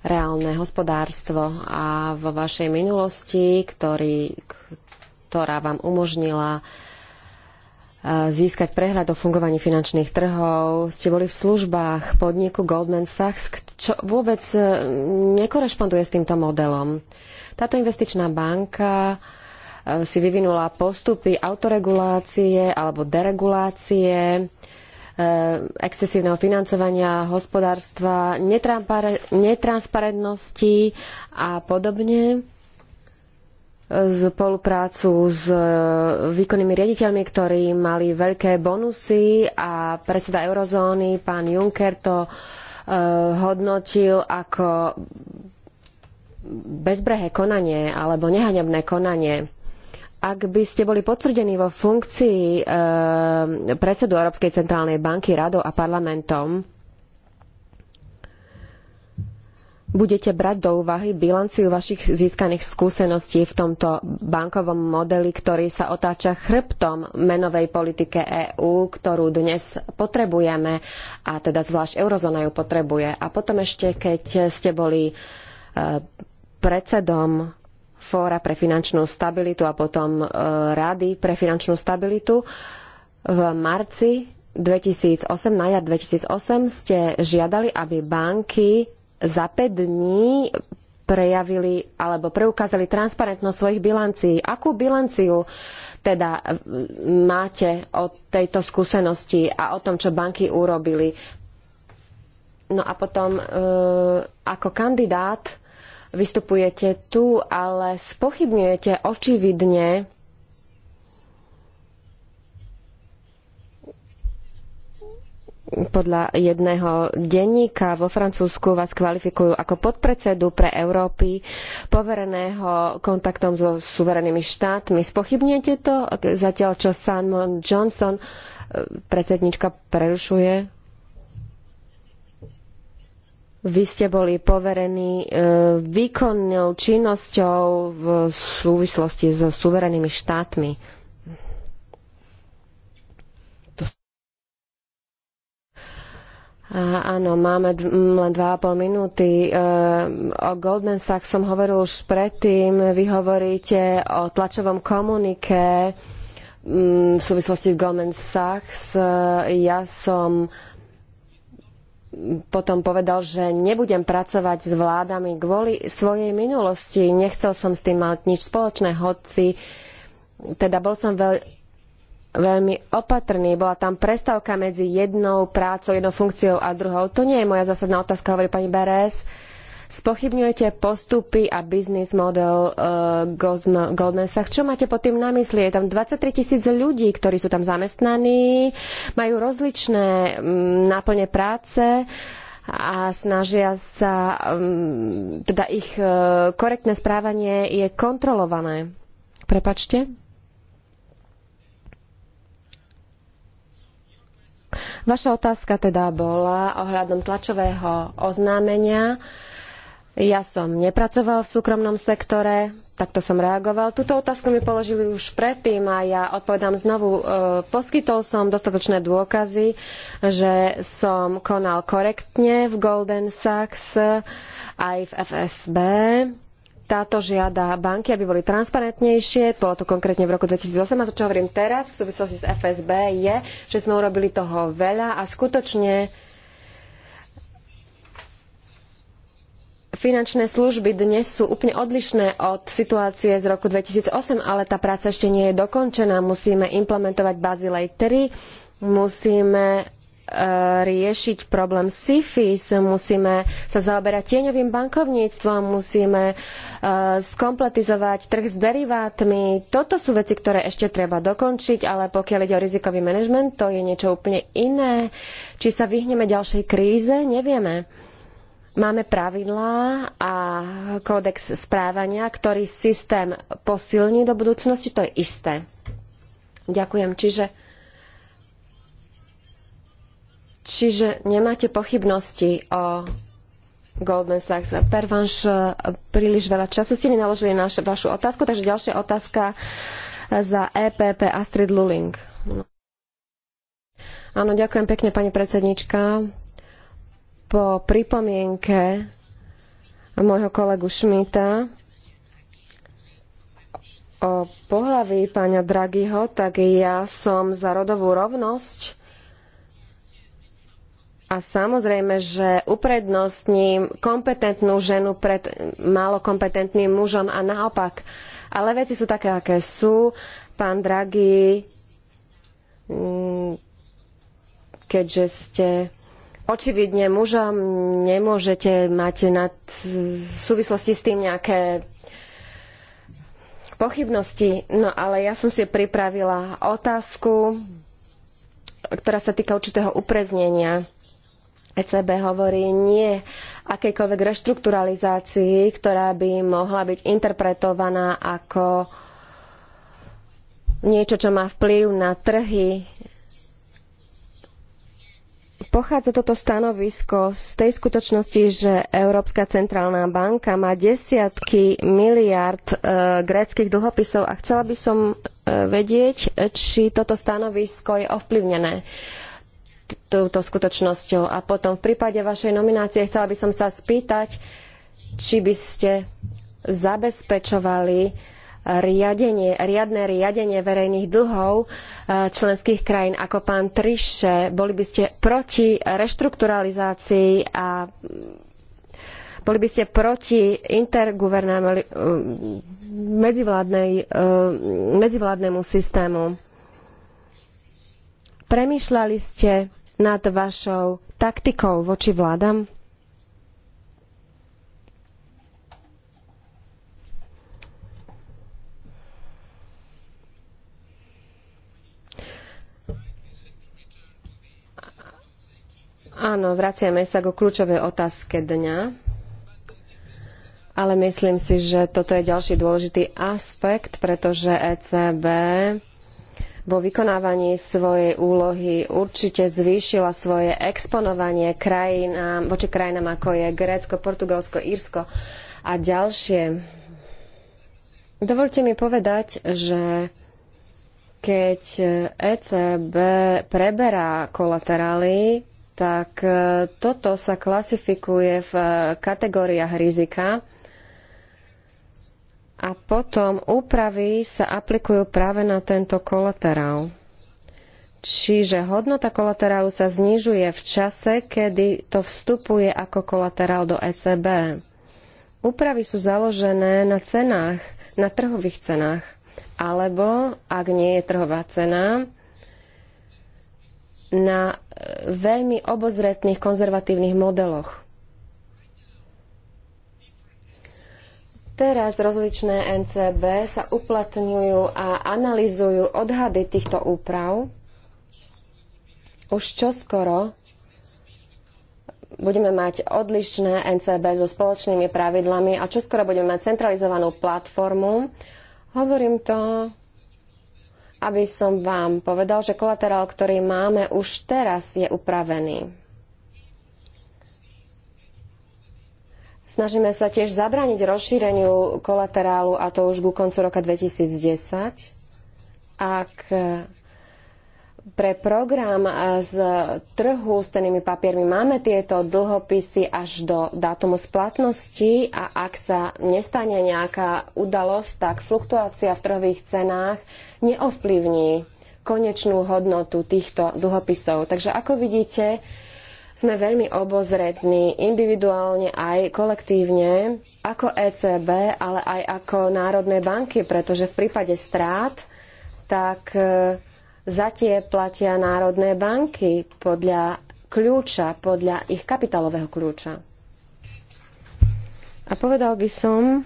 reálne hospodárstvo a vo vašej minulosti, ktorý, ktorá vám umožnila získať prehľad o fungovaní finančných trhov. Ste boli v službách podniku Goldman Sachs, čo vôbec e, nekorešponduje s týmto modelom. Táto investičná banka e, si vyvinula postupy autoregulácie alebo deregulácie, e, excesívneho financovania hospodárstva, netransparentnosti a podobne spoluprácu s e, výkonnými riaditeľmi, ktorí mali veľké bonusy a predseda eurozóny, pán Juncker, to e, hodnotil ako bezbrehé konanie alebo nehanebné konanie. Ak by ste boli potvrdení vo funkcii e, predsedu Európskej centrálnej banky, radou a parlamentom, budete brať do úvahy bilanciu vašich získaných skúseností v tomto bankovom modeli, ktorý sa otáča chrbtom menovej politike EÚ, ktorú dnes potrebujeme a teda zvlášť eurozóna ju potrebuje. A potom ešte, keď ste boli e, predsedom Fóra pre finančnú stabilitu a potom e, Rady pre finančnú stabilitu, v marci 2008, na jar 2008 ste žiadali, aby banky za 5 dní prejavili alebo preukázali transparentnosť svojich bilancií. Akú bilanciu teda máte o tejto skúsenosti a o tom, čo banky urobili? No a potom e, ako kandidát vystupujete tu, ale spochybňujete očividne podľa jedného denníka vo Francúzsku vás kvalifikujú ako podpredsedu pre Európy, povereného kontaktom so suverenými štátmi. Spochybnete to, zatiaľ čo Simon Johnson, e, predsednička, prerušuje? Vy ste boli poverení e, výkonnou činnosťou v súvislosti so suverenými štátmi. áno, máme d- m, len 2,5 minúty. E, o Goldman Sachs som hovoril už predtým. Vy hovoríte o tlačovom komunike v súvislosti s Goldman Sachs. E, ja som potom povedal, že nebudem pracovať s vládami kvôli svojej minulosti. Nechcel som s tým mať nič spoločné, hoci teda bol som veľmi veľmi opatrný. Bola tam prestávka medzi jednou prácou, jednou funkciou a druhou. To nie je moja zásadná otázka, hovorí pani Beres. Spochybňujete postupy a business model uh, Goldman Sachs. Čo máte pod tým na mysli? Je tam 23 tisíc ľudí, ktorí sú tam zamestnaní, majú rozličné um, náplne práce a snažia sa, um, teda ich uh, korektné správanie je kontrolované. Prepačte? Vaša otázka teda bola ohľadom tlačového oznámenia. Ja som nepracoval v súkromnom sektore, takto som reagoval. Túto otázku mi položili už predtým a ja odpovedám znovu. E, poskytol som dostatočné dôkazy, že som konal korektne v Golden Sachs aj v FSB táto žiada banky, aby boli transparentnejšie, bolo to konkrétne v roku 2008 a to, čo hovorím teraz v súvislosti s FSB je, že sme urobili toho veľa a skutočne finančné služby dnes sú úplne odlišné od situácie z roku 2008, ale tá práca ešte nie je dokončená. Musíme implementovať Bazilej 3, musíme riešiť problém SIFIS, musíme sa zaoberať tieňovým bankovníctvom, musíme e, skompletizovať trh s derivátmi. Toto sú veci, ktoré ešte treba dokončiť, ale pokiaľ ide o rizikový manažment, to je niečo úplne iné. Či sa vyhneme ďalšej kríze, nevieme. Máme pravidlá a kódex správania, ktorý systém posilní do budúcnosti, to je isté. Ďakujem. Čiže Čiže nemáte pochybnosti o Goldman Sachs. Pervanš, e, príliš veľa času ste mi naložili na vašu otázku, takže ďalšia otázka za EPP Astrid Luling. No. Áno, ďakujem pekne, pani predsednička. Po pripomienke môjho kolegu Šmita o pohlaví pána Dragiho, tak ja som za rodovú rovnosť a samozrejme, že uprednostním kompetentnú ženu pred málo kompetentným mužom a naopak. Ale veci sú také, aké sú. Pán Draghi, mm, keďže ste očividne mužom, nemôžete mať nad, v súvislosti s tým nejaké pochybnosti. No ale ja som si pripravila otázku, ktorá sa týka určitého upreznenia ECB hovorí nie akejkoľvek reštrukturalizácii, ktorá by mohla byť interpretovaná ako niečo, čo má vplyv na trhy. Pochádza toto stanovisko z tej skutočnosti, že Európska centrálna banka má desiatky miliard e, gréckych dlhopisov a chcela by som e, vedieť, či toto stanovisko je ovplyvnené. E, touto skutočnosťou. A potom v prípade vašej nominácie chcela by som sa spýtať, či by ste zabezpečovali riadenie, riadne riadenie verejných dlhov e, členských krajín ako pán Triše. Boli by ste proti reštrukturalizácii a boli by ste proti e, e, medzivládnemu systému. Premýšľali ste nad vašou taktikou voči vládam? Áno, vraciame sa ku kľúčovej otázke dňa, ale myslím si, že toto je ďalší dôležitý aspekt, pretože ECB vo vykonávaní svojej úlohy určite zvýšila svoje exponovanie krajinám, voči krajinám ako je Grécko, Portugalsko, Írsko a ďalšie. Dovolte mi povedať, že keď ECB preberá kolaterály, tak toto sa klasifikuje v kategóriách rizika, a potom úpravy sa aplikujú práve na tento kolaterál. Čiže hodnota kolaterálu sa znižuje v čase, kedy to vstupuje ako kolaterál do ECB. Úpravy sú založené na cenách, na trhových cenách. Alebo, ak nie je trhová cena, na e, veľmi obozretných konzervatívnych modeloch. Teraz rozličné NCB sa uplatňujú a analizujú odhady týchto úprav. Už čoskoro budeme mať odlišné NCB so spoločnými pravidlami a čoskoro budeme mať centralizovanú platformu. Hovorím to, aby som vám povedal, že kolaterál, ktorý máme už teraz, je upravený. Snažíme sa tiež zabrániť rozšíreniu kolaterálu a to už ku koncu roka 2010. Ak eh, pre program eh, z trhu s cenými papiermi máme tieto dlhopisy až do dátumu splatnosti a ak sa nestane nejaká udalosť, tak fluktuácia v trhových cenách neovplyvní konečnú hodnotu týchto dlhopisov. Takže ako vidíte, sme veľmi obozretní individuálne aj kolektívne, ako ECB, ale aj ako národné banky, pretože v prípade strát tak e, za tie platia národné banky podľa kľúča, podľa ich kapitálového kľúča. A povedal by som,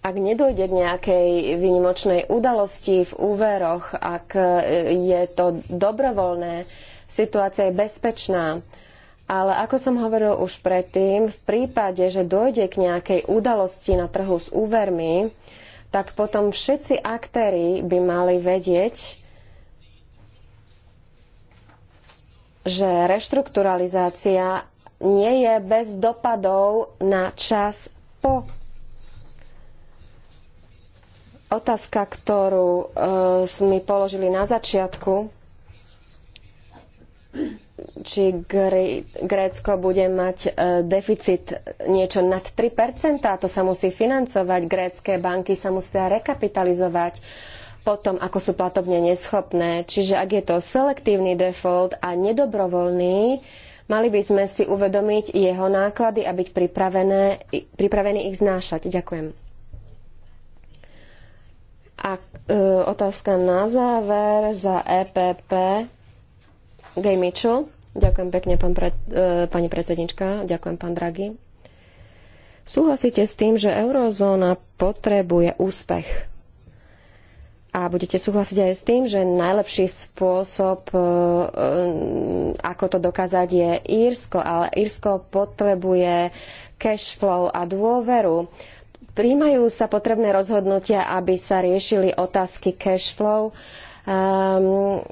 ak nedojde k nejakej výnimočnej udalosti v úveroch, ak e, je to dobrovoľné, situácia je bezpečná. Ale ako som hovoril už predtým, v prípade, že dojde k nejakej udalosti na trhu s úvermi, tak potom všetci aktéry by mali vedieť, že reštrukturalizácia nie je bez dopadov na čas po. Otázka, ktorú e, mi položili na začiatku, či Grécko bude mať e, deficit niečo nad 3%, a to sa musí financovať, grécké banky sa musia rekapitalizovať potom, ako sú platobne neschopné. Čiže ak je to selektívny default a nedobrovoľný, mali by sme si uvedomiť jeho náklady a byť pripravení ich znášať. Ďakujem. A e, otázka na záver za EPP. Gay Mitchell. Ďakujem pekne, pán pre, e, pani predsednička. Ďakujem, pán Draghi. Súhlasíte s tým, že eurozóna potrebuje úspech. A budete súhlasiť aj s tým, že najlepší spôsob, e, e, ako to dokázať, je Írsko. Ale Írsko potrebuje cash flow a dôveru. Príjmajú sa potrebné rozhodnutia, aby sa riešili otázky cash flow. Um,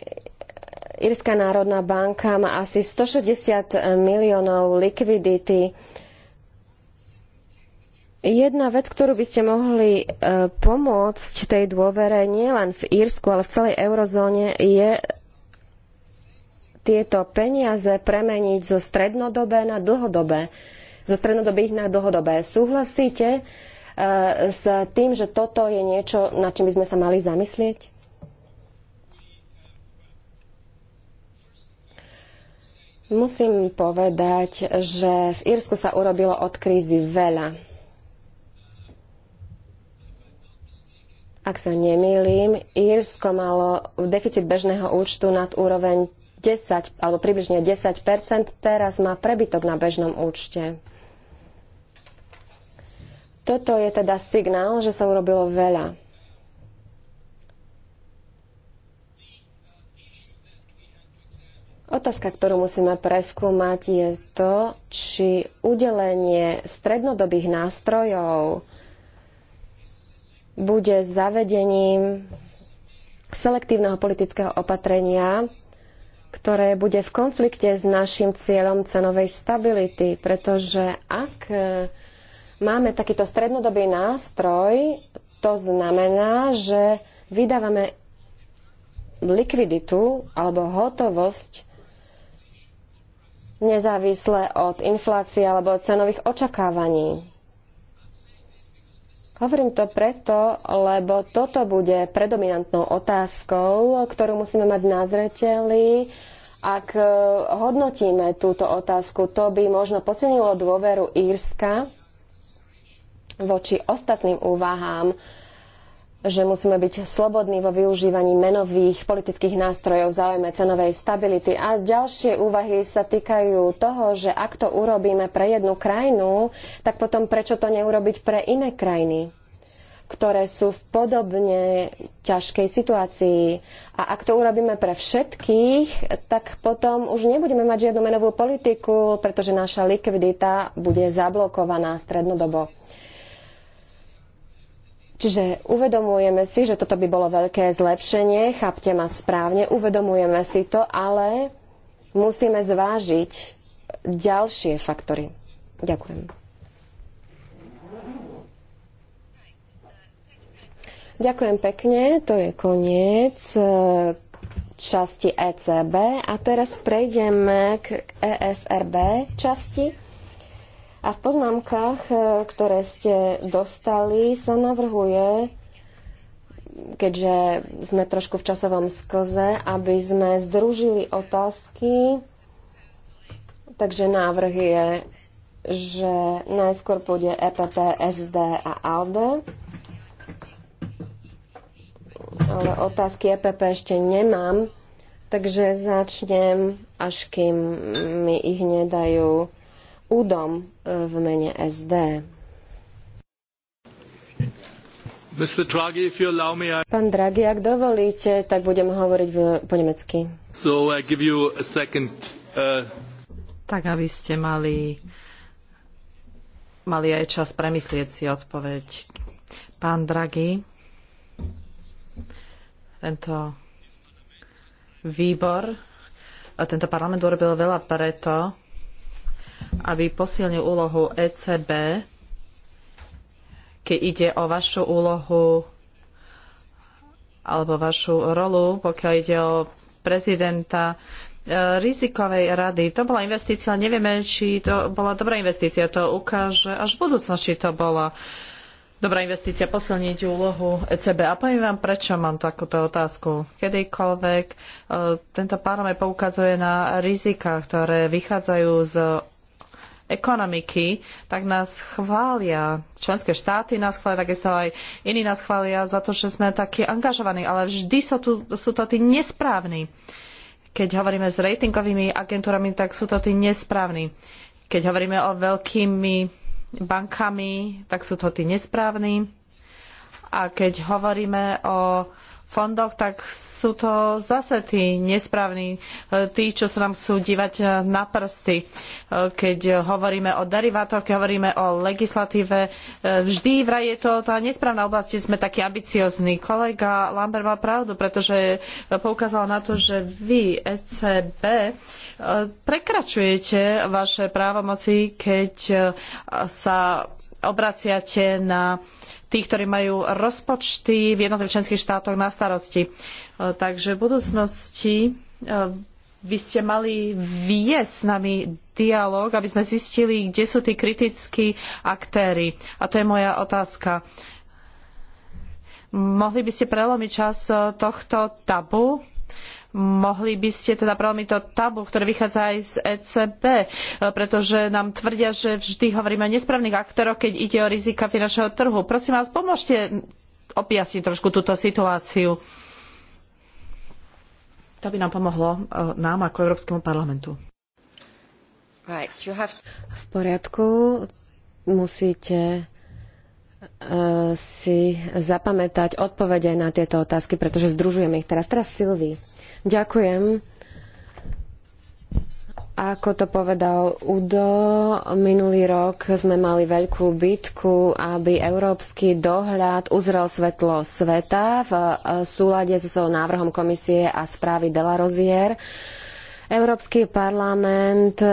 Írska národná banka má asi 160 miliónov likvidity. Jedna vec, ktorú by ste mohli e, pomôcť tej dôvere nielen v Írsku, ale v celej eurozóne, je tieto peniaze premeniť zo strednodobé na dlhodobé. Zo strednodobých na dlhodobé. Súhlasíte e, s tým, že toto je niečo, nad čím by sme sa mali zamyslieť? Musím povedať, že v Írsku sa urobilo od krízy veľa. Ak sa nemýlim, Írsko malo deficit bežného účtu nad úroveň 10 alebo približne 10 teraz má prebytok na bežnom účte. Toto je teda signál, že sa urobilo veľa. Otázka, ktorú musíme preskúmať, je to, či udelenie strednodobých nástrojov bude zavedením selektívneho politického opatrenia, ktoré bude v konflikte s našim cieľom cenovej stability, pretože ak e, máme takýto strednodobý nástroj, to znamená, že vydávame likviditu alebo hotovosť nezávisle od inflácie alebo od cenových očakávaní. Hovorím to preto, lebo toto bude predominantnou otázkou, ktorú musíme mať na zreteli. Ak e, hodnotíme túto otázku, to by možno posilnilo dôveru Írska voči ostatným úvahám, že musíme byť slobodní vo využívaní menových politických nástrojov v záujme cenovej stability. A ďalšie úvahy sa týkajú toho, že ak to urobíme pre jednu krajinu, tak potom prečo to neurobiť pre iné krajiny, ktoré sú v podobne ťažkej situácii. A ak to urobíme pre všetkých, tak potom už nebudeme mať žiadnu menovú politiku, pretože naša likvidita bude zablokovaná strednodobo. Čiže uvedomujeme si, že toto by bolo veľké zlepšenie, chápte ma správne, uvedomujeme si to, ale musíme zvážiť ďalšie faktory. Ďakujem. Ďakujem pekne, to je koniec e, časti ECB a teraz prejdeme k ESRB časti. A v poznámkach, e, ktoré ste dostali, sa navrhuje, keďže sme trošku v časovom sklze, aby sme združili otázky. Takže návrh je, že najskôr pôjde EPP, SD a ALDE. Ale otázky EPP ešte nemám, takže začnem, až kým mi ich nedajú Udom e, v mene SD. Pán Draghi, ak dovolíte, tak budem hovoriť v, po nemecky. So I give you a second, uh... Tak aby ste mali, mali aj čas premyslieť si odpoveď. Pán Draghi, tento výbor, tento parlament urobil veľa preto, aby posilnil úlohu ECB, keď ide o vašu úlohu alebo vašu rolu, pokiaľ ide o prezidenta e, rizikovej rady. To bola investícia, ale nevieme, či to bola dobrá investícia. To ukáže až v budúcnosti, či to bola dobrá investícia posilniť úlohu ECB. A poviem vám, prečo mám takúto otázku. Kedykoľvek e, tento parlament poukazuje na rizika, ktoré vychádzajú z ekonomiky, tak nás chvália, členské štáty nás chvália, takisto aj iní nás chvália za to, že sme takí angažovaní, ale vždy sú, tu, sú to tí nesprávni. Keď hovoríme s ratingovými agentúrami, tak sú to tí nesprávni. Keď hovoríme o veľkými bankami, tak sú to tí nesprávni. A keď hovoríme o fondoch, tak sú to zase tí nesprávni, e, tí, čo sa nám chcú dívať e, na prsty. E, keď hovoríme o derivátoch, keď hovoríme o legislatíve, vždy vraj je to tá nesprávna oblasť, kde sme takí ambiciozní. Kolega Lambert má pravdu, pretože poukázal na to, že vy, ECB, prekračujete vaše právomoci, keď sa obraciate na tých, ktorí majú rozpočty v jednotlivých členských štátoch na starosti. E, takže v budúcnosti e, by ste mali viesť s nami dialog, aby sme zistili, kde sú tí kritickí aktéry. A to je moja otázka. Mohli by ste prelomiť čas e, tohto tabu? Mohli by ste teda prelomiť to tabu, ktoré vychádza aj z ECB, e, pretože nám tvrdia, že vždy hovoríme o nesprávnych aktoroch, keď ide o rizika finančného trhu. Prosím vás, pomôžte objasniť trošku túto situáciu. To by nám pomohlo e, nám ako Európskemu parlamentu. V poriadku, musíte e, si zapamätať odpovede na tieto otázky, pretože združujeme ich teraz. Teraz Sylvie. Ďakujem. Ako to povedal Udo, minulý rok sme mali veľkú bitku, aby európsky dohľad uzrel svetlo sveta v súlade so návrhom komisie a správy Delarozier. Rozier Európsky parlament e,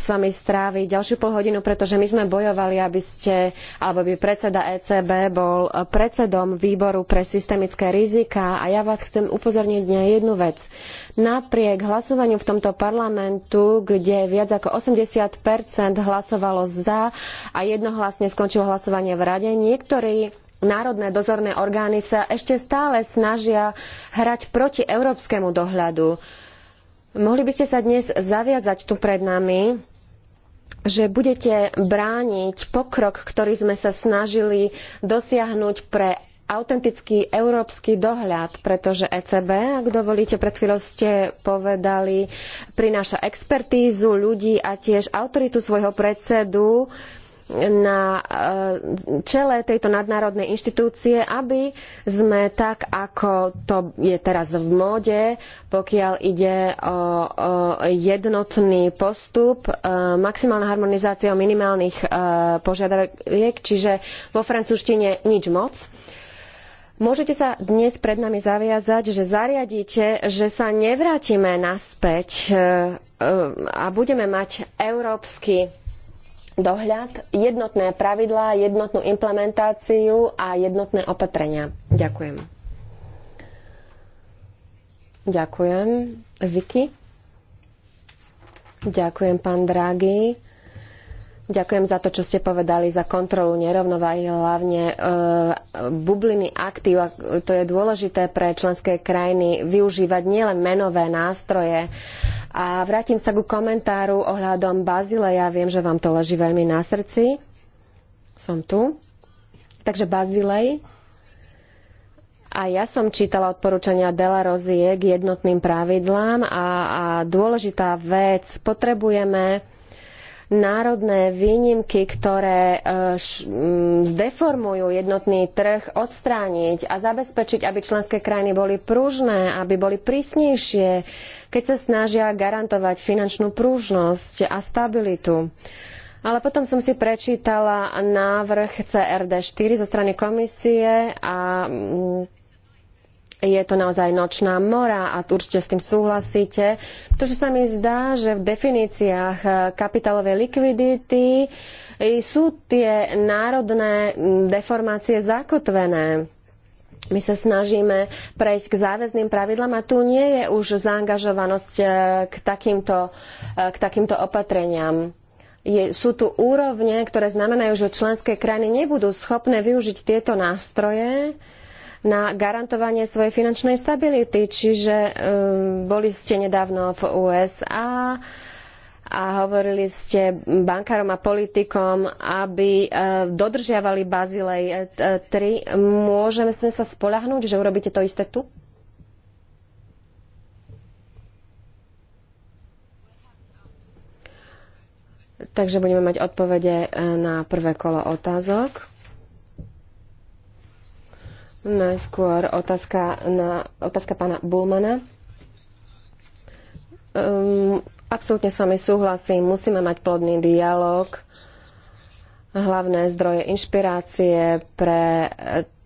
s vami strávi ďalšiu polhodinu, pretože my sme bojovali, aby ste, alebo by predseda ECB bol predsedom výboru pre systemické riziká. A ja vás chcem upozorniť na jednu vec. Napriek hlasovaniu v tomto parlamentu, kde viac ako 80 hlasovalo za a jednohlasne skončilo hlasovanie v rade, niektorí národné dozorné orgány sa ešte stále snažia hrať proti európskemu dohľadu. Mohli by ste sa dnes zaviazať tu pred nami, že budete brániť pokrok, ktorý sme sa snažili dosiahnuť pre autentický európsky dohľad, pretože ECB, ak dovolíte, pred chvíľou ste povedali, prináša expertízu ľudí a tiež autoritu svojho predsedu, na eh, čele tejto nadnárodnej inštitúcie, aby sme tak, ako to je teraz v móde, pokiaľ ide o, jednotný postup, eh, maximálna harmonizácia minimálnych eh, požiadaviek, čiže vo francúzštine nič moc. Môžete sa dnes pred nami zaviazať, že zariadíte, že sa nevrátime naspäť a budeme mať európsky dohľad, jednotné pravidlá, jednotnú implementáciu a jednotné opatrenia. Ďakujem. Ďakujem. Vicky? Ďakujem, pán Draghi. Ďakujem za to, čo ste povedali, za kontrolu nerovnováhy, hlavne e, bubliny aktív. To je dôležité pre členské krajiny využívať nielen menové nástroje. A vrátim sa ku komentáru ohľadom Bazileja. Viem, že vám to leží veľmi na srdci. Som tu. Takže Bazilej. A ja som čítala odporúčania Dela Rozie k jednotným pravidlám a, a dôležitá vec. Potrebujeme národné výnimky, ktoré e, zdeformujú jednotný trh, odstrániť a zabezpečiť, aby členské krajiny boli pružné, aby boli prísnejšie, keď sa snažia garantovať finančnú pružnosť a stabilitu. Ale potom som si prečítala návrh CRD4 zo strany komisie a je to naozaj nočná mora a určite s tým súhlasíte, pretože sa mi zdá, že v definíciách eh, kapitálovej likvidity sú tie národné mm, deformácie zakotvené. My sa snažíme prejsť k záväzným pravidlám a tu nie je už zaangažovanosť eh, k takýmto, eh, k takýmto opatreniam. Je, sú tu úrovne, ktoré znamenajú, že členské krajiny nebudú schopné využiť tieto nástroje, na garantovanie svojej finančnej stability. Čiže um, boli ste nedávno v USA a hovorili ste bankárom a politikom, aby uh, dodržiavali Bazilej 3. E, Môžeme sme sa spolahnúť, že urobíte to isté tu? Takže budeme mať odpovede na prvé kolo otázok. Najskôr otázka, na, otázka pána Bulmana. Um, absolútne s vami súhlasím, musíme mať plodný dialog. Hlavné zdroje inšpirácie pre eh,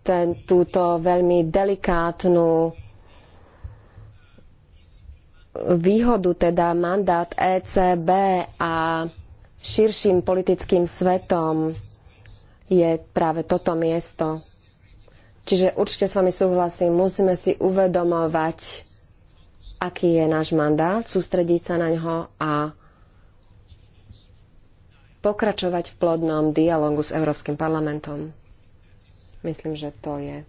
ten, túto veľmi delikátnu výhodu, teda mandát ECB a širším politickým svetom je práve toto miesto Čiže určite s vami súhlasím, musíme si uvedomovať, aký je náš mandát, sústrediť sa na ňo a pokračovať v plodnom dialogu s Európskym parlamentom. Myslím, že to je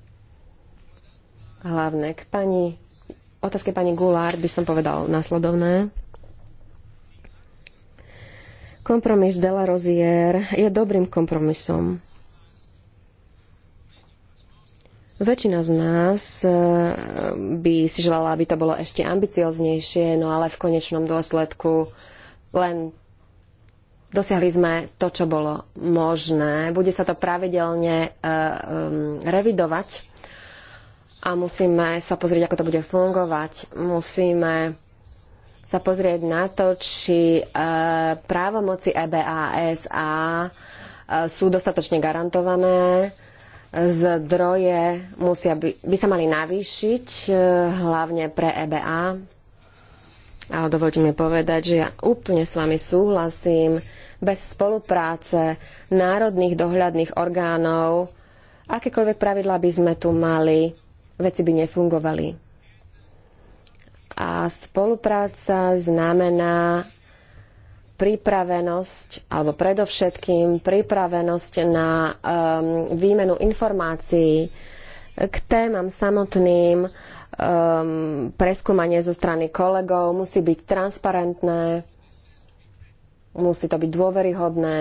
hlavné. K pani, otázke pani Gulár by som povedal nasledovné. Kompromis de la Rozier je dobrým kompromisom Väčšina z nás e, by si želala, aby to bolo ešte ambicioznejšie, no ale v konečnom dôsledku len dosiahli sme to, čo bolo možné. Bude sa to pravidelne e, e, revidovať a musíme sa pozrieť, ako to bude fungovať. Musíme sa pozrieť na to, či právomoci EBA a SA sú dostatočne garantované zdroje musia by, by sa mali navýšiť, eh, hlavne pre EBA. Ale dovolte mi povedať, že ja úplne s vami súhlasím. Bez spolupráce národných dohľadných orgánov, akékoľvek pravidlá by sme tu mali, veci by nefungovali. A spolupráca znamená pripravenosť, alebo predovšetkým pripravenosť na um, výmenu informácií k témam samotným, um, preskúmanie zo strany kolegov musí byť transparentné, musí to byť dôveryhodné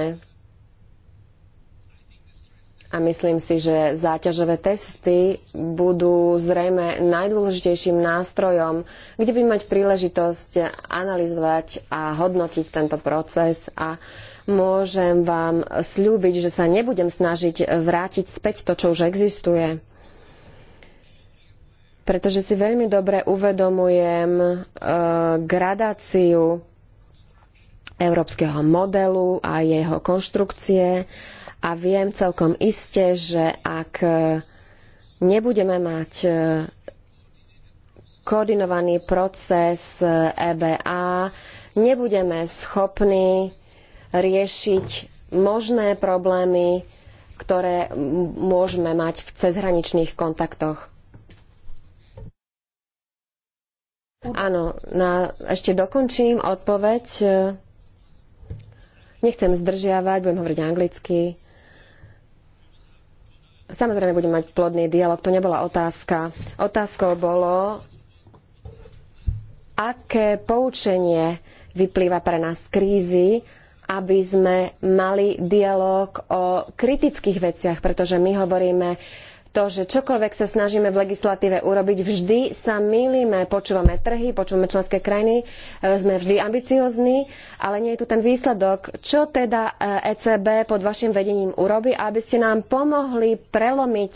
a myslím si, že záťažové testy budú zrejme najdôležitejším nástrojom, kde by mať príležitosť analyzovať a hodnotiť tento proces a môžem vám slúbiť, že sa nebudem snažiť vrátiť späť to, čo už existuje. Pretože si veľmi dobre uvedomujem e, gradáciu európskeho modelu a jeho konštrukcie a viem celkom iste, že ak e, nebudeme mať e, koordinovaný proces EBA, e nebudeme schopní riešiť možné problémy, ktoré môžeme mať v cezhraničných kontaktoch. Áno, na, ešte dokončím odpoveď. Nechcem zdržiavať, budem hovoriť anglicky. Samozrejme, budeme mať plodný dialog, to nebola otázka. Otázkou bolo, aké poučenie vyplýva pre nás z krízy, aby sme mali dialog o kritických veciach, pretože my hovoríme to, že čokoľvek sa snažíme v legislatíve urobiť, vždy sa mýlime, počúvame trhy, počúvame členské krajiny, e, sme vždy ambiciozní, ale nie je tu ten výsledok. Čo teda ECB e pod vašim vedením urobí, aby ste nám pomohli prelomiť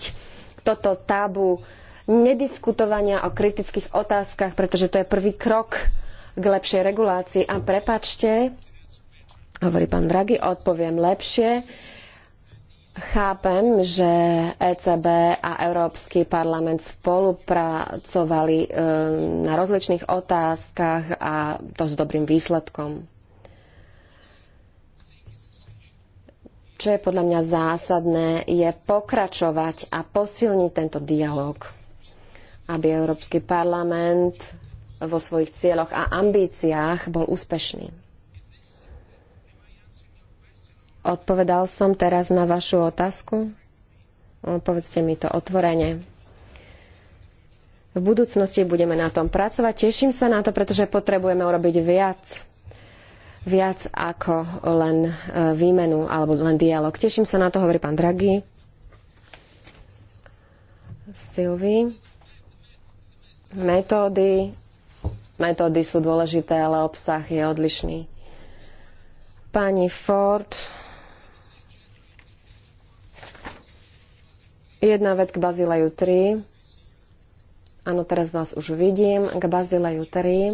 toto tabu nediskutovania o kritických otázkach, pretože to je prvý krok k lepšej regulácii. A prepačte, hovorí pán Draghi, odpoviem lepšie Chápem, že ECB a Európsky parlament spolupracovali eh, na rozličných otázkach a to s dobrým výsledkom. Čo je podľa mňa zásadné, je pokračovať a posilniť tento dialog, aby Európsky parlament vo svojich cieľoch a ambíciách bol úspešný. Odpovedal som teraz na vašu otázku. Povedzte mi to otvorene. V budúcnosti budeme na tom pracovať. Teším sa na to, pretože potrebujeme urobiť viac. Viac ako len e, výmenu alebo len dialog. Teším sa na to, hovorí pán Draghi. Silvi. Metódy. Metódy sú dôležité, ale obsah je odlišný. Pani Ford Jedna vec k Bazileju 3. Áno, teraz vás už vidím. K Bazileju 3.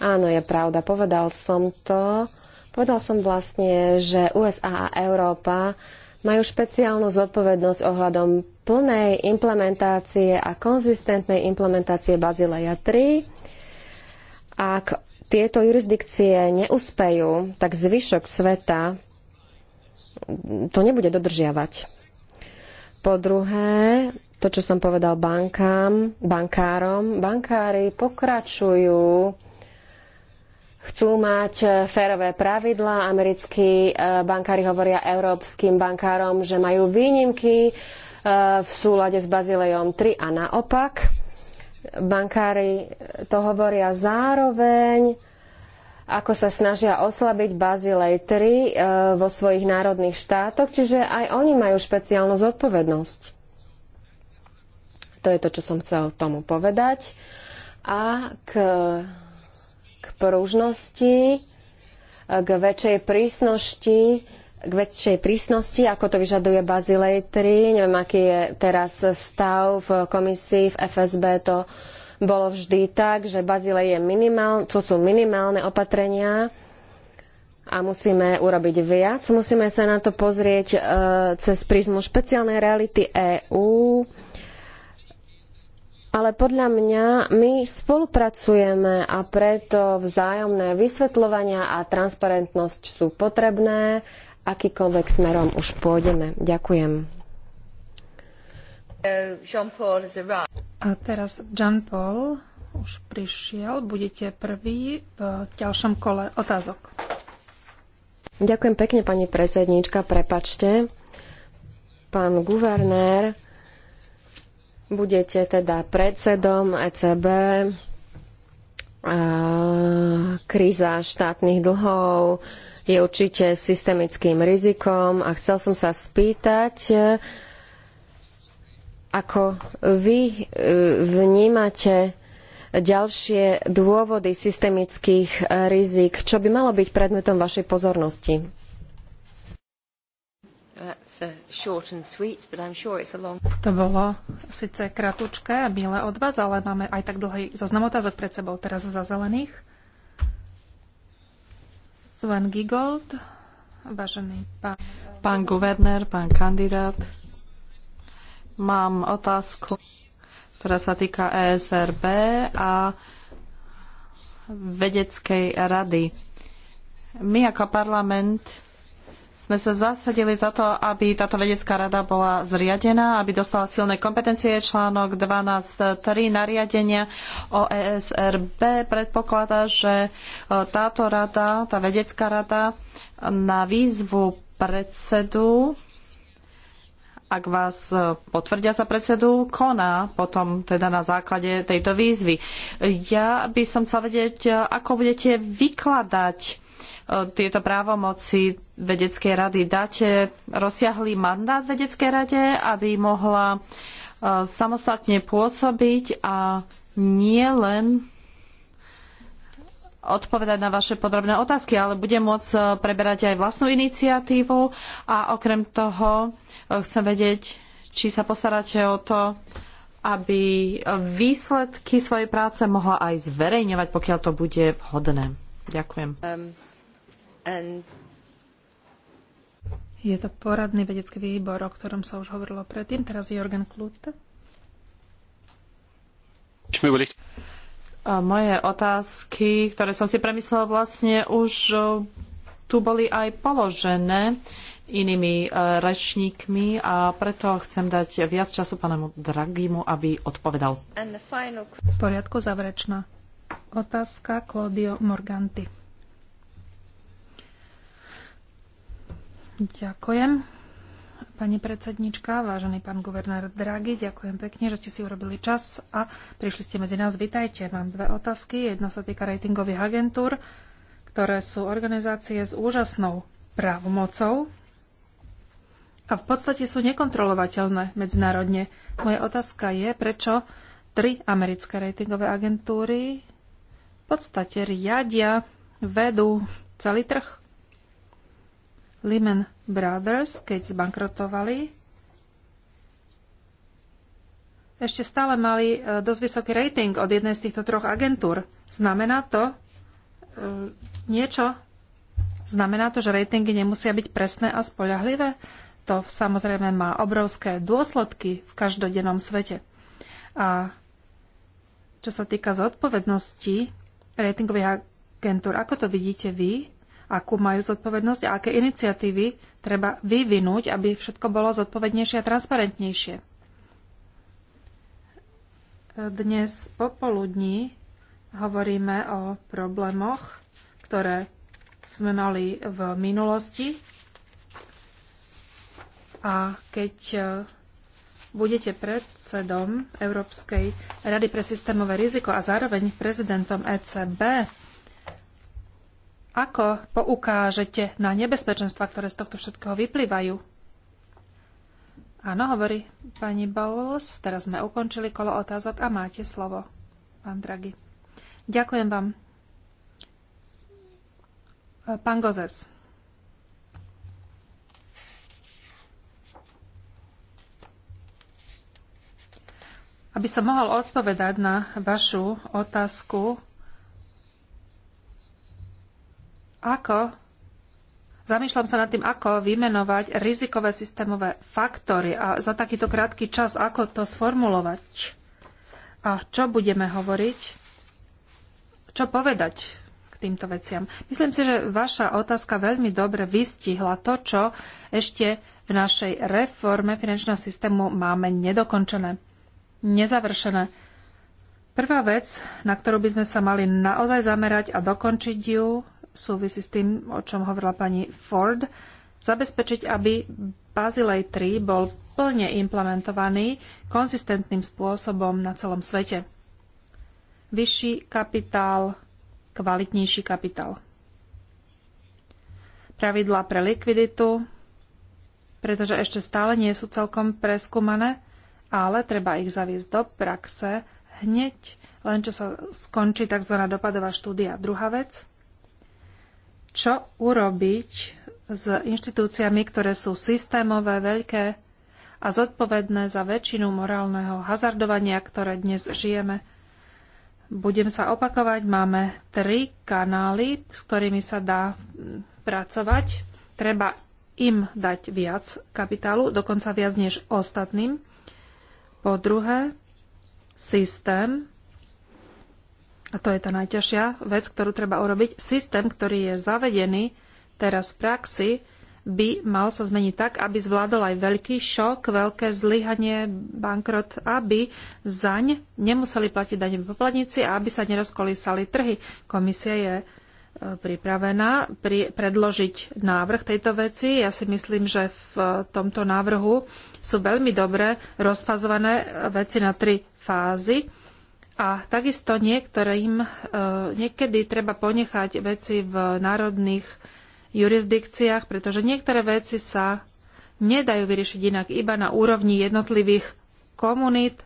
Áno, je pravda, povedal som to. Povedal som vlastne, že USA a Európa majú špeciálnu zodpovednosť ohľadom plnej implementácie a konzistentnej implementácie Bazileja 3. Ak tieto jurisdikcie neúspejú, tak zvyšok sveta to nebude dodržiavať. Po druhé, to, čo som povedal bankám, bankárom, bankári pokračujú chcú mať e, férové pravidlá. Americkí e, bankári hovoria európskym bankárom, že majú výnimky e, v súlade s Bazilejom 3 a naopak. Bankári to hovoria zároveň ako sa snažia oslabiť Bazilej e, vo svojich národných štátoch, čiže aj oni majú špeciálnu zodpovednosť. To je to, čo som chcel tomu povedať. A k, k pružnosti, k väčšej prísnosti, k väčšej prísnosti, ako to vyžaduje Bazilej 3. Neviem, aký je teraz stav v komisii, v FSB to uh, bolo vždy tak, že Bazile je minimál, to sú minimálne opatrenia a musíme urobiť viac. Musíme sa na to pozrieť e, cez prízmu špeciálnej reality EÚ. Ale podľa mňa my spolupracujeme a preto vzájomné vysvetľovania a transparentnosť sú potrebné, akýkoľvek smerom už pôjdeme. Ďakujem. A teraz Jean-Paul už prišiel. Budete prvý v ďalšom kole otázok. Ďakujem pekne, pani predsednička. Prepačte. Pán guvernér, budete teda predsedom ECB. A kríza štátnych dlhov je určite systemickým rizikom a chcel som sa spýtať, ako vy e, vnímate ďalšie dôvody systemických e, rizik, čo by malo byť predmetom vašej pozornosti? Uh, to bolo síce kratučké a milé od vás, ale máme aj tak dlhý zoznam otázok pred sebou teraz za zelených. Sven Gigold, vážený pán... Pán guvernér, pán kandidát, Mám otázku, ktorá sa týka ESRB a vedeckej rady. My ako parlament sme sa zasadili za to, aby táto vedecká rada bola zriadená, aby dostala silné kompetencie. Článok 12.3 nariadenia o ESRB predpokladá, že e, táto rada, tá vedecká rada na výzvu predsedu ak vás e, potvrdia za predsedu, koná potom teda na základe tejto výzvy. Ja by som chcela vedieť, e, ako budete vykladať e, tieto právomoci vedeckej rady. Dáte rozsiahlý mandát vedeckej rade, aby mohla samostatne pôsobiť a nie len odpovedať na vaše podrobné otázky, ale bude môcť e, preberať aj vlastnú iniciatívu a okrem toho e, chcem vedieť, či sa postaráte o to, aby výsledky svojej práce mohla aj zverejňovať, pokiaľ to bude vhodné. Ďakujem. Um, and... Je to poradný vedecký výbor, o ktorom sa už hovorilo predtým. Teraz Jorgen Klut. Moje otázky, ktoré som si premyslela vlastne už e, tu boli aj položené inými e, rečníkmi a preto chcem dať viac času pánu Dragimu, aby odpovedal. Final... V poriadku záverečná otázka Claudio Morganti. Ďakujem. Pani predsednička, vážený pán guvernér Draghi, ďakujem pekne, že ste si urobili čas a prišli ste medzi nás. vítajte. Mám dve otázky. Jedna sa týka ratingových agentúr, ktoré sú organizácie s úžasnou právomocou a v podstate sú nekontrolovateľné medzinárodne. Moja otázka je, prečo tri americké ratingové agentúry v podstate riadia, vedú celý trh. Lehman Brothers, keď zbankrotovali, ešte stále mali e, dosť vysoký rating od jednej z týchto troch agentúr. Znamená to e, niečo? Znamená to, že ratingy nemusia byť presné a spoľahlivé? To samozrejme má obrovské dôsledky v každodennom svete. A čo sa týka zodpovednosti ratingových agentúr, ako to vidíte vy? akú majú zodpovednosť a aké iniciatívy treba vyvinúť, aby všetko bolo zodpovednejšie a transparentnejšie. Dnes popoludní hovoríme o problémoch, ktoré sme mali v minulosti. A keď e, budete predsedom Európskej rady pre systémové riziko a zároveň prezidentom ECB, ako poukážete na nebezpečenstva, ktoré z tohto všetkého vyplývajú? Áno, hovorí pani Bowles. Teraz sme ukončili kolo otázok a máte slovo, pán Dragi. Ďakujem vám. Pán Gozes. Aby som mohol odpovedať na vašu otázku, Ako Zamýšľam sa nad tým, ako vymenovať rizikové systémové faktory a za takýto krátky čas, ako to sformulovať a čo budeme hovoriť, čo povedať k týmto veciam. Myslím si, že vaša otázka veľmi dobre vystihla to, čo ešte v našej reforme finančného systému máme nedokončené, nezavršené. Prvá vec, na ktorú by sme sa mali naozaj zamerať a dokončiť ju, súvisí s tým, o čom hovorila pani Ford, zabezpečiť, aby Bazilej 3 bol plne implementovaný konzistentným spôsobom na celom svete. Vyšší kapitál, kvalitnejší kapitál. Pravidlá pre likviditu, pretože ešte stále nie sú celkom preskúmané, ale treba ich zaviesť do praxe hneď, len čo sa skončí tzv. dopadová štúdia. Druhá vec – čo urobiť s inštitúciami, ktoré sú systémové, veľké a zodpovedné za väčšinu morálneho hazardovania, ktoré dnes žijeme. Budem sa opakovať, máme tri kanály, s ktorými sa dá pracovať. Treba im dať viac kapitálu, dokonca viac než ostatným. Po druhé, systém, a to je tá najťažšia vec, ktorú treba urobiť, systém, ktorý je zavedený teraz v praxi, by mal sa zmeniť tak, aby zvládol aj veľký šok, veľké zlyhanie, bankrot, aby zaň nemuseli platiť daňoví poplatníci a aby sa nerozkolísali trhy. Komisia je e, pripravená pri, predložiť návrh tejto veci. Ja si myslím, že v e, tomto návrhu sú veľmi dobre rozfazované veci na tri fázy a takisto niektorým, e, niekedy treba ponechať veci v národných jurisdikciách, pretože niektoré veci sa nedajú vyriešiť inak iba na úrovni jednotlivých komunít,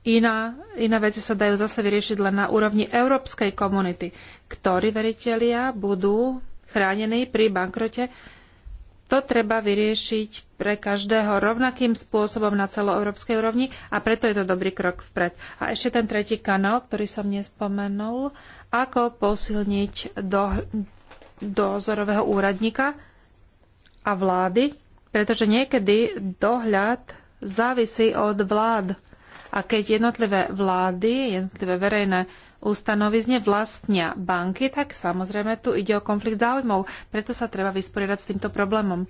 Iná, iné veci sa dajú zase vyriešiť len na úrovni európskej komunity, ktorí veritelia budú chránení pri bankrote to treba vyriešiť pre každého rovnakým spôsobom na celoeurópskej úrovni a preto je to dobrý krok vpred. A ešte ten tretí kanál, ktorý som nespomenul, ako posilniť do, dozorového úradníka a vlády, pretože niekedy dohľad závisí od vlád. A keď jednotlivé vlády, jednotlivé verejné ústanovizne vlastnia banky, tak samozrejme tu ide o konflikt záujmov. Preto sa treba vysporiadať s týmto problémom.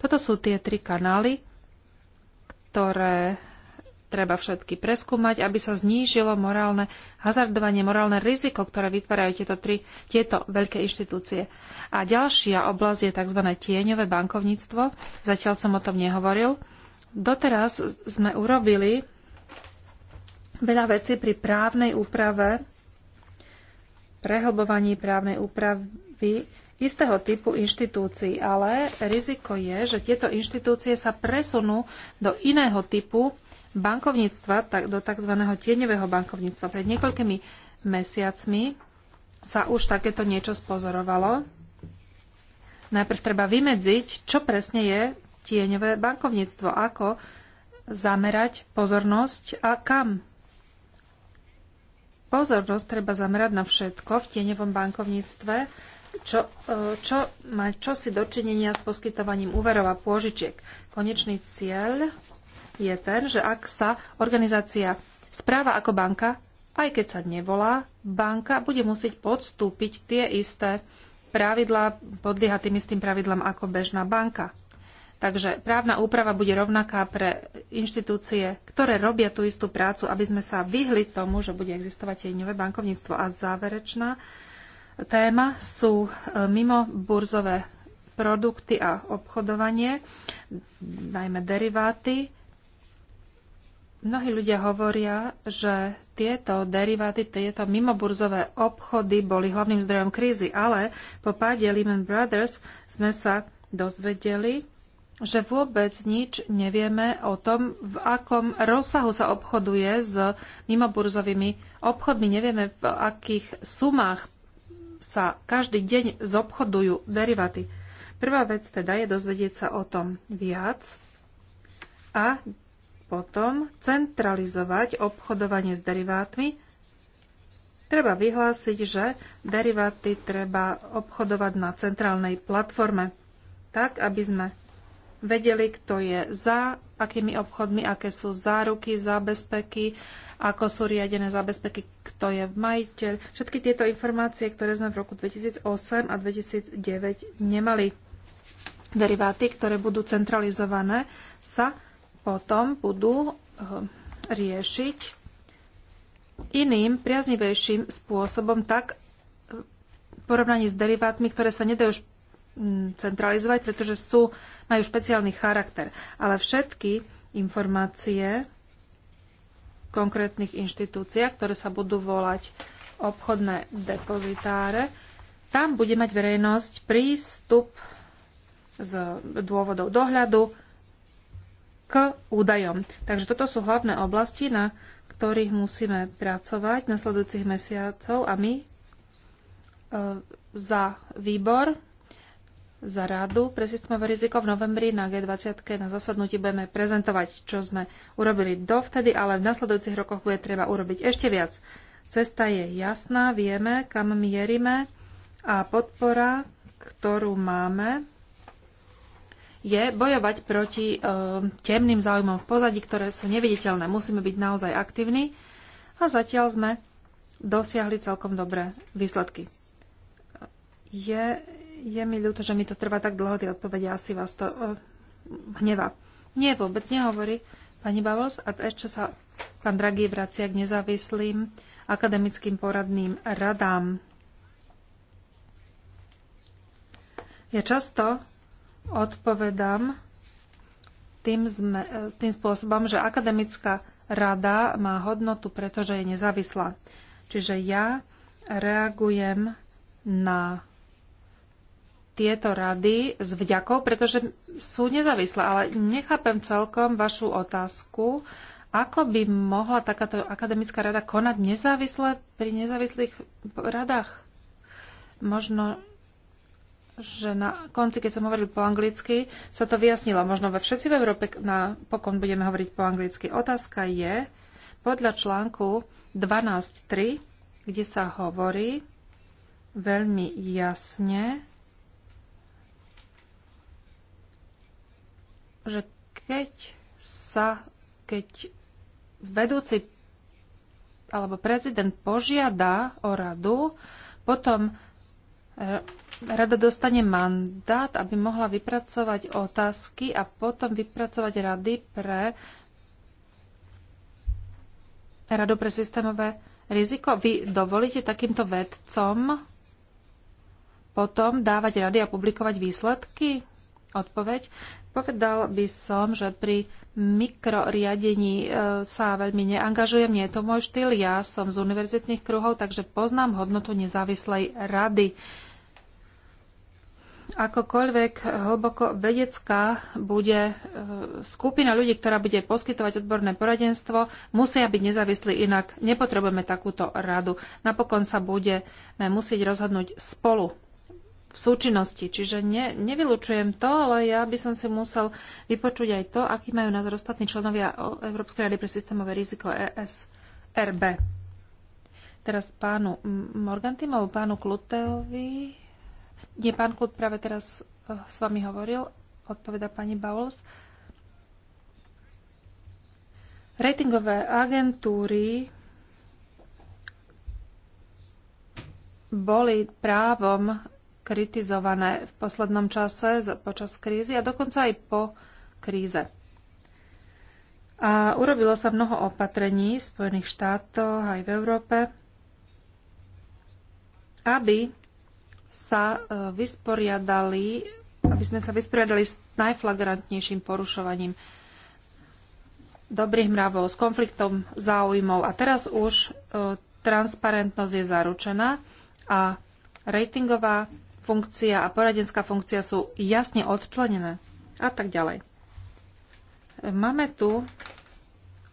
Toto sú tie tri kanály, ktoré treba všetky preskúmať, aby sa znížilo morálne hazardovanie, morálne riziko, ktoré vytvárajú tieto, tri, tieto veľké inštitúcie. A ďalšia oblasť je tzv. tieňové bankovníctvo. Zatiaľ som o tom nehovoril. Doteraz sme urobili veľa vecí pri právnej úprave prehlbovaní právnej úpravy istého typu inštitúcií, ale riziko je, že tieto inštitúcie sa presunú do iného typu bankovníctva, tak, do tzv. tieňového bankovníctva. Pred niekoľkými mesiacmi sa už takéto niečo spozorovalo. Najprv treba vymedziť, čo presne je tieňové bankovníctvo, ako zamerať pozornosť a kam pozornosť treba zamerať na všetko v tieňovom bankovníctve, čo, e, čo má čosi dočinenia s poskytovaním úverov a pôžičiek. Konečný cieľ je ten, že ak sa organizácia správa ako banka, aj keď sa nevolá, banka bude musieť podstúpiť tie isté pravidlá, podlieha tým istým pravidlám ako bežná banka. Takže právna úprava bude rovnaká pre inštitúcie, ktoré robia tú istú prácu, aby sme sa vyhli tomu, že bude existovať tieňové bankovníctvo. A záverečná téma sú e, mimo burzové produkty a obchodovanie, najmä deriváty. Mnohí ľudia hovoria, že tieto deriváty, tieto mimoburzové obchody boli hlavným zdrojom krízy, ale po páde Lehman Brothers sme sa dozvedeli, že vôbec nič nevieme o tom, v akom rozsahu sa obchoduje s mimoburzovými obchodmi. Nevieme, v akých sumách sa každý deň zobchodujú derivaty. Prvá vec teda je dozvedieť sa o tom viac a potom centralizovať obchodovanie s derivátmi. Treba vyhlásiť, že deriváty treba obchodovať na centrálnej platforme, tak aby sme vedeli, kto je za, akými obchodmi, aké sú záruky, zábezpeky, ako sú riadené zábezpeky, kto je majiteľ. Všetky tieto informácie, ktoré sme v roku 2008 a 2009 nemali. Deriváty, ktoré budú centralizované, sa potom budú eh, riešiť iným, priaznivejším spôsobom, tak eh, v porovnaní s derivátmi, ktoré sa nedajú mm, centralizovať, pretože sú majú špeciálny charakter. Ale všetky informácie v konkrétnych inštitúciách, ktoré sa budú volať obchodné depozitáre, tam bude mať verejnosť prístup z dôvodov dohľadu k údajom. Takže toto sú hlavné oblasti, na ktorých musíme pracovať nasledujúcich mesiacov a my e, za výbor za rádu pre systémové riziko v novembri na G20 na zasadnutí budeme prezentovať, čo sme urobili dovtedy, ale v nasledujúcich rokoch bude treba urobiť ešte viac. Cesta je jasná, vieme, kam mierime a podpora, ktorú máme, je bojovať proti e, temným záujmom v pozadí, ktoré sú neviditeľné. Musíme byť naozaj aktívni a zatiaľ sme dosiahli celkom dobré výsledky. Je je mi ľúto, že mi to trvá tak dlho, tie odpovede asi vás to uh, hnevá. Nie, vôbec nehovorí pani Bavos. A ešte sa pán dragý vracia k nezávislým akademickým poradným radám. Ja často odpovedám tým, zme, eh, tým spôsobom, že akademická rada má hodnotu, pretože je nezávislá. Čiže ja reagujem na tieto rady s vďakou, pretože sú nezávislé. Ale nechápem celkom vašu otázku, ako by mohla takáto akademická rada konať nezávisle pri nezávislých radách. Možno, že na konci, keď som hovoril po anglicky, sa to vyjasnilo. Možno ve všetci v Európe pokon budeme hovoriť po anglicky. Otázka je, podľa článku 12.3, kde sa hovorí veľmi jasne, že keď sa, keď vedúci alebo prezident požiada o radu, potom e, rada dostane mandát, aby mohla vypracovať otázky a potom vypracovať rady pre Radu pre systémové riziko. Vy dovolíte takýmto vedcom potom dávať rady a publikovať výsledky? odpoveď. Povedal by som, že pri mikroriadení e, sa veľmi neangažujem, nie je to môj štýl, ja som z univerzitných kruhov, takže poznám hodnotu nezávislej rady. Akokoľvek hlboko vedecká bude e, skupina ľudí, ktorá bude poskytovať odborné poradenstvo, musia byť nezávislí, inak nepotrebujeme takúto radu. Napokon sa budeme musieť rozhodnúť spolu v súčinnosti. Čiže ne, nevylučujem to, ale ja by som si musel vypočuť aj to, aký majú názor ostatní členovia Európskej rady pre systémové riziko ESRB. Teraz pánu Morgantimovu, pánu Kluteovi. Nie, pán Klut práve teraz eh, s vami hovoril, odpoveda pani Bowles. Ratingové agentúry boli právom kritizované v poslednom čase počas krízy a dokonca aj po kríze. A urobilo sa mnoho opatrení v Spojených štátoch aj v Európe, aby sa e, vysporiadali, aby sme sa vysporiadali s najflagrantnejším porušovaním dobrých mravov, s konfliktom záujmov. A teraz už e, transparentnosť je zaručená a ratingová funkcia a poradenská funkcia sú jasne odčlenené a tak ďalej. Máme tu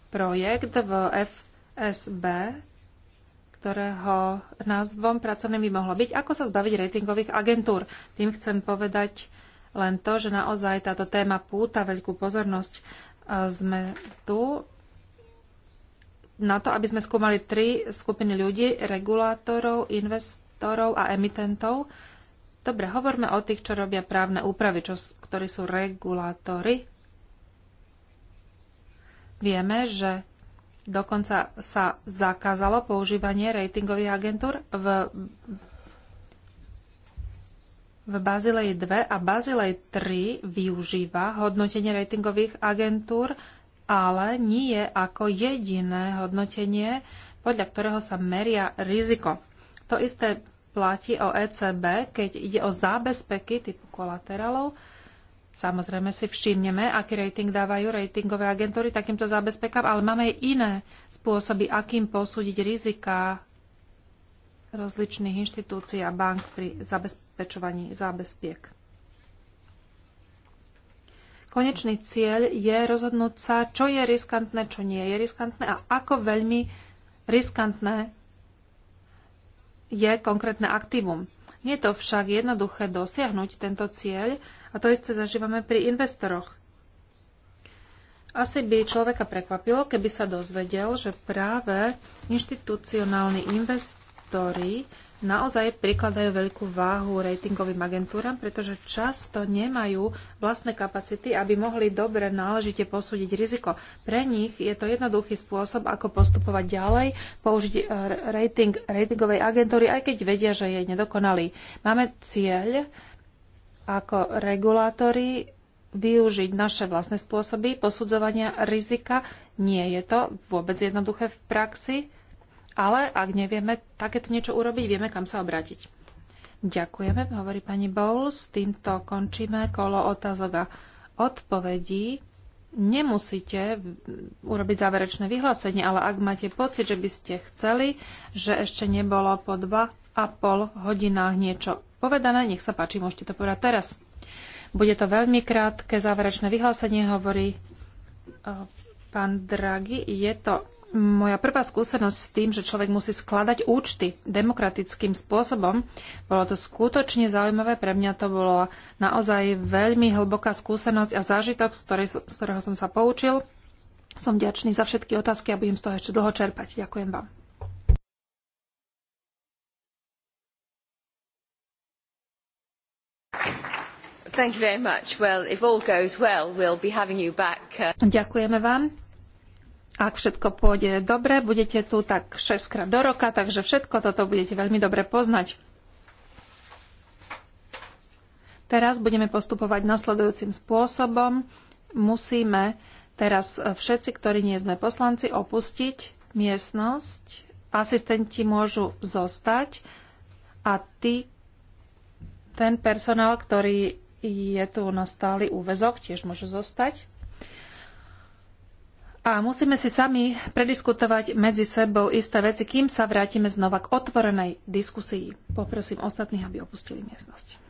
projekt v FSB, ktorého názvom pracovným by mohlo byť Ako sa zbaviť ratingových agentúr. Tým chcem povedať len to, že naozaj táto téma púta veľkú pozornosť. Sme tu na to, aby sme skúmali tri skupiny ľudí, regulátorov, investorov a emitentov. Dobre, hovorme o tých, čo robia právne úpravy, čo, ktorí sú regulátory. Vieme, že dokonca sa zakázalo používanie ratingových agentúr v, v Bazilei 2 a Bazilei 3 využíva hodnotenie ratingových agentúr, ale nie je ako jediné hodnotenie, podľa ktorého sa meria riziko. To isté platí o ECB, keď ide o zábezpeky typu kolaterálov. Samozrejme si všimneme, aký rating dávajú ratingové agentúry takýmto zábezpekám, ale máme aj iné spôsoby, akým posúdiť rizika rozličných inštitúcií a bank pri zabezpečovaní zábezpiek. Konečný cieľ je rozhodnúť sa, čo je riskantné, čo nie je riskantné a ako veľmi riskantné je konkrétne aktívum. Nie je to však jednoduché dosiahnuť tento cieľ a to isté zažívame pri investoroch. Asi by človeka prekvapilo, keby sa dozvedel, že práve inštitucionálni investori naozaj prikladajú veľkú váhu ratingovým agentúram, pretože často nemajú vlastné kapacity, aby mohli dobre náležite posúdiť riziko. Pre nich je to jednoduchý spôsob, ako postupovať ďalej, použiť e, rating ratingovej agentúry, aj keď vedia, že je nedokonalý. Máme cieľ ako regulátori využiť naše vlastné spôsoby posudzovania rizika. Nie je to vôbec jednoduché v praxi ale ak nevieme takéto niečo urobiť, vieme, kam sa obrátiť. Ďakujeme, hovorí pani S Týmto končíme kolo otázok a odpovedí. Nemusíte urobiť záverečné vyhlásenie, ale ak máte pocit, že by ste chceli, že ešte nebolo po dva a pol hodinách niečo povedané, nech sa páči, môžete to povedať teraz. Bude to veľmi krátke záverečné vyhlásenie, hovorí eh, pán Draghi. Je to moja prvá skúsenosť s tým, že človek musí skladať účty demokratickým spôsobom, bolo to skutočne zaujímavé. Pre mňa to bolo naozaj veľmi hlboká skúsenosť a zážitok, z, ktorej, z ktorého som sa poučil. Som ďačný za všetky otázky a budem z toho ešte dlho čerpať. Ďakujem vám. Uh, Ďakujeme vám. Ak všetko pôjde dobre, budete tu tak 6 krát do roka, takže všetko toto budete veľmi dobre poznať. Teraz budeme postupovať nasledujúcim spôsobom. Musíme teraz všetci, ktorí nie sme poslanci, opustiť miestnosť. Asistenti môžu zostať a ty, ten personál, ktorý je tu na stály úvezok, tiež môže zostať. A musíme si sami prediskutovať medzi sebou isté veci, kým sa vrátime znova k otvorenej diskusii. Poprosím ostatných, aby opustili miestnosť.